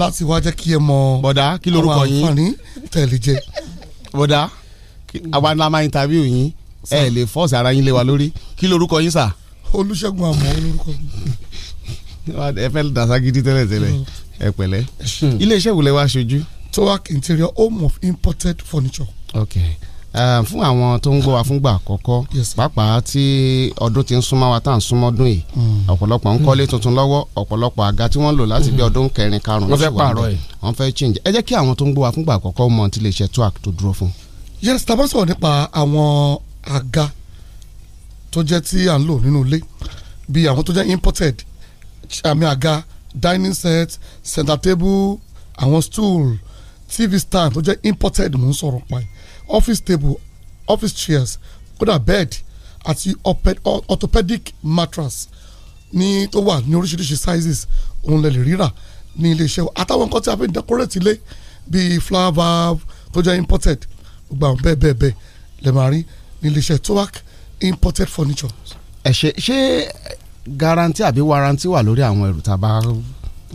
láti wá jẹ́ kí ẹ mọ. bọ̀dá kí lorúkọ yín. àwọn àǹfààní tẹ̀lé jẹ. bọ̀dá àwa interview yín ẹ lè fọ́ọ̀sì ara yín lé wa lórí kí lorúkọ yín sà. olùṣègùn àmọ́ olórúkọ mi. ẹ fẹ́ dàsá gidi tẹ́lẹ̀ tẹ́lẹ̀ ẹ pẹ̀lẹ́ iléeṣẹ́ wo lẹ ṣojú. towak interior home of imported furniture. okay fún àwọn tó ń gbọ́ wa fúngbà àkọ́kọ́ pàápàá tí ọdún ti ń súnmọ́ wa tá à ń súnmọ́ ọdún yìí mm. ọ̀pọ̀lọpọ̀ ń kọ́lé mm. tuntun lọ́wọ́ ọ̀pọ̀lọpọ̀ àga tí wọ́n lò láti bí mm. ọdún kẹrin karùn-ún wọ́n fẹ́ pààrọ̀ ẹ̀ wọ́n fẹ́ change ẹ jẹ́ kí àwọn tó ń gbọ́ wa fúngbà àkọ́kọ́ mọ̀ ti lè ṣe twac tó dúró fún. yes tá a bá sọ̀rọ̀ nípa àwọn àga tó jẹ́ tí à ń lò nínú ilé bí àwọn tó jẹ́ imported àmì àga dining set center table àwọn stool tv stand tó jẹ́ imported mò ń sọ̀rọ̀ pa yìí office table office chairs kódà bed àti orthopedic mattress ní tó wà ní oríṣiríṣi sizes òun lè lè rírà ní iléeṣẹ́ wa àtàwọn nǹkan tí a fi ń decorate ilé bíi flower valve tó jẹ́ imported gbogbo àwọn bẹ́ẹ̀ bẹ́ẹ̀ bẹ́ẹ̀ lè máa rí ní iléeṣẹ́ towac imported furniture. ẹ ṣe ṣé garanti àbí warranty wà lórí àwọn ẹrù tá a bá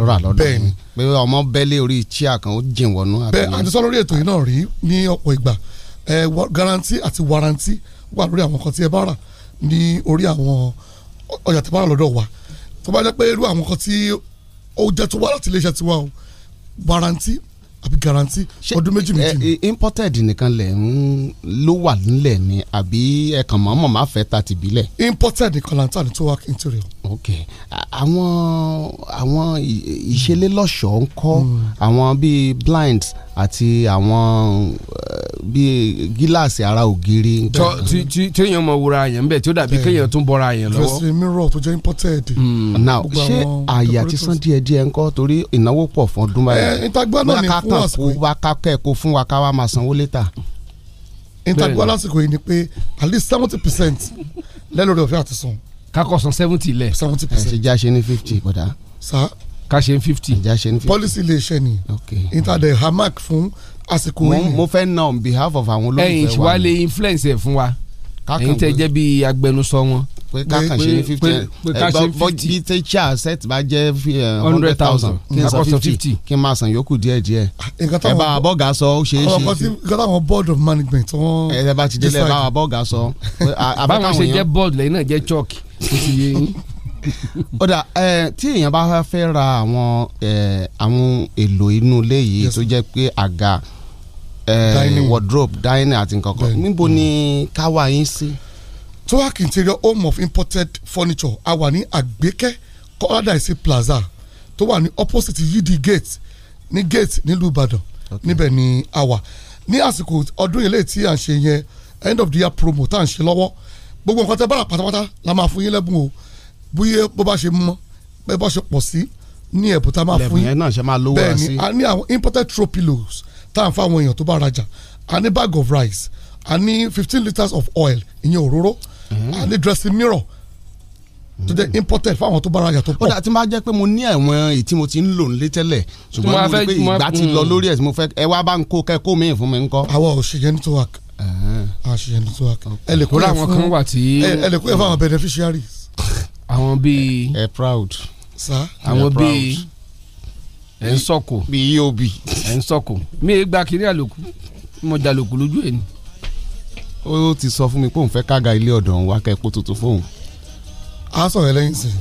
rà lọ́dọ̀ yìí pé ọmọ bẹ́lẹ̀ orí chia kan ó jìn wọnú. bẹ́ẹ̀ àti sọ lórí ètò yìí náà rí ní ọ̀pọ̀ ìgbà guarantee àti warranty wà lórí àwọn nǹkan tí ẹ bá rà ní orí àwọn ọjà tí ẹ bá rà lọ́dọ̀ wa tó bá jẹ́ pé irú àwọn nǹkan tí ó jẹ́ tó wá láti iléeṣẹ́ tiwa o warranty àbí guarantee ọdún méjì méjì ni. imported nìkan lẹ̀ ń ló wà nílẹ̀ ni àbí ẹ̀kan mọ̀ọ́mọ̀ máa fẹ́ ta tìbílẹ̀. imported nìkan là ń tà ní tó wá interior ok àwọn àwọn ìṣelélọ́ṣọ̀ọ́ ń kọ́ hmm. àwọn bíi blinds àti àwọn eh, bíi gíláàsì ara ògiri. tó tí tí èèyàn mọ wura yẹn bẹ́ẹ̀ tí ó dàbí eh. kéèyàn tún bọra yẹn lọ́wọ́. fẹsẹ̀ mirror tó jẹ́ imported. Hmm. now ṣé àyè àti san díẹ̀ díẹ̀ ń kọ́ torí ìnáwó pọ̀ fún ọdún báyìí. ìtagbọ́n eh, náà ní fún àsìkò yìí. wọ́n á kà kẹ́ẹ̀kọ́ fún wa ká wá máa sanwó létà ìtagbọ́ lásìkò yìí ni pé at least seventy percent lẹ́nu rẹ̀ òfin àti kakọ san seventy lẹ. seventy percent. ẹ̀sìn já ṣe ní fifty bọ̀dá. sa ká ṣe ní fifty. ẹ̀já ṣe ní fifty. policy le ṣe ni. ok intade hamac fún àsìkò yìí. mo fẹ́ na on behalf of àwọn olólùfẹ́ wa. ẹ̀yin ìṣúwálé influence ẹ̀ fún wa ẹ̀yin tẹ́ jẹ́ bí agbẹnusọ wọn pé kákànṣe ní fifty Fifty. bọ́ọ̀tì tí chair set bá jẹ́ eh, hundred thousand kí n san fifty kí n máa san yòókù díẹ̀ díẹ̀ ẹ bá abọ́gà sọ ó ṣeé ṣe sí. nǹkan táwọn board of management wọn. ẹ bá ti délé ẹ bá abọ́gà sọ. [laughs] báwọn ṣe jẹ́ board lẹ́yìn náà jẹ́ chalk kò sì yé yín. [laughs] ó dà tí èèyàn bá fẹ́ ra àwọn àwọn èlò inú ilé yìí tó jẹ́ pé àga. Yes Eh, wardrobe dining àti nǹkan kan níbo ni mm. ká wà yín sí. Tohac interior home of imported furniture a wà ní àgbékẹ́ kọ́ládàísí plaza tó wà ní opposite yidi gate ní gate nílùú ìbàdàn níbẹ̀ ni a wà ní àsìkò ọdún ilé tí à ń ṣe yẹn end of the year promo tá à ń ṣe lọ́wọ́ gbogbo nǹkan tẹ́ bá rà pátápátá la máa fún yín lẹ́bùn o bóyá bó bá ṣe mọ́ bẹ́ẹ̀ bá ṣe pọ̀ sí ní ẹ̀bùn tá a máa fún yín lẹ́bùn yẹn náà ṣe máa lówó sí bẹ́ẹ̀ ni a ní àwọn imported throw pillows tá à ń fáwọn èèyàn tó bá rajà a ní bag of rice a ní fifteen litres of oil ìyẹn òróró mhm. a ní dressing mirror tó jẹ́ mhm. imported fáwọn tó bá rajà tó pọ̀. ó dà tí máa jẹ́ pé mo ní àwọn èyí tí mo ti ń lò nílé tẹ́lẹ̀ ṣùgbọ́n mo rí pé ìgbà ti lọ mm. lórí ẹ̀ tí mo fẹ́ ẹ wá bá ń kó kẹ́kọ̀ọ́ mi fún mi ń àwọn òṣìṣẹ́ ní towak network. ẹ lè kó fún kan ẹ lè kó fún àwọn mm. beneficiaries. àwọn bíi. ẹ proud. sa àwọn bíi ẹ̀ ń sọ̀kò. bí iye òbí. ẹ̀ ń sọ̀kò mi ì gba kiri àlòkù mo jà lòkù lójú ẹ̀ ni. ó ti sọ fún mi pé òun fẹ́ kága ilé ọ̀dọ̀ òun wá kẹ́ epo tuntun fóun. a sọ rẹ lẹ́yìn sìn.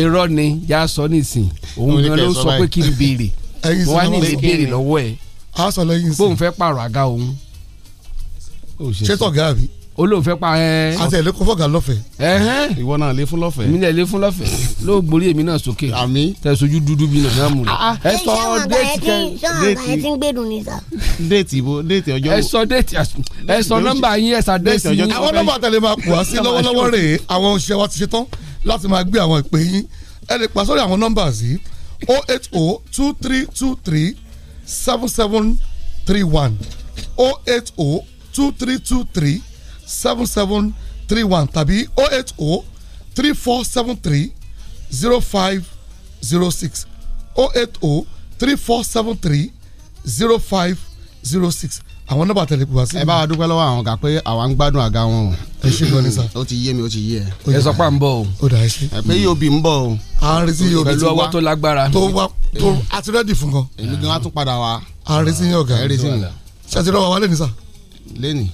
irọ́ ni yà á sọ nísìn òun gan ló sọ pé kí n béèrè [laughs] mo wá nílé béèrè lọ́wọ́ ẹ̀. a sọ lẹ́yìn sìn. bóun fẹ́ pààrọ̀ àga òun. ṣé tọ̀gá àbí ó lóun fẹ́ pa ẹ. àti ẹ̀ lè kó fọ́gà lọ́fẹ̀ẹ́. ìwọ náà lè fún lọ́fẹ̀ẹ́. mi náà lè fún lọ́fẹ̀ẹ́ ló gbórí èmi náà sókè. àmì tẹ̀sójú dúdú bí náà mú rẹ̀. Ah, ah. ẹ sọ déètì kan déètì déètì ibo déètì ọjọ́. ẹ sọ déètì ẹ sọ nọ́mbà yín ẹ sà déètì yín. àwọn nọ́mbà tẹ̀lé máa pò á sí lọ́wọ́lọ́wọ́ rèé àwọn òṣìṣẹ́ wa ti ṣe tán láti máa gbé àwọn ìpè yín ẹ lè pa sórí àwọn nọ́mbà yìí o oh eight o oh two three two three seven seven three one o oh eight o two three two three seven seven three one tàbí o oh eight o oh three four seven three zero five zero six o oh eight o three four seven three zero five zero six àwọn nọ́mbà tẹlẹ kù wá sí. ẹ bá wa dúpẹ́ lọ́wọ́ àwọn ọ̀gá pé àwa ń gbádùn àga wọn ẹ ṣe gan ni sa. ó ti yé mi ó ti yé ẹ. ẹ sọ pé à ń o. ó dà pé yóò bí ń bọ̀ o. a ń retí yóò bí ti wá pẹ̀lú ọwọ́ tó lágbára. tó wá tó a ti rẹ́dì fún gan. èmi gan a tún padà wá. a ń retí yín ọ̀gá. ẹ retí yín. àti lọ́wọ́ wa lẹ́ni sa. lẹ́ni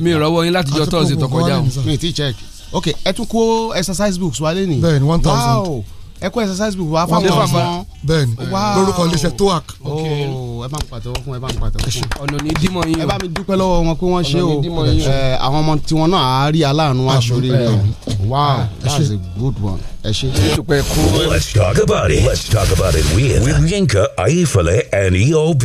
mi rọwọ yín láti jọ tọ́sí tó o mi ti check ok ẹ tún kó exercise books wálé ni bẹ́ẹ̀ni one thousand wow ẹ kó exercise book wá fáwọn ọmọ bẹ́ẹ̀ni lórúkọ iléeṣẹ́ toac. Oh. ẹ bá ń pàtẹ́wọ́ fún ẹ bá ń pàtẹ́wọ́ fún. ọ̀nà ní dímọ̀ yín o ẹ bá mi dúpẹ́ lọ́wọ́ wọn pé wọ́n ṣe o àwọn ọmọ tiwọn náà á rí aláàánú aṣọ́rí rẹ wow that's a good one ẹ ṣe. let's talk about it let's talk about it with, with Yinka Ayefele and EOB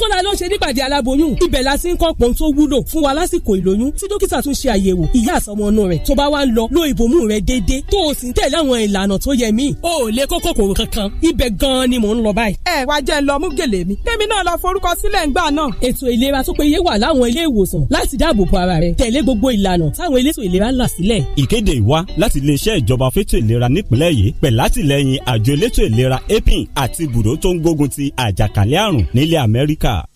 kọ́lá ló ṣe nípàdé aláboyún ibẹ̀ la ti ń kọ́ pọ́n tó wúlò fún wa lásìkò ìlóyún tí dókítà tún ṣe àyẹ̀wò ìyá àsọmọnú rẹ̀ tó bá wá ń lọ lo ìbomú rẹ̀ déédéé tó o sì ń tẹ̀lé àwọn ìlànà tó yẹ mí. o ò lè kó kòkòrò kankan ibẹ̀ gan-an ni mò ń lọ báyìí. ẹ wá jẹ́ ń lọ mú gèlè mi. tèmi náà lọ forúkọ sílẹ̀ ńgbà náà. ètò ìlera tó péye wà láwọn ilé ìwòsàn láti dáàbò bo ara rẹ tẹ̀lé gbogbo ìlànà táwọn elétò ìlera là sílẹ̀. ìkéde wa láti iléeṣẹ́ ìjọba fétò ìlera nípìnlẹ̀ yìí pẹ̀ látìlẹ́yìn àjọ elétò ìlera apin àti ibùdó tó ń gbógun ti àjàkálẹ̀ àrùn nílẹ̀ Amẹ́ríkà Africa.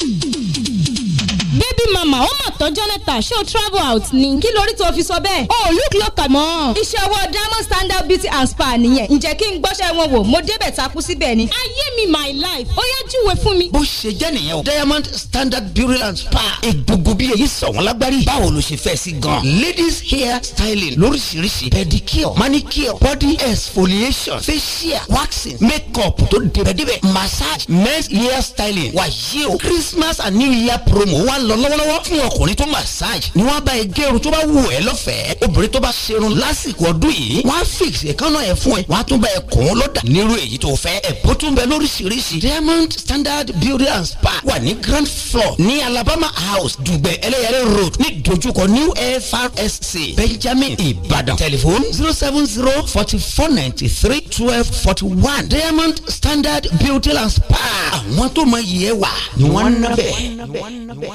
Baby mama Mahoma tó Jonathan ṣé o travel out ni. kí lórí tó fi sọ bẹ́ẹ̀. o oh, look local mọ́. iṣẹ́ ọwọ́ diamond standard beauty and spa nìyẹn. ǹjẹ́ kí n gbọ́ṣẹ́ wọn wò mo débẹ̀ takú síbẹ̀ ni. ayé mi my life ó yá júwe fún mi. bó ṣe jẹ́ nìyẹn o. diamond standard beauty and spa egungun bí èyí sọ̀wọ́n lágbárí. báwo ló ṣe fẹ́ sí gan. ladies hair styling lóríṣiríṣi pedicure manicure body exfoliation facial waxing makeup tó débẹ̀débẹ̀ massage men's hair styling wàyí o christmas and new year promo wà lọ lọ́wọ́lọ́wọ́ fún ọkùnrin tó massage ni wọ́n bá ẹ gẹrun tó bá wù ẹ́ lọ́fẹ̀ẹ́ obìnrin tó bá ṣerun lásìkò ọdún yìí wọ́n á fix èékánná ẹ̀ fún ẹ wọ́n á tún bá ẹ kùn ún lọ́dà nírú èyí tó fẹ́ ẹ̀bùn tún bẹ lóríṣiríṣi diamond standard beauty and spa wà ní grand floor ní alabama house dùgbẹ́ ẹlẹ́yẹrẹ road ní dojúkọ new frsc benjamin ibadan telephone zero seven zero forty four ninety three twelve forty one diamond standard beauty and spa àwọn tó mọ iye wà ni wọ́n ń nabẹ́.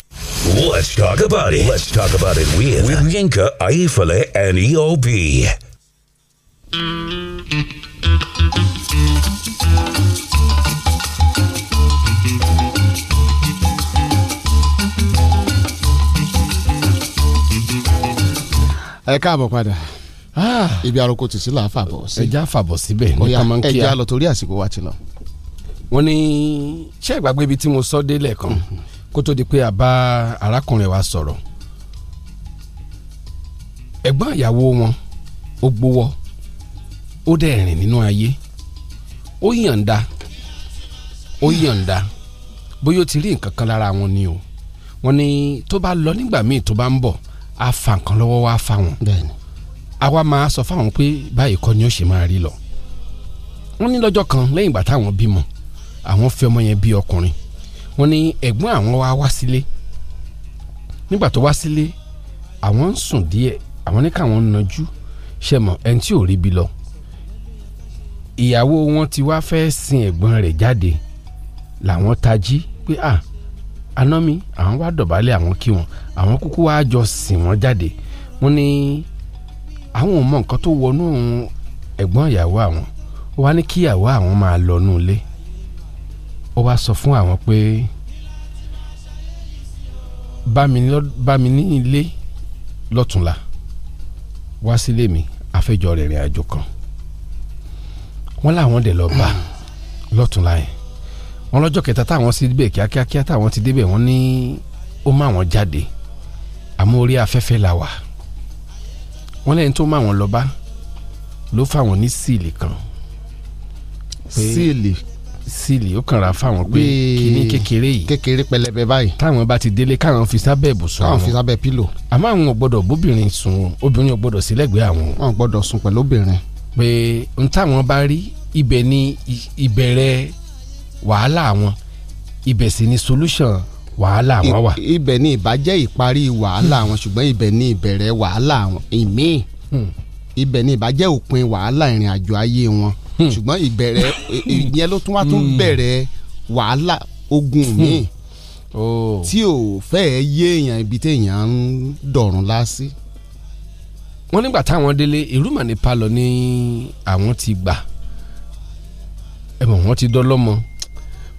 Let's talk about it. Let's talk about it with, with Yinka, Aifale, and EOB. ẹ káàbọ̀ padà ah. ibi aroko tì sí là á fàbọ̀ sí. ẹja fàbọ̀ síbẹ̀ nípa máa ń kíá ẹja lọ torí àsìkò wa ti lọ. wọ́n ní ṣé ìgbàgbé ibi tí mo sọ délẹ̀ kan. Mm-hmm kó tó di pé a bá arákùnrin wa sọ̀rọ̀ ẹ̀gbọ́n ìyàwó wọn ó gbowó ó dẹ̀ rìn nínú ayé ó yànda ó yànda bóyá ó ti rí nǹkan kan lára wọn ni o wọn ni tó bá lọ nígbà míì tó bá ń bọ̀ á fa nǹkan lọ́wọ́ wá fa wọn àwa máa sọ fáwọn pé báyìí kọ́ ni ó ṣe máa rí lọ wọn ní lọ́jọ́ kan lẹ́yìn ìgbà táwọn bímọ àwọn fẹ́ ọmọ yẹn bí ọkùnrin wọ́n ní ẹ̀gbọ́n àwọn wá wá sílé nígbà tó wá sílé àwọn ń sùn díẹ̀ àwọn ní káwọn nájú ṣe mọ̀ ẹni tí ò rí bi lọ ìyàwó wọn ti wá fẹ́ sin ẹ̀gbọ́n rẹ̀ jáde làwọn tají pé à aná mi àwọn wá dọ̀bálẹ̀ àwọn kí wọn àwọn kúkú wá jọ sìn wọ́n jáde wọ́n ní àwọn ò mọ nǹkan tó wọnú ẹ̀gbọ́n ìyàwó àwọn ó wá ní kí ìyàwó àwọn máa lọ nú ilé ó wá sọ fún àwọn pé bá mi ní ilé lọ́túnla wá sílé mi àfẹ́jọ rìnrìn àjò kan wọ́n láwọn dẹ̀ lọ bá [clears throat] lọ́túnla yẹn wọ́n lọ́jọ́ kẹta táwọn sì débẹ̀ kíákíá táwọn ti débẹ̀ wọ́n ní ó má wọn jáde àmọ́ orí afẹ́fẹ́ la wà wọ́n lẹ́yìn tó má wọn lọ bá ló fà wọ́n ní síìlì kan síìlì sílì ó kàn ra fáwọn pé kíní kékeré yìí kékeré pẹlẹbẹ báyìí táwọn bá ti délé káwọn fi sábẹ́ ibùsùn káwọn fi sábẹ́ pílò. àmọ́ àwọn ò gbọ́dọ̀ bóbìnrin sùn obìnrin ò gbọ́dọ̀ sí lẹ́gbẹ̀ẹ́ àwọn. wọn ò gbọ́dọ̀ sùn pẹ̀lú obìnrin. pé n táwọn bá rí ibẹ̀ ni ìbẹ̀rẹ̀ wàhálà wọn ibẹ̀ sì ni solution wàhálà wọn wà. ibẹ̀ ni ìbàjẹ́ ìparí wàhálà wọn ṣùgbọ́n ibẹ̀ ni ìbẹ̀rẹ̀ wàhálà wọn ìmíì. Hmm ibẹ̀ ni ìbàjẹ́ òpin wàhálà ìrìn àjò ayé wọn hmm. ṣùgbọ́n ìbẹ̀rẹ̀ [coughs] ìyẹn ló tún wá tún hmm. bẹ̀rẹ̀ wàhálà ogun míì hmm. oh. tí ò fẹ́ẹ̀ yé èèyàn ibi téèyàn ń dọ̀rùn lásì. wọ́n nígbà táwọn délé ìrúmọ̀ ní palọ̀ ní àwọn ti gbà ẹ mọ̀ wọ́n ti dọ́lọ́mọ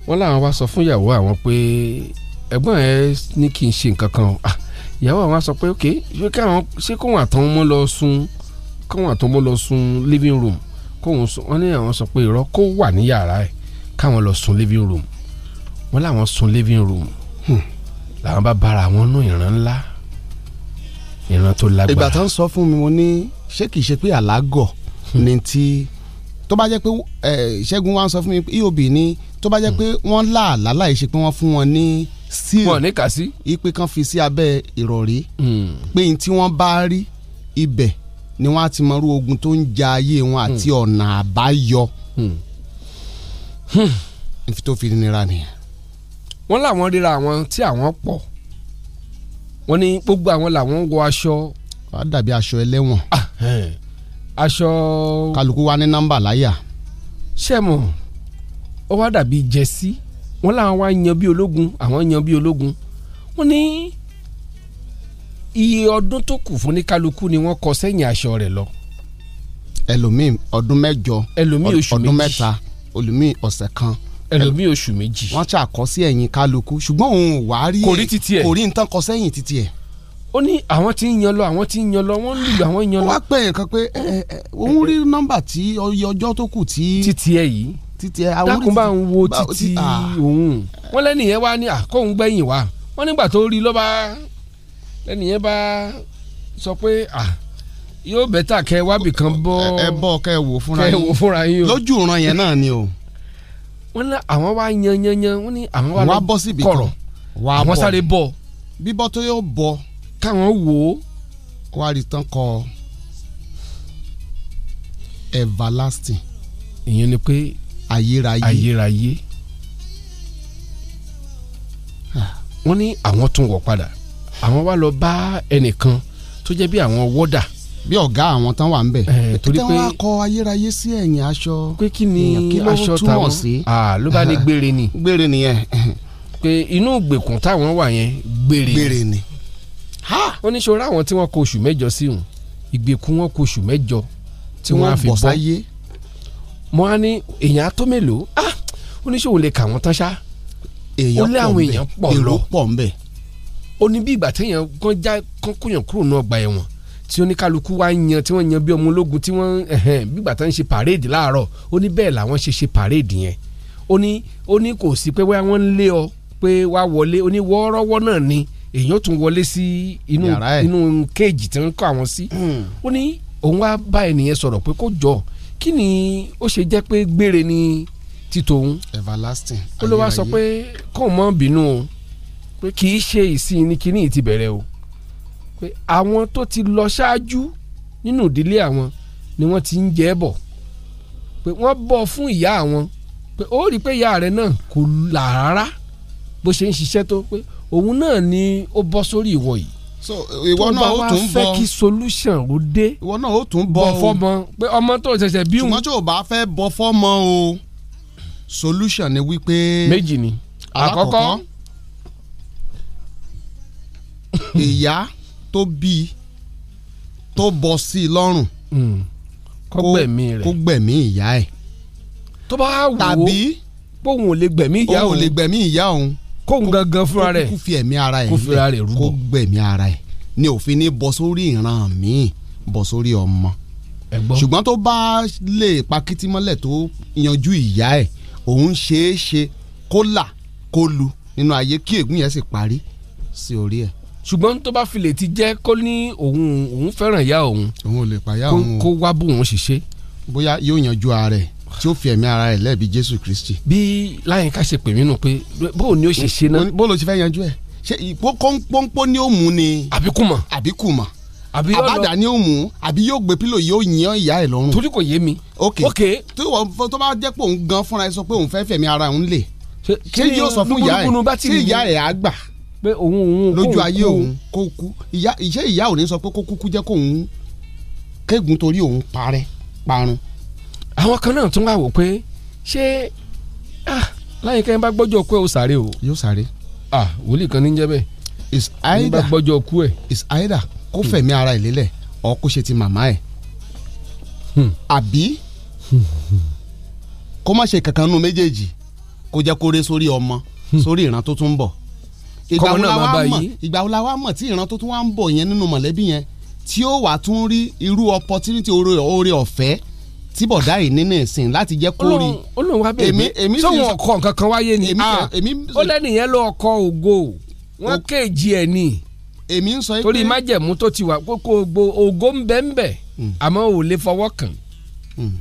wọ́n láwọn wá sọ fún ìyàwó àwọn pé ẹ̀gbọ́n ẹ ní kí n ṣe nǹkan kan ah, ìyàwó àwọn sọ pé ok ṣé káwọn ṣé kóun àtàwọn mọ́ lọ sùn kọ́wọn àtọ́ mọ́ lọ sun living room kóun sùn wọ́n ní àwọn sọ pé irọ́ kó wà ní yàrá ẹ̀ káwọn lọ sun living room wọ́n láwọn sun living room hmm. làwọn bá bára wọn nú ìran ńlá ìran tó lágbára. ìgbà tó ń sọ fún mi mo ní ṣé kìí ṣe pé àlágọ̀ hmm. ni ti tó bá jẹ́ pé ṣẹ́gun wa ń sọ fún mi eob ni tó bá jẹ́ hmm. pé wọ́n là lálá ìṣe pé wọ́n fún wọn ní síl wọn ní kàsí. ipe kan fi sí abẹ́ ìrọ̀rí pé n tí wọ́n bá rí ibẹ̀ ni wọ́n á ti mọrú ogun tó ń ja ayé wọn àti hmm. ọ̀nà àbáyọ hmm. hmm. nífi tó fi nira nìyẹn. wọ́n láwọn ríra àwọn tí àwọn pọ̀ wọ́n ní gbogbo àwọn làwọn ń wọ aṣọ. wàá dàbí aṣọ ẹlẹ́wọ̀n. Ah, eh. aṣọ. kálukú wa ní nọ́mbà láyà. sẹ́mu ó dàbí jẹ́sí wọ́n láwọn wá yan bí ológun àwọn yan bí ológun wọ́n ní. Ni iye ọdún tó kù fún ní kálukú ni wọ́n kọ sẹ́yìn aṣọ rẹ̀ lọ. ẹlòmíì ọdún mẹ́jọ ọdún mẹ́ta ẹlòmíì ọ̀sẹ̀ kan ẹlòmíì oṣù méjì. wọ́n ṣàkọ sí ẹ̀yìn kálukú ṣùgbọ́n òun wà á rí kò rí títí ẹ̀ kò rí nǹkan kọ sẹ́yìn títí ẹ̀. ó ní àwọn tí ń yan lọ àwọn tí ń yan lọ wọ́n ń lùlù àwọn yan lọ. wọ́n á pè é kan pé òun rí nọ́mbà tí ọjọ́ tó kù tí. títí ẹ yìí títí ẹ àwọn dákun bá ń wo títí òun wọ́n lẹ́nìyẹn bá sọ pé ah yóò bẹ́tà kẹ́ wábì kan bọ́ ẹ bọ́ kẹ́ wò fúnra yín kẹ́ wò fúnra yín o lójú ìran yẹn náà ni o. wọ́n ní àwọn wá yan yan yan wọ́n ní àwọn wá lọ kọ̀rọ̀ àwọn sáré bọ̀. bíbọ́ tó yóò bọ̀. káwọn wò ó. wá rí tán kọ everlasting. ìyẹn ni pé ayérayé. Ah. wọ́n ní àwọn tún wọ̀ padà àwọn wá lọ bá ẹnìkan tó jẹ́ bí àwọn wọ́dà. bí ọ̀gá àwọn tán wà ń bẹ̀. ẹ eh, torí pé tẹ́wọ́n ayérayé sí ẹ̀yìn aṣọ. pé kí ni aṣọ táwọn ló bá ní gbére ni. [laughs] gbére ni yẹn. pé inú ìgbèkùn táwọn wà yẹn gbére ni. gbére ni. ó ní sọ ráwọn tí wọ́n kó oṣù mẹ́jọ sí òun ìgbèkùn wọn kó oṣù mẹ́jọ tí wọ́n á fi bọ́. mo á ní èèyàn tó mélòó oníṣòwò ah! lè kà wọ́n tán ṣá. èèyàn pọ̀ ń ó ní bí ìgbà téèyàn kan já kan kóyàn kúrò ní ọgbà ẹ̀wọ̀n tí oníkálukú wá yan tí wọ́n yan bí ọmọ ológun tí wọ́n bí ìgbà tó ń ṣe pàréèdì láàárọ̀ ó ní bẹ́ẹ̀ làwọn ṣe ṣe pàréèdì yẹn ó ní ó ní kò sí pé wọ́n ń lé ọ pé wá wọlé ó ní wọ́ọ́rọ́wọ́ náà ni èèyàn tún wọlé sí inú inú kéèjì tí wọ́n kọ́ àwọn sí hmm. ó ní òun wá bá ẹnìyẹn sọ̀rọ̀ pé kó jọ kí ni ó ṣe jẹ́ pé gbére ni títòun everlasting ó ló wá sọ pé kóun mọ́ bínú o pé kì í ṣe ìsìn ni kíní ti bẹ̀rẹ̀ o pé àwọn tó ti lọ ṣáájú nínú ìdílé àwọn ni wọ́n ti ń jẹ́ bọ̀ pé wọ́n bọ̀ fún ìyá àwọn pé ó rí i pé ìyá rẹ̀ náà kò là rárá bó ṣe ń ṣiṣẹ́ tó pé òun náà ni ó bọ́ sórí ìwọ yìí so ìwọ náà ó tún bọ tó bá wá fẹ́ kí solution ó dé ìwọ náà ó tún bọ fọmọ pé ọmọ tó ṣẹ̀ṣẹ̀ bí wọn. ṣùgbọ́n bá fẹ́ bọ fọmọ o solution ni wípé méjì ni àkọ́kọ́ ìyá tó bí tó bọ́ sí i lọ́rùn hmm. kó gbẹ̀mí rẹ̀ kó gbẹ̀mí ìyá ẹ̀ tó bá wò ó tàbí póun ò lè gbẹ̀mí ìyá òun ò lè gbẹ̀mí ìyá òun kóun gangan fúnra rẹ̀ kó fi ẹ̀mí ara ẹ̀ lẹ̀ kó gbẹ̀mí ara ẹ̀ ni òfin ní bọ́ sórí ìran míì bọ́ sórí ọmọ ṣùgbọ́n tó bá lè pakítí mọ́lẹ̀ tó yanjú ìyá ẹ̀ òun ṣeé ṣe kó là kó lu nínú ayé kí ègún yẹn sì parí sí orí ẹ̀ ṣùgbọ́n tó bá filẹ̀ ti jẹ́ kó ní òun òun fẹ́ràn ìyá òun òun lè pàyà òun kó wá bó òun ṣiṣẹ́. bóyá yóò yanjú ara ẹ̀ tí ó fi ẹ̀mí ara ẹ̀ lẹ́bi Jésù Kristi. bí láyínká ṣe pè mí nù pé bóò ni ó ṣe ṣe náà. bó ló ti fẹ́ yanjú ẹ̀ ṣe pọ́npọ́n ni ó mú ni. àbíkùmọ̀. àbíkùmọ̀ àbí àbádà ni ó mú àbí yóò gbé pílò yóò yan ìyá ẹ lọ́rùn. torí kò yé mi. ok ok tí wọn tó bá jẹ́ pé òun gan fúnra ẹ sọ pé òun fẹ́ fẹ̀mí ara òun lè. ṣé yóò sọ fún ìyá ẹ ṣé ìyá ẹ á gbà pé òun òun lójú ayé òun kó kú ìyá ìṣe ìyá ò ní sọ pé kó kúkú jẹ́ kó òun kégun torí òun parẹ́ parun. àwọn kan náà tún wá wò pé ṣé ah, láyé kẹ́hìn bá gbọ́jọ́ kú ẹ̀ ó sáré o. yóò sáré. ah wòlíì kan ní jẹ́ bẹ́ẹ̀. is either nígbà gbọ́jọ́ kú ẹ̀. is aida, kó fẹ̀mí ara ẹ̀ lélẹ̀ ọ̀ kó ṣe ti màmá ẹ̀. Hmm. àbí kó má ṣe kankan nu méjèèjì kó jẹ́ kó ré sórí ọmọ hmm. sórí ìran tó tún bọ̀ ìgbà wo la wá mọ̀ ìgbà wo la wá mọ̀ tí ìran tó tún wá ń bọ̀ yẹn nínú mọ̀lẹ́bí yẹn tí ó wà tún rí irú opportunity oore ọ̀fẹ́ tí bọ̀dá yìí nínú ìsìn láti jẹ́ kó rí. olóhùn wa bẹ̀rẹ̀ mi sọ̀wọ́n ọkọ nǹkan kan wáyé ni ah, eh, ó lẹ́nìyẹn lọ ọkọ ògo wọn kéèjì ẹ̀ ni èmi ń sọ pé torí májẹ̀mú tó ti wà kókó ògo ògo ń bẹ ń bẹ hmm. àmọ́ ò lè fọwọ́ kàn hmm.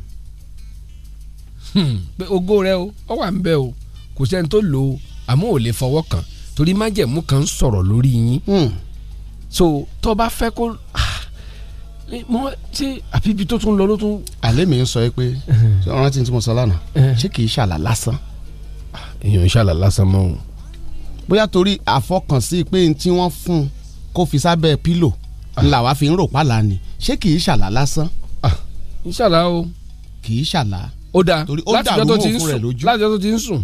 Hmm, pé ògo rẹ o ó wà ń bẹ o kò sẹ́ni tó lò ó àmọ́ ò lè fọwọ́ kàn torí májẹ̀mú kan sọ̀rọ̀ lórí yín hmm. so tó bá fẹ́ kó ah, mo ṣe àbíbi tó tún lọ ló tún. àlẹ́ mi ń sọ pé [laughs] rántí tí mo sọ lánàá eh. ṣé kì í ṣàlà lásán. Ah, èèyàn ń ṣàlà lásán mọ́ òun. bóyá torí àfọkànsí pé n tí wọ́n fún un kó fi sábẹ́ pílò ńlá ah. wa fi ń rò pàlà ni ṣé kì í ṣàlà lásán. ń ṣàlà o. kì ṣàlà. ó dáa láti tó ti ń sùn láti tó ti ń sùn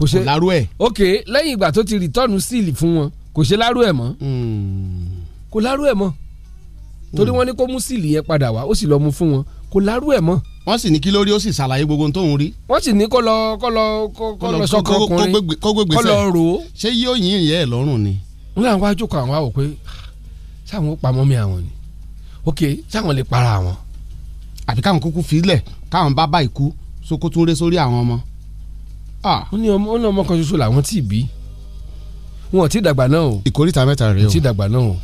kò ṣe lárú ẹ̀. ok lẹ́yìn ìgbà tó ti rìtọ́ọ̀nù síìlì fún wọn kò ṣe lárú ẹ̀ mọ́ hmm. kò lárú ẹ̀ mọ́ torí hmm. wọ́n ní kó mú síìlì yẹn padà wá ó sì lọ mú fún wọn kò lárú ẹ̀ mọ́ wọ́n sì ní kí lórí ó sì ṣàlàyé gbogbo ohun tóun rí. wọ́n sì ní kó lọ kó lọ kó lọ sọkọ ọkùnrin kó lọ rò ó. ṣé yóò yín ìyá ẹ lọ́rùn ni. n láwọn wájú kan àwọn àwò pé sáwọn ó pamọ́ mi àwọn ni ok sáwọn lè para àwọn. àbí káwọn kúkú filẹ̀ káwọn bá bá ikú sókó tún ré sórí àwọn ọmọ. Ah, ní ọmọ kan ṣoṣo làwọn tí ì bí wọn ti tí ì dàgbà náà o ìkórìtà mẹ́ta rèé o ò dàgbà náà o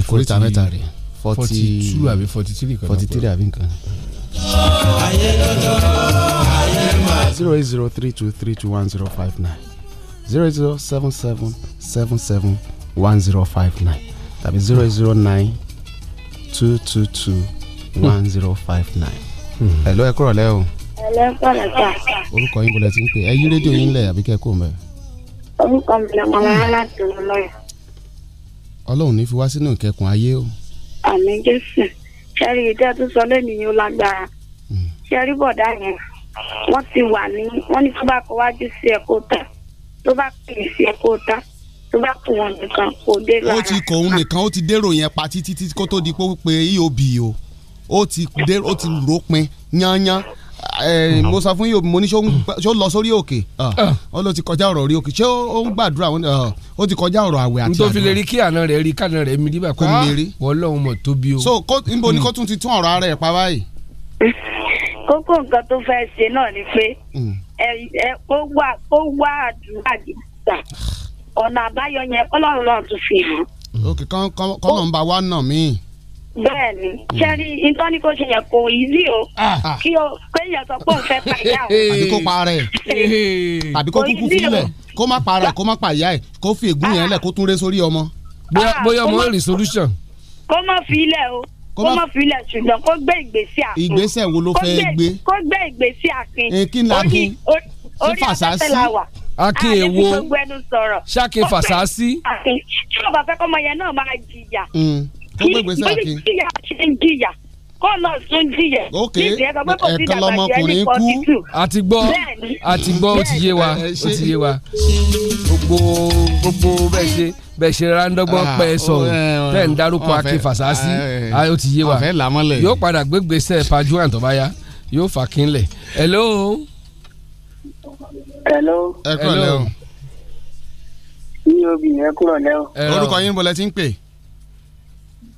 ìkórìtà mẹ́ta rèé forty two àbí forty three kan forty three àbí nǹkan. zero eight zero three two three two one zero five nine zero eight zero seven seven seven seven one zero five nine tàbí zero eight zero nine two two two one zero five nine. Hmm. hello ẹ kúrọ̀lẹ́ o ẹlẹ́ ń pọ̀ lọ́jà. orúkọ yín bọ̀lẹ̀ ti ń pè é yí rédíò yín lẹ̀ àbíkẹ́ kò mẹ́. orúkọ mi lọ́mọ wọn láti mú lọ́yà. ọlọ́run ní fi wá sínú ìkẹkùn ayé o. àmín jésù ṣẹ́rí ìdí ẹ̀ tó sọ lẹ́nu yìí ó lágbára hmm. ṣẹ́rí bọ̀dá yẹn wọ́n ti wà ní wọ́n ní tó bá kọ wájú sí ẹ̀kọ́ ta tó bá pè é sí ẹ̀kọ́ ta tó bá kù wọn nìkan kò dé rárá. ó ti kọ òun nìkan ó ti dérò yẹn pa títí kó tó di pé ó pe eob o ó ti rò pin yányán Eh, mo fún yìí mo ní ṣé ó lọ sórí òkè ah. Ah. ó ló ti kọjá ọ̀rọ̀ orí òkè ṣé ó ń gbàdúrà ah, ó ti kọjá ọ̀rọ̀ àwẹ̀ àti àdúrà. nítorí lè rí kí àná rẹ̀ rí kàná rẹ̀ mi nígbà kó mi rí Ọlọ́run mọ̀ tóbi o. so níbo ni kó tún ti tún ọ̀rọ̀ ara ẹ̀ pa báyìí. [laughs] kókó nǹkan tó fẹ́ ṣe náà ni pé ó wà ó wà àdúrà gíga ọ̀nà àbáyọ yẹn Ọlọ́run náà tún fi hàn. òkè kọ́ bẹ́ẹ̀ni sẹri ntọ́ni kò ṣe yẹn kò easy o ah. Ah. kí o kéèyàn sọ pé o fẹ́ pa ìyá o. àbí kó pa ara ẹ àbí kó kúkú fílẹ̀ kó má pa ara kó má pa ìyá ẹ kó fi ègún yẹn ah. lẹ̀ kó tún ré sórí ọmọ. bóyá ọmọ rẹ̀ solution. kó má fi ilẹ̀ o kó má fi ilẹ̀ ṣùgbọ́n kó gbé ìgbésẹ̀ àkín. ìgbésẹ̀ wo ló fẹ́ gbé. kó gbé ìgbésẹ̀ àkín. Eh, kí n la kí orí afẹ́fẹ́ la wà. Aki ewo ṣáke fàṣásí. Tí o bá fẹ́ kọ́ ọmọ yẹn náà máa jìyà. Hmm kó gbégbèsè àkín. bí kó lọ tún jìyà. ok ẹ̀kan lọmọkùnrin kú. àti gbọ́ àti gbọ́ ó ti yé wa gbogbo gbogbo bẹ́ẹ̀ ṣe bẹ́ẹ̀ ṣe rándọ́gbọ́n ah, pẹ́ sọ̀rọ̀ bẹ́ẹ̀ eh, ń darúkọ akin fàṣásí eh, eh, ah, ó ti yé wa yóò padà gbégbèsè pàjùwàn tó bá yá yóò fà kínlẹ̀. hello. hello. ẹ kúrò lẹ́wọ̀n. eob yẹn kúrò lẹ́wọ̀n. orúkọ yín bọ̀lẹ́ ti ń pè é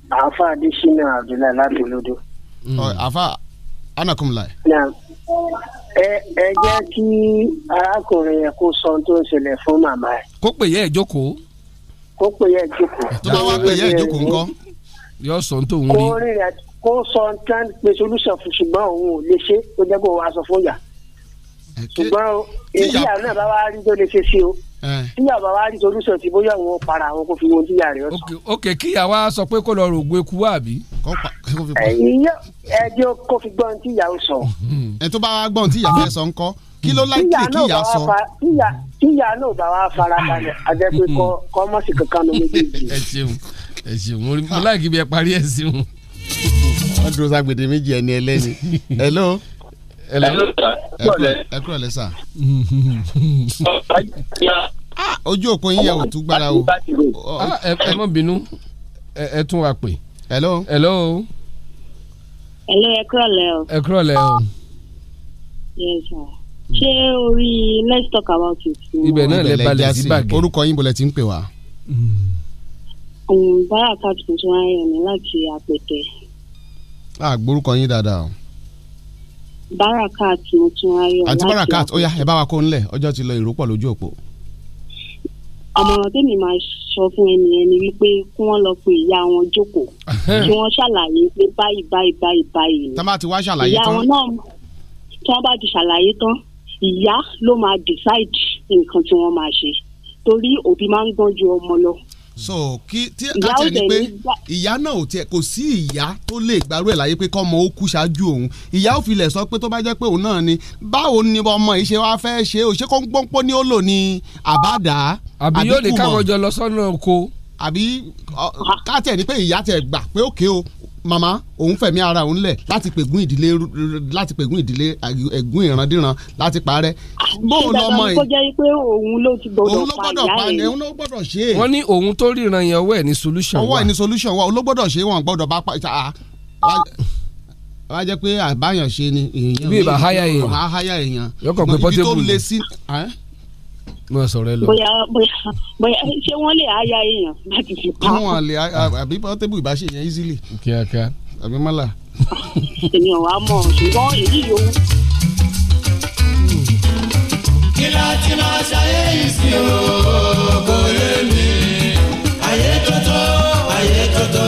àáfà adésínà abdullahi láti olódó. Mm. àáfà anakunmulai. ẹ ẹ jẹ́ kí arákùnrin yẹn kó sọ tó ń ṣẹlẹ̀ fún màmá ẹ̀. kó pè yẹ ẹ jókòó. kó pè yẹ ẹ jókòó. tó bá wá pè yẹ ẹ jókòó ńkọ́. yóò sọ tó ń rí. kó sọ tán pé solution ṣùgbọ́n òun ò lè ṣe kó jẹ́ kó wàá sọ fún yà. ṣùgbọ́n ìdí àwọn bá wá rí tó lè ṣe sí o. Eh. tí yàrá wa rí solúsọ̀ tí bóyá wọn para àwọn kò fi wọn tí yàrá rẹ sọ. ok kí yàrá sọ pé kó lọ rògbò eku wá àbí. ẹjọ́ eh, kó fi gbọ́n tí yàrá sọ. ẹ tó bá wá gbọ́n tí yàrá sọ ńkọ́ kí ló láì kí ìyá sọ. tíyà náà bá wa fara balẹ̀ àjẹpẹ́ kọ́ mọ̀sí kankan ló méjèèjì. [laughs] ẹ ṣeun ẹ ṣeun mo láì kí ah. bí ẹ parí ẹ sí wọ́n dúró ságbèdè méjì ẹni ẹlẹ́ni. [laughs] hello ẹ kúrò lẹ sà. ojú òpó yín yẹn ò tún gbára o. Ah, ẹ mọ̀ bínú ẹ tún wá pè. hello. hello. hello ẹ kúrò lẹ o. ẹ kúrò lẹ o. yes sir ṣé orí let's talk about it. ibẹ̀ náà lè balẹ̀ sí bàgẹ́. orúkọ yín bọ̀lẹ̀ tí ń pè wá. Mm, báyà ká tuntun ayọ̀ mi láti àpètẹ. a ah, gbórúkọ yín dáadáa o barakat motunrayo. àti barakat ó yá ẹ bá wa kó ńlẹ̀ ọjọ́ ti lọ ìrópọ̀ lójú òpó. àmọ̀ràn tèmi máa sọ fún ẹnìyẹn ni wípé kí wọ́n lọ pe ìyá wọn jókòó kí wọ́n ṣàlàyé pé báyìí báyìí báyìí báyìí ni. tá bá ti wá ṣàlàyé tán. ìyá wọn náà tí wọ́n bá ti ṣàlàyé tán ìyá ló máa decide nǹkan tí wọ́n máa ṣe torí òbí máa ń gbọ́n ju ọmọ lọ so kí tí a tẹ̀ ní pé ìyá náà ò tiẹ̀ kò sí ìyá tó lè gbàrú ẹ̀ láyé pé kọ́mọ ó kú ṣáájú òun ìyá ò filẹ̀ sọ pé tó bá jẹ́ pé òun náà ni báwo ni ọmọ yìí ṣe wáá fẹ́ ṣe o ṣé kó ń gbọ́npọ́ ní ó lò ní àbádá àbí yóò lè káwọn jọ lọ sọ́nà oko àbí ká tẹ̀ ní pé ìyá tẹ̀ gbà pé òkè o màmá òun fẹ̀mí ara òun lẹ̀ láti pègún ìdílé láti pègún ìdílé ẹ̀gún ìrandíran láti parẹ́. bóun lọ mọ ẹ. kó jẹ́ pé òun ló ti gbọ́dọ̀ pa ìyá rẹ̀. òun ló gbọ́dọ̀ ṣe é. wọ́n ní òun tó ríran yẹn ọwọ́ ẹ̀ ní solution wa. ọwọ́ ẹ̀ ní solution wa òun ló gbọ́dọ̀ ṣe é wọ́n gbọ́dọ̀ bá pa wá jẹ́ pé àbáyàn ṣe ni. bí ìbá háyà èèyàn. háyà èèyàn. yọkàn pé pọ́tébù. ibi tó le sí mo sọ̀rọ̀ lọ. bóyá bóyá bóyá ṣé wọ́n lè aya èèyàn láti fi pa. wọn lè àbí portable ìbáṣe yẹn easily. kíákíá àbí mọ́là. èmi ò wá mọ̀ ṣùgbọ́n èyí yòówù. kí la ti máa ṣayé yìí sí o mi ayé tótó ayé tótó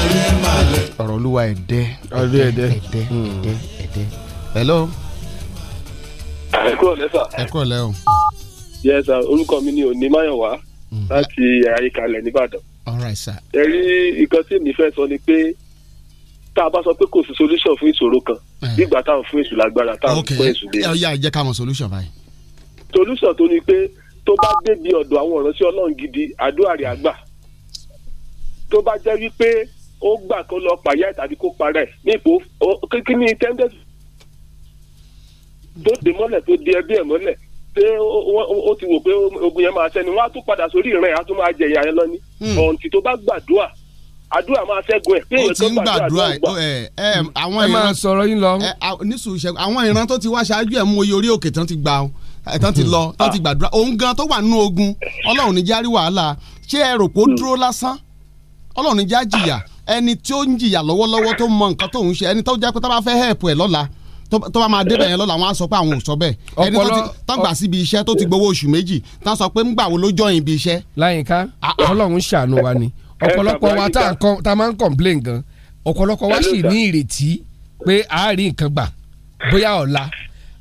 ayé má lè. ọ̀rọ̀ olúwa ẹ̀dẹ́ ẹ̀dẹ́ ẹ̀dẹ́ ẹ̀dẹ́ hmm. ẹ̀dẹ́ hello ẹ kúrò lẹ́sà. ẹ kúrò lẹ́ o. yes sir orúkọ mi ni òní máyọ̀wá hmm. láti àyíkalẹ̀ nìbàdàn. all right sir. ẹ rí nǹkan tí mi fẹ́ sọ ni pé tá a bá sọ pé kò sí solution fún ìṣòro kan nígbà eh. táwọn fún èṣù lágbára táwọn fún èṣù lé. ok ẹ yà jẹ́ ká mọ̀ solution báyìí. solution tó ni pé tó bá débi ọ̀dọ̀ àwọn ìránṣẹ́ ọlọ́run gidi àdúrà rẹ̀ àgbà tó bá jẹ́ wípé ó gbà kó lọ pàyà tàbí kó parẹ́ nípò kíní tẹ́ńdẹ́sì tó dé mọ́lẹ̀ tó di ẹbí ẹ̀ mọ́lẹ̀ pé ó ti wò pé ogun yẹn máa ṣẹ́ni wọ́n á tún padà sórí ìran ẹ̀ á tún máa jẹ ìyá ẹ lọ ní ọ̀ǹtì hmm. tó bá gbàdúrà àdúrà máa ṣẹ́gun ẹ̀ pé èèyàn tó gbàdúrà àwọn ìran ẹ máa sọ̀rọ̀ yín lọ. nísù ìṣẹ́gun àwọn ìran tó ti wá ṣáájú ẹ̀ mú oyè orí òkè tán ti gbà tán ti hmm. lọ tán ti ah. gbàdúrà òun gan tó wà nínú ogun ọlọ́run ní járí wàhálà ṣé ẹ rò pé ó hmm. dúró lásán ọlọ́run ní já jìyà ẹni tí ó ń jìyà lọ́wọ́lọ́wọ́ tó mọ nǹkan tóun ṣe ẹni tó jẹ́ pé tá bá fẹ́ hẹ́ẹ̀pù ẹ̀ lọ́la tó bá máa débẹ̀ yẹn lọ́la wọn á sọ pé àwọn ò sọ bẹ́ẹ̀ ẹni tó gbà síbi iṣẹ́ tó ti gbowó oṣù méjì tá a sọ pé ńgbà wo ló jọ ìbí iṣẹ́. láyìnká ah, ah. ọlọ́run ṣàánú wa ni ọ̀pọ̀lọpọ̀ wa tá a máa ń complain gan ọ̀pọ̀lọpọ̀ wa sì ní ìrètí pé a rí nǹkan gbà bóyá ọ̀la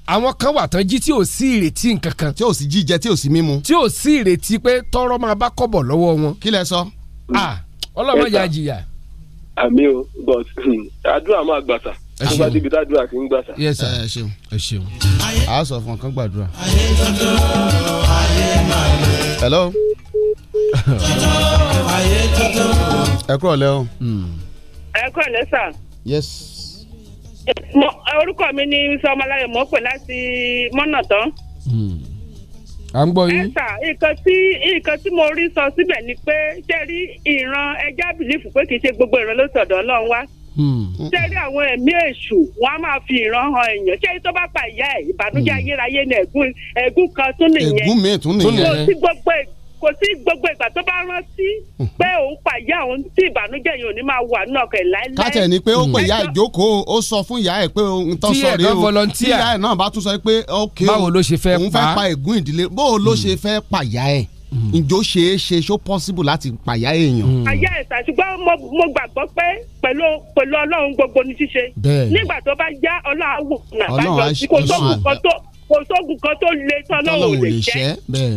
àwọn kan wà tán jí tí ò sí ìrètí nǹkan kan. tí ò sí jíjẹ tí ò sí mímu. tí ò sí ìrètí pé tọrọ máa bá kọ́bọ̀ lọ́wọ́ wọn. kí lẹ sọ. Ah, ọlọ́run máa jẹ àmì o but [clears throat] àdúrà máa gbàtà tó bá débi tádùá sí ń gbà sá. yes sir ẹ ṣeun ẹ ṣeun a sọ fún ọkàn gbàdúrà. hello. ẹ kúrò lẹ́ o. Hmm. ẹ kúrò lẹ́ sà. yes. orúkọ mi ni sọmọláyọ̀ mọ́pẹ́ láti mọ́nà tán hmm. à ń gbọ́ yín. ẹ sà nǹkan tí nǹkan tí mo rí sọ síbẹ̀ ni pé jẹ́rí ìran ẹja bìlífù pé kì í ṣe gbogbo ìran ló sọ̀dọ̀ ọlọ́run wá sẹ́rí hmm. àwọn ẹ̀mí èṣù wọn á máa fi ìran hàn èèyàn sẹ́rí tó bá pa ìyá ẹ̀ ìbànújẹ́ hmm. ayérayé ni ẹ̀gún ẹ̀gún kan tún nìyẹn ẹ̀gún mi tún nìyẹn kò sí gbogbo ìgbà tó bá rántí pé òun pa ìyá òun tí ìbànújẹ́ yìí ò ní máa wà nínú ọkàn láéláé. kátẹ̀ ni pé ó pè ìyá ìjókòó ó sọ fún ìyá ẹ̀ pé òun tán sọ rèé o tí ìyá ẹ̀ náà bá tún sọ pé ok òun fẹ́ pa ègún ìdílé bó o ló hmm. ṣe fẹ́ pa ìyá ẹ̀ ǹjọ́ ṣeé ṣe ṣó possible láti pàyà èèyàn. Hmm. àyà ẹ̀sà ṣùgbọ́n mo gbàgbọ́ pé pẹ̀lú pẹ̀lú ọlọ́run gbogbo ni ṣíṣe nígbà tó bá já ọlọ́run àwòrán àbájọ kò sóògùn kan tó kò sóògùn kan tó le tọ́lọ́wọ́ lè jẹ́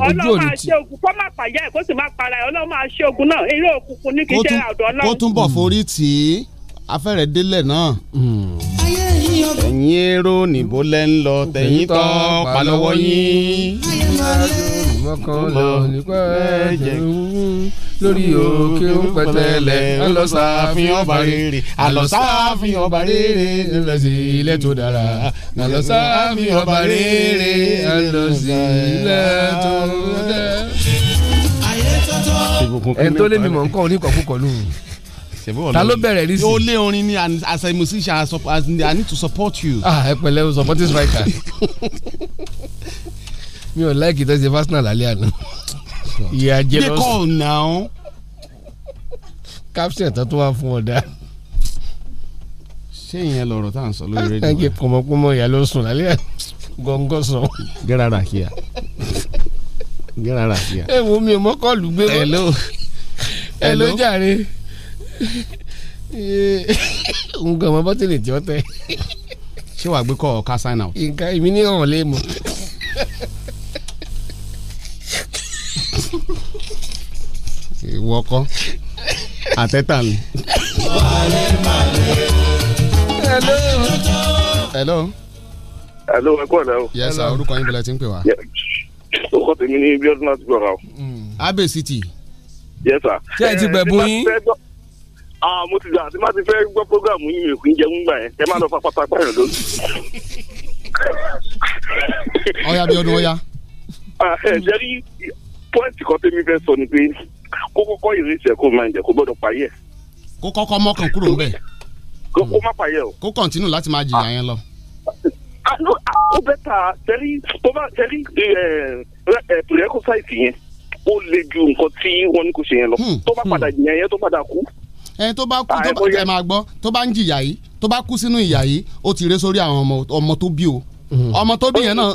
ọlọ́run máa ṣe oògùn kó má pàyà ẹ̀ kó sì má para ẹ̀ ọlọ́run máa ṣe oògùn náà eré òkùnkùn ní kí iṣẹ́ àdó ọlọ́run. kó túnbọ̀ forí tì í afẹ́rẹ́ délẹ̀ náà. ẹ̀yin èrò níbo lẹ́ ń lọ tẹ̀yìn tọ́ palọ́wọ́ yín. mọ́kànlá onípẹ́ ẹ̀jẹ̀ lórí òkè ń pẹ̀tẹ́lẹ̀ alọ́sàáfin ọba rere alọ́sàáfin ọba rere nílẹ̀ sí tó dára alọ́sàáfin ọba rere alọ́sì ilẹ̀ tó dára. ẹ̀ tó lé mi mọ̀ nǹkan oníkọ̀ọ́kú lóhùn ṣèbó ọlọrin ta ló bẹ̀rẹ̀ rí sí. o lé orin ni and as a musician as, as, I need to support you. ah ẹ pẹ̀lẹ́ o supporting [laughs] striker mi ò láìkì tó ṣe Arsenal lálẹ́ àná ìyá jẹ́ lọ́sùn. they call now. caption tó tún wá fún ọ dá ṣé ìyẹn lọ̀rọ̀ tá à ń sọ lórí ah, rédíò. ẹnjẹ kọmọkọmọ ìyá ló sùn lálẹ́ gọ́ngọ́ sọ. get out of here get out of here. ẹ wo mi mọ́kọ́ lùgbé. hello hello jàre. [laughs] òun gan ọmọ bọ́tìlì tí ó tẹ. ṣé wàá gbé kọ́ ọ̀ka sign out. nǹkan èmi ní ọ̀rọ̀ lè mọ. ìwọ kọ́ àtẹ́tà mi. hello. hello. hello ẹ kú ọ̀la o. yes sir orúkọ yín bẹ̀rẹ̀ tí ń pè wá. ó kọ́ tèmi ní bí ọdún láti gbọ́ra o. abc ti. yes sir. ṣé ẹ ti gbẹ̀bù yín ah mo ti gbà àti má ti fẹ́ gbọ́ program yìí mi ò kì í jẹun gbà yẹn ẹ má lọ fa pátápá yẹn lórí. ọ̀ya bí ọdún ọ̀ya. Ah, ẹ jẹ́ rí pọ́ìntì kan tẹ́mi fẹ́ sọ ni pé kó kọ́kọ́ ìrètí ẹ̀ kó máa ń jẹ kó gbọ́dọ̀ payẹ́. kó kọ́kọ́ mọ́kàn kúrò ń bẹ̀. kó má payẹ́ o. kó kọ̀ntínú láti máa jìyà yẹn lọ. Ah, ah, ó bẹ́ ta tẹ́lí tó bá tẹ́lí pìrẹ́kọ́sáìtì yẹn ó le ju nǹkan tí wọ́n ní kò ṣe yẹn lọ hmm, tó bá padà hmm. jìyà yẹn tó padà kú ẹni tó bá kú tó bá tẹ̀ máa gbọ́ tó bá ń jìyà yìí tó bá kú sínú ìyà yìí ó ti ré sórí àwọn ọmọ tó bí o hmm. ọmọ tó bí yẹn náà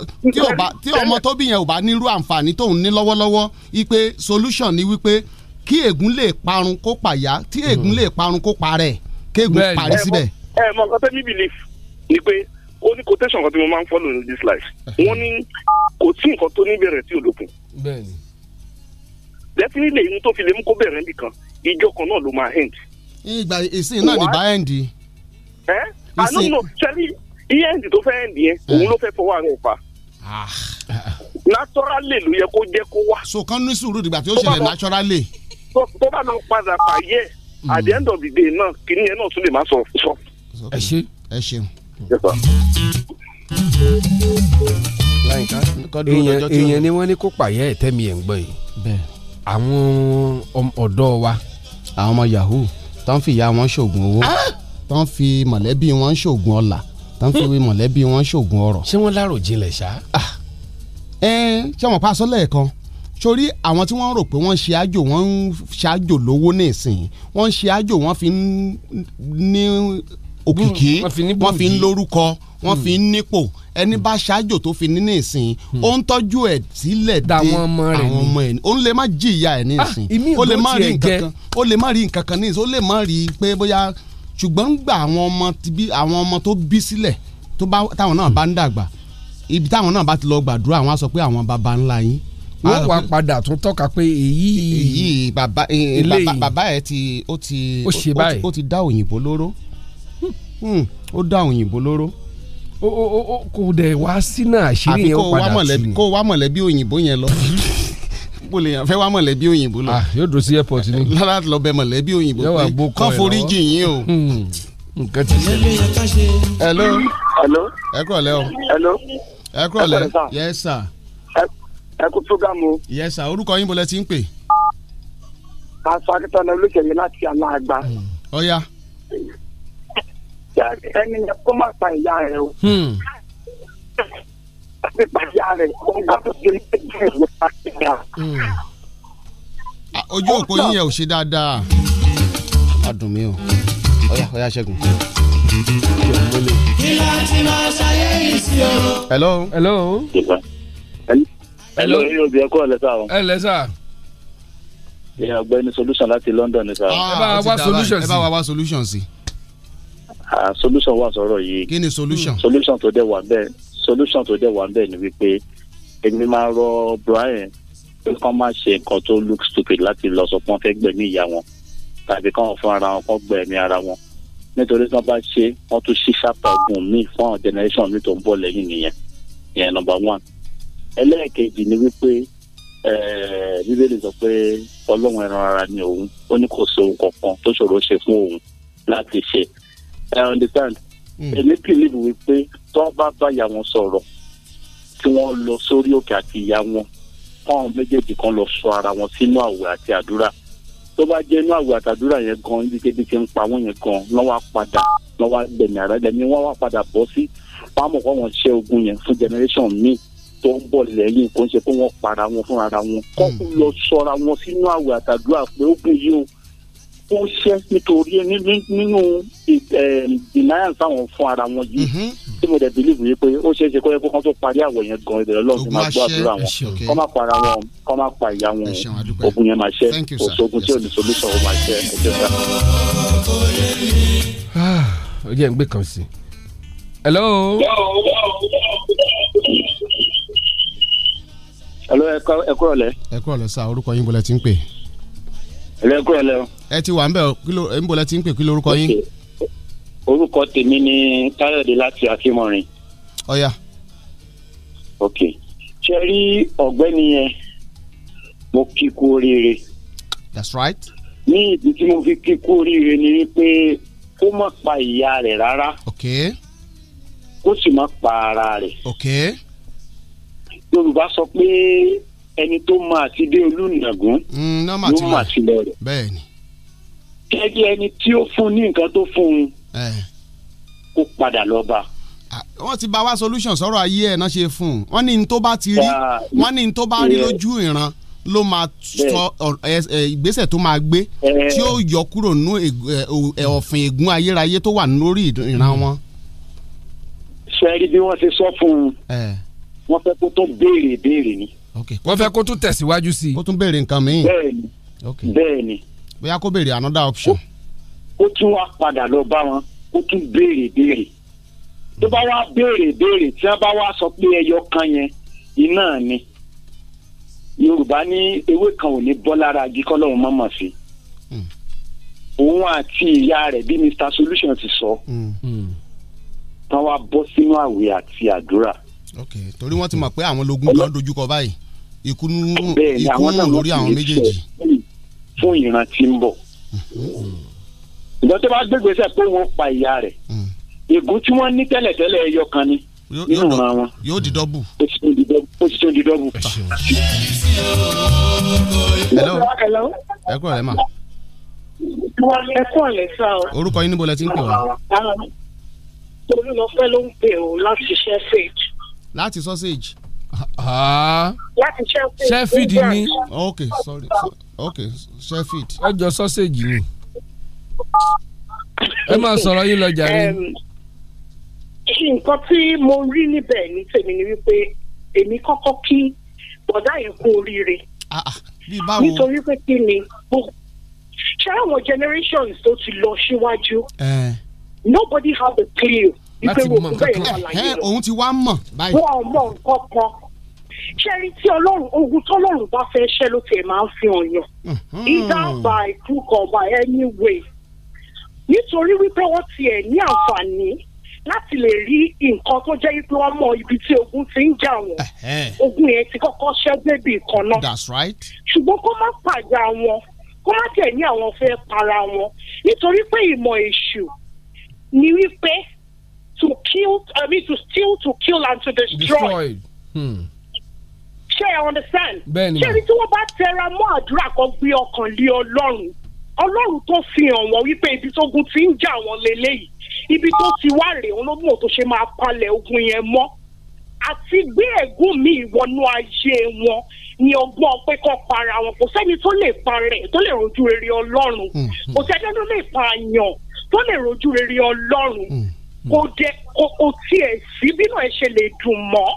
tí ọmọ tó bí yẹn ò bá nírú àǹfààní tóun ní lọ́wọ́lọ́wọ́ wípé solution ni wípé kí ègún lè parun kó pàyà tí ègún hmm. lè parun kó parẹ́ kéègùn parí síbẹ̀. ẹ mọ nǹkan tẹ́mi believe ni pé ó ní quotation kan tí mo máa ń follow in this life hmm. wọ́n ní kò sí nǹkan tó ní bẹ̀rẹ̀ tí ò lópin. definitely inú tó fi lè mú kó bẹ̀rẹ̀ nìkan ìjọ kan náà ló máa end ìgbà ìsìn náà ní bá ẹ̀ǹdì. ẹ àná nù sẹ́rí iye ẹ̀ǹdì tó fẹ́ ẹ̀ǹdì yẹn eh. òun ló fẹ́ fọwọ́ rẹ̀ fà. Ah. naturally ló yẹ kó jẹ́ kó wá. so kán ní sùúrù dìgbà tí ó ṣẹlẹ̀ naturally. tó bá máa padà pààyè hmm. at the end of the day náà kìíní yẹn náà tún lè má sọ sọ. ẹ ṣe ẹ ṣeun èèyàn ni wọ́n ní kó pààyẹ́ ẹ̀tẹ́mi ẹ̀ ń gbọ́ yìí àwọn ọ̀dọ́ wa. àwọn ọmọ yahoo tó fi ìyá wọn ṣoògùn owó ah! tó fi mọ̀lẹ́bí wọn ṣoògùn ọlà tó fi hmm. mọ̀lẹ́bí wọn ṣoògùn ọrọ̀. ṣé wọ́n lárò jinlẹ̀ ṣá. Ah! ẹ ṣé wọn pa aṣọ lẹ́ẹ̀kan sórí àwọn tí wọ́n rò pé wọ́n ṣe àjò wọ́n ń ṣàjò lówó ní ìsìn wọ́n ń ṣe àjò hmm, wọ́n fi ní òkìkí wọ́n fi ń lórúkọ wọ́n fi ń hmm. nípò ẹni bá ṣáájò tó fi níní ìsìn hmm. ó ń tọ́jú ẹ̀ sílẹ̀ dé àwọn ọmọ ẹ̀ ni ó lè má jìyà ẹ̀ ní ìsìn ah, ó lè má rí nǹkan kan ó lè má rí nǹkan kan ní ìsìn ó lè má rí pé bóyá ṣùgbọ́n gbà àwọn ọmọ àwọn ọmọ tó bí sílẹ̀ táwọn náà bá ń dàgbà ibi táwọn náà bá ti lọ gbàdúrà àwọn á sọ pé àwọn baba ńlá yín wọ́n wá padà tún tọ́ka pé èyí èyí bàbá eh, eh, ẹ̀ ti ó ti dá òyìnbó lóró hmm, hmm, ó dá òyìnbó lóró o o o kò dẹ̀ wá sínú àṣírí yẹn ó padà tù ní. bi wá mọ̀lẹ́bí òyìnbó yẹn lọ [laughs] bó lè yàn fẹ́ wá mọ̀lẹ́bí òyìnbó lọ. Ah, yóò dùn sí airport ni. lára lọ bẹ mọ̀lẹ́bí òyìnbó pé kọ́ forí yi o. Hmm, nǹkan ti ṣe. hello. hello. ẹ o. hello. ẹ kọ́ yes sir. ẹ kú orúkọ yín bọ́lẹ̀ ti ń pè. aṣọ olóṣèlú ẹni yẹn kó má pa ìyá rẹ o. àti hmm. pa ìyá rẹ o nígbà tó ṣe ní ẹgbẹ́ ìlú pàṣẹ yà. ojú òpó yín yẹn ò ṣe dáadáa. a dùn mí o ọyá ọyá ṣẹ́gun. kí la ti máa ṣayé yìí sí o. hello. hello. hello yín obì ẹ kú ọ̀lẹ́ sá o. ẹ lẹ́ sá. ọ̀gbẹ́ni solution láti London ni sá. Ah, ẹ bá wa wá solution sí. ẹ bá wa wá solution sí solution wà sọ̀rọ̀ yìí. kí ni solution. Hmm. solution tó dẹ̀ wà bẹ́ẹ̀ solution tó dẹ̀ wà bẹ́ẹ̀ ni wípé èmi máa rọ Brian pé kán má ṣe nǹkan tó look stupid láti lọ sọ pé wọ́n fẹ́ gbẹ̀mí ìyá wọn tàbí kán fún ara wọn kán gbẹ̀mí ara wọn nítorí tí wọ́n bá ṣe wọ́n tún ṣí sápá ogun míì fún àwọn generation mi tó ń bọ̀ lẹ́yìn nìyẹn ìyẹn number one ẹlẹ́ẹ̀kejì ni wípé eh, bíbélì sọ pé ọlọ́run ẹran ara ni òun ó ní kò sí ohun kankan tó ṣòro ṣe fún òun láti ṣe I understand. Hmm. Èmi believe wípé tó bá báyà wọn sọ̀rọ̀ kí wọ́n lọ sórí òkè àti ìyá wọn káwọn méjèèjì kan lọ sọ ara wọn sínú àwẹ̀ àti àdúrà tó bá jẹ́ inú àwẹ̀ àti àdúrà yẹn gan ibi kébi ti ń pa wọ́n yẹn gan lọ́wọ́ apàdà lọ́wọ́ gbẹ̀mí ara ẹ̀mí wọ́n wá padà bọ́ sí wọ́n á mọ̀ pé wọ́n ṣe ogun yẹn fún generation míì tó ń bọ̀ lẹ́yìn kó ń ṣe pé wọ́n para wọn fúnra wọn hmm. kọ́kú lọ sọra wọn sínú àwẹ̀ àtàdúrà pé ogun yìí o ó ṣẹ́ nítorí nínú ìnáyànsá eh, wọn fún ara wọn yìí mhm. tí mo dẹ̀ bílíìfù yìí pé ó ṣeé ṣe kó kó kán tó parí àwọ̀ yẹn gan ìbẹ̀rẹ̀ lọ́wọ́ fi máa gbọ́ àdúrà wọn kọ́ máa pa ara wọn kọ́ máa pa ìyá wọn ogun yẹn máa ṣẹ́ òṣogun tí ò ní solúsọ̀ máa ṣẹ́ ẹ̀jẹ̀ sá. Ah, ó jẹ́ ń gbé kan sí i. hello. hello ẹ kúrọ̀lẹ́. sá orúkọ yín bọ́lá ti ń pè é lẹ́kọ́ ẹ lẹ́wọ̀n. ẹ ti wà ń bẹ̀ ọ́ ń bọ̀ lẹ́ ti ń pè kí lórúkọ yín. orúkọ tèmi ni káyọ̀dé láti akínmọ́rin. ọ̀ya. ok ṣe rí ọ̀gbẹ́ni yẹn mo kí kú oríire. that's right. ní ìdí tí mo fi kí kú oríire ni wípé kó má pa ìyá rẹ̀ rárá. ok. kó sì má pa ara rẹ̀. ok. Yorùbá sọ pé ẹni tó máa ti dé olùnàgún hmm, ló máa ti lọ rẹ̀ bẹ́ẹ̀ni. gẹ́gẹ́ ẹni tí ó fún ní nǹkan tó fún un kó padà lọ bá. wọ́n ti bá wá solution sọ̀rọ̀ ayé ẹ̀ náà ṣe fún un wọ́n ní ní tó bá ti rí wọ́n ní ní tó bá rí lójú ìran ló máa sọ ìgbésẹ̀ tó máa gbé tí ó yọ kúrò nú ọ̀fìn ègún ayérayé tó wà lórí ìran hmm. wọn. sẹ́ẹ̀rí bí wọ́n ṣe sọ fún un wọ́n fẹ́ kó tó béèrè ìbéèrè ni wọ́n fẹ́ kó tún tẹ̀síwájú sí i. ó tún béèrè nǹkan míì. bẹ́ẹ̀ni bẹ́ẹ̀ni. bóyá kó béèrè another option. ó tún wá padà lọ bá wọn ó tún béèrè béèrè tó bá wá béèrè béèrè tí wọ́n bá wá sọ pé ẹyọ kan yẹn iná ni yorùbá ní ewé kan ò ní bọ́ lára igi kọ́lọ́hún mọ́mọ́ sí hmm. òun àti ìyá rẹ̀ bí Mr Solution ti sọ hmm. Hmm. tán wá bọ́ sínú àwẹ̀ àti àdúrà. ok torí wọ́n ti mọ̀ pé àwọn logun kan dojú kọ báyìí ikú nù lórí àwọn méjèèjì. fún ìran tí ń bọ̀ ìjọ tó bá gbégbèsè pé wọ́n pa ìyá rẹ̀ hmm. ègún tí wọ́n ní tẹ́lẹ̀tẹ́lẹ̀ ẹyọ kan ni nínú ra wọn. yóò di dọ́bù. ó ti tó di dọ́bù. hello ẹ kúrò lẹ́mà. ẹ kúrò o. orúkọ yín níbo lẹ ti ń pè wá. Ah, Tolúlọpẹ́ ló ń pè ó láti sausage. láti sausage láti Sheffield. Sheffield ni. ok sorry ok Sheffield. ẹ jọ sausage ni ẹ máa sọ̀rọ̀ yín lọ jàre. nǹkan tí mo rí níbẹ̀ ní tèmi ni wípé èmi kọ́kọ́ kí bọ̀dá yẹn kú oríire. Ah, ah, nítorí pé kí ni ṣé àwọn generations tó ti lọ síwájú nobody has a clue. láti mọ nǹkan kan òun ti wá mọ̀ báyìí. wọ́n mọ nǹkan kan ṣẹ́rí tí ọlọ́run ogun tọ́lọ́run bá fẹ́ ṣẹ́ ló tiẹ̀ máa ń fi hàn yàn either hmm. by crook or by any way nítorí wípé wọ́n tiẹ̀ ní àǹfààní láti lè rí nǹkan tó jẹ́ wípé wọ́n mọ ibi tí ogun ti ń jà wọ́n ogun yẹn ti kọ́kọ́ ṣẹ́ débi ìkan náà that's right ṣùgbọ́n kó má pàjá wọn kó má tiẹ̀ ní àwọn fẹ́ para wọn nítorí pé ìmọ̀ èṣù ni wípé to kill i mean to steal to kill and to destroy. destroy. Hmm ṣé ẹ understand. bẹ́ẹ̀ni ma ṣé ibi tí wọn bá tẹra mọ́ àdúrà kan gbé ọkàn lé Ọlọ́run Ọlọ́run tó fi hàn wọn wípé ibi tó gun ti ń jà wọn lélẹyìí ibi tó ti wá rèé òun ló mú òun tó ṣe máa palẹ̀ ogun yẹn mọ́ àti gbé ègún mi ìwọnú ayé wọn ni ọgbọ́n pé kọ́ para wọn kò sẹ́ni tó lè parẹ́ tó lè rojú rere Ọlọ́run hmm, hmm. kò sẹ́ni tó lè pààyàn tó lè rojú rere Ọlọ́run hmm, kò dé kò tiẹ̀ sí bínú ẹ̀ ṣe lè dùn mọ́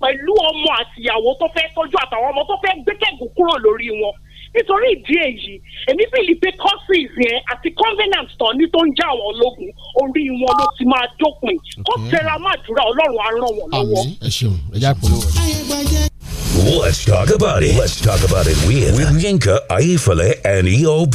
pẹ̀lú ọmọ àtìyàwó tó fẹ́ tọ́jú àtàwọn ọmọ tó fẹ́ gbẹ́kẹ̀gùn kúrò lórí wọn nítorí ìdí èyí èmi bìlì pé courses yẹn àti covenant tán ní tó ń já àwọn ológun orí wọn ló ti máa dópin kó tẹra màdúrà ọlọ́run á ràn wọ́n lọ́wọ́. ẹ ṣeun ẹ já polówó. Let's talk about it. Let's talk about it with, with Yinka, Aifale, and EOB.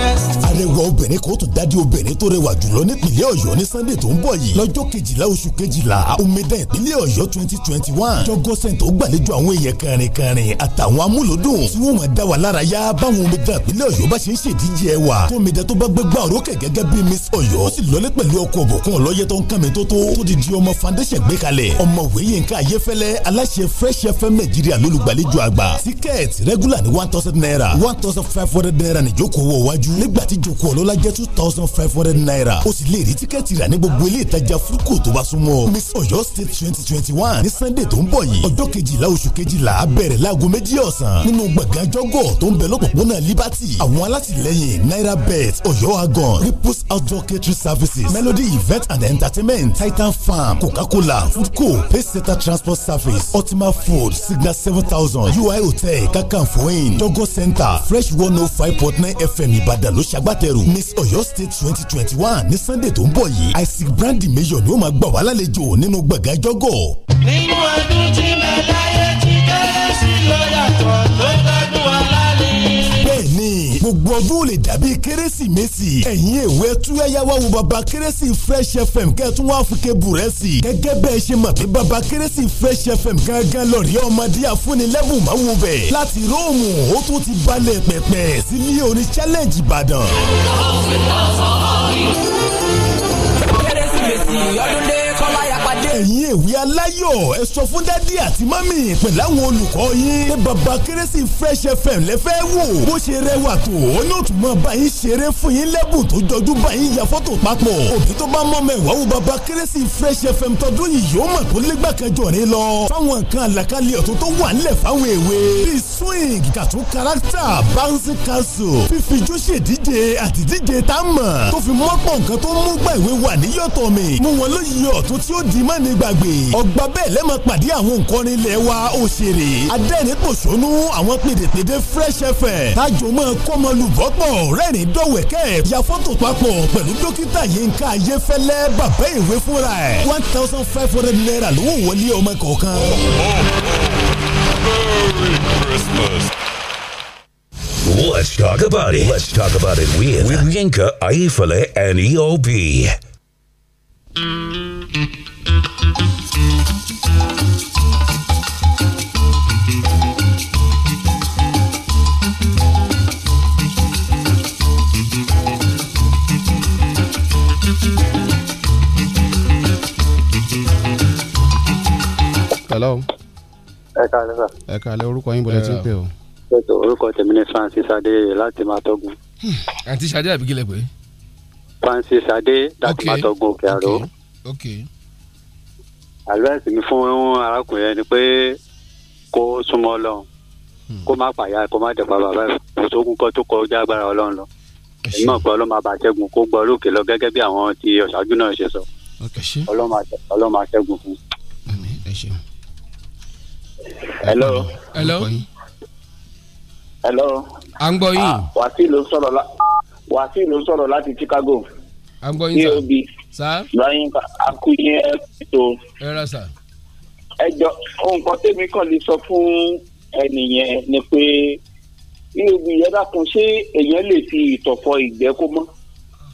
arẹwà obìnrin kò tún dádì obìnrin tó rẹwà jùlọ nípìnlẹ̀ ọ̀yọ́ ní sunday tó ń bọ̀ yìí lọ́jọ́ kejìlá oṣù kejìlá omidan ìpínlẹ̀ ọ̀yọ́ twenty twenty one jọgọ́sẹ̀ tó gbàlejò àwọn èèyàn kẹrin kẹrin àtàwọn amúlòdùn tí wọ́n máa dá wa lára yá báwọn omidan ìpínlẹ̀ ọ̀yọ́ bá ṣe ń ṣèdíje ẹwà tó omidan tó bá gbé gbá òrókè gẹ́gẹ́ bí miss ọ̀yọ́ ó sì lọlé pẹ̀lú ọkọ̀ ọ̀bọ̀kún ọlọ́yẹ tó ń kàn tó tó tó di di ọmọ foundation gbé kalẹ̀ ọmọ ṣòkò ọlọ́lá jẹ́ two thousand five hundred naira o sì lè rí tíkẹ́ẹ̀tì rà ní gbogbo ilé ìtajà fúlùkù tó bá súnmọ́ Miss Ọ̀yọ́ State twenty twenty one ní Sunday tó ń bọ̀ yìí ọjọ́ kejìlá oṣù kejìlá bẹ̀rẹ̀ láago méjì ọ̀sán nínú gbọ̀ngàn jọ́gọ̀ tó ń bẹ lọ́pọ̀pọ̀nà Liberty àwọn alátìlẹyìn naira bet Ọ̀yọ́ agan ripples outdoor catering services melody event and entertainment titan farm coca-cola foodco paysetter transport service ultima food signal seven thousand ui hotel kakanfo inn jọgọ center fresh one oh five point nine fm Ìbàdàn ló ṣàgbàtà dẹrù miss oyo state twenty twenty one ní sunday tó ń bọ̀ yìí isaac brandy mayor ni ó máa gbà wá lálejò nínú gbọ̀ngàn jọ́gọ̀. nínú ọdún tí mẹ́láyé ti kéré sí lọ́yàtọ̀ lọ́yàtọ̀ gbogbo ọdún ò lè dàbí kérésìmesì ẹ̀yin èwe tú wo baba kérésì fresh fm kẹ́tún wá fún kébù rẹ̀ sí gẹ́gẹ́ bẹ́ẹ̀ ṣe mọ̀ pé baba kérésì fresh fm gángan lọ́ọ̀rì ọmọdé àfúnilẹ́bù máa wù bẹ̀ láti róòmù ó tún ti balẹ̀ pẹ̀pẹ̀ sílé orin challenge ìbàdàn. kérésìmesì ọdún dé ẹ̀yin èwe aláyọ̀ ẹ sọ fún dádì àti mọ́mì pẹ̀lú àwọn olùkọ́ yín pé baba kérésì fresh fm lẹ́fẹ́ wò bó ṣe rẹwà tó ó ní òtún mọ́ báyìí ṣeré fún yín lẹ́bùn tó jọjú báyìí ya fọ́tò papọ̀ òbí tó bá mọ́ mẹ́wàá wo baba kérésì fresh fm tọdún yìí yóò mọ̀ tó lé gbàkẹ́jọ rẹ lọ fáwọn nǹkan àlàkalẹ̀ ọ̀tún tó wà nílẹ̀ fáwọn èwe bíi swing cartoon character bouncy castle fífijú ṣèdíje àti díje tá a mọ̀ tó fi mọ́pọ̀ nǹkan tó mú gbà ìwé wà níyọ̀tọ̀ mi mú wọn lóyè ọ̀tún tí ó di mọ́ni ní ọgbà bẹ́ẹ̀ lẹ́mọ̀ pàdé àwọn nǹkan ilé wa òṣèré adẹ́rìn pòṣónú àwọn pèdèpèdè fresh fm tájò mọ́ kọ́mọlúbọ́pọ̀ dọ́wẹ̀kẹ́ ya papọ̀ pẹ̀lú dókítà yínká ayéfẹ́lẹ́ bàbá ìwé fúnra ẹ̀ one thousand five hundred naira lówó wọlé ọmọ kọ̀ọ̀kan. Oh, oh, Let's talk about it. Let's talk about it with, with Yinka, Aifale, and EOB hello. ẹ káalẹ́ sà. ẹ káalẹ́ orúkọ yín bọlẹ tí ń pè o. ètò orúkọ tèmi ni Francis Adéyẹyẹ láti máa tọgùn. àǹtí Ṣadé àbíkí lẹ pé. Francis Ade, láti máa tọgùn òkè àrò. okay advice mi fún arákùnrin yẹn ni pé kó súnmọ́ ọlọ́run hmm. kó má pàyà kó má dẹ̀pà bàbá ẹ̀ kó tó kún kó tó kọjá agbára ọlọ́run lọ èmi náà pé ọlọ́run máa bá ṣẹ́gun kó gbọ́ lókè lọ gẹ́gẹ́ bí àwọn ti ọ̀ṣáájú náà ṣe sọ oh, ọlọ́run máa ṣẹ́gun fún. hello. hello. hello. à ń gbọ́ yín. Ah, wàsíù ló sọ̀rọ̀ láti Chicago. I'm going to. eob sir. ibrahim akunye ẹ̀tọ́. ẹ ra sà. ẹ jọ ohun kan tèmi kàn lè sọ fún ẹnìyẹn ni pé eob yẹn dákun ṣé èèyàn lè fi ìtọ̀fọ̀ ìgbẹ́ kó mọ́.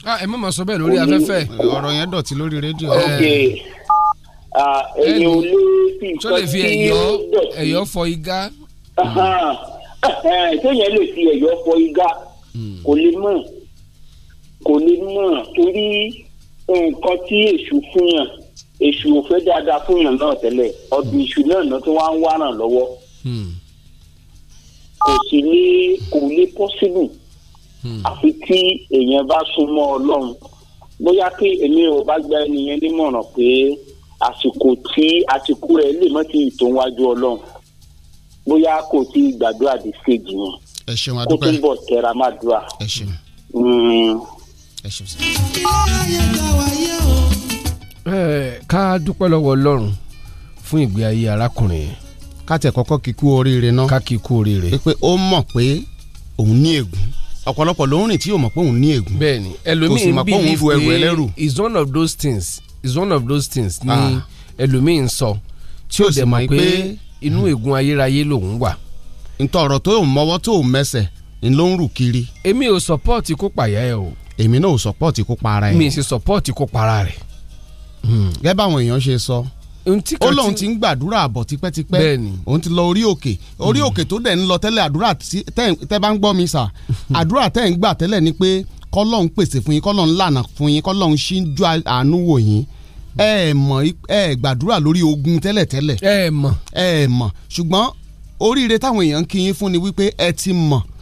Ah, ẹ má máa sọ bẹ́ẹ̀ lórí afẹ́fẹ́. ọ̀rọ̀ yẹn dọ̀tí lórí rédíò. ok eh. èèyàn ò lè fi ìtọ̀ sí dọ̀tí. ẹ̀yọ́ fọ igá. Eh, eh, ṣé yẹn lè fi ẹ̀yọ́ fọ igá hmm. kò lè mọ̀ kò lè mọ̀ torí nǹkan tí èṣù fún yàn èṣù ò fẹ́ dáadáa fún yàn náà tẹ́lẹ̀ ọdún èṣù náà náà tí wọ́n á ń wá ràn lọ́wọ́ hmm. kò sì ní kò ní pọ́sibù hmm. àfi tí èèyàn bá súnmọ́ ọlọ́run bóyá pé èmi ò bá gba ẹnìyẹn nímọ̀ràn pé àsìkò tí àsìkò rẹ̀ lè mọ́ ti ìtò wájú ọlọ́run bóyá kò tí gbàdúrà dé stage yẹn kó tó ń bọ̀ tẹra máa dúrà. ẹ ṣeun sí. ká dúpẹ́ lọ́wọ́ ọlọ́run fún ìgbé ayé arákùnrin yẹn. ká kọ́kọ́ kíkú oríire náà. ká kíkú oríire. pé ó mọ̀ pé òun ní egwu. ọ̀pọ̀lọpọ̀ ló ń rìn tí yóò mọ̀ pé òun ní ègún. ẹlòmíín mi is one of those things is one of those things ni ah. ẹlòmíín sọ tí ó dẹ̀ pé inú ayérayé lòun wà. ntọ̀rọ̀ tó tó ni ló ń rù kiri. èmi ò kó èmi náà ò sọpọ́ọ̀tì kó para ẹ̀. mi sì sọpọ́ọ̀tì kó para rẹ̀. Hmm, gẹ́gẹ́ báwọn èèyàn ṣe sọ ó lóun ti ń gbàdúrà àbọ̀ tipẹ́tipẹ́ òun ti lọ orí òkè orí hmm. òkè tó dẹ̀ ń lọ tẹ́lẹ̀ àdúrà tẹ́ bá ń gbọ́ mi sà [laughs] àdúrà tẹ́ ń gbà tẹ́lẹ̀ ni pé kọ́lọ́hún pèsè fún yín kọ́lọ́hún lànà fún yín kọ́lọ́hún ṣíjú àánú wò yín ẹ ẹ mọ̀ ẹ ẹ gbàdúrà lórí ogun tẹ́lẹ̀ tẹ́lẹ̀ ẹ ẹ mọ̀ ẹ ẹ mọ̀ ṣùgbọ́n oríire táwọn èèyàn kí yín fún ni wípé ẹ ti mọ̀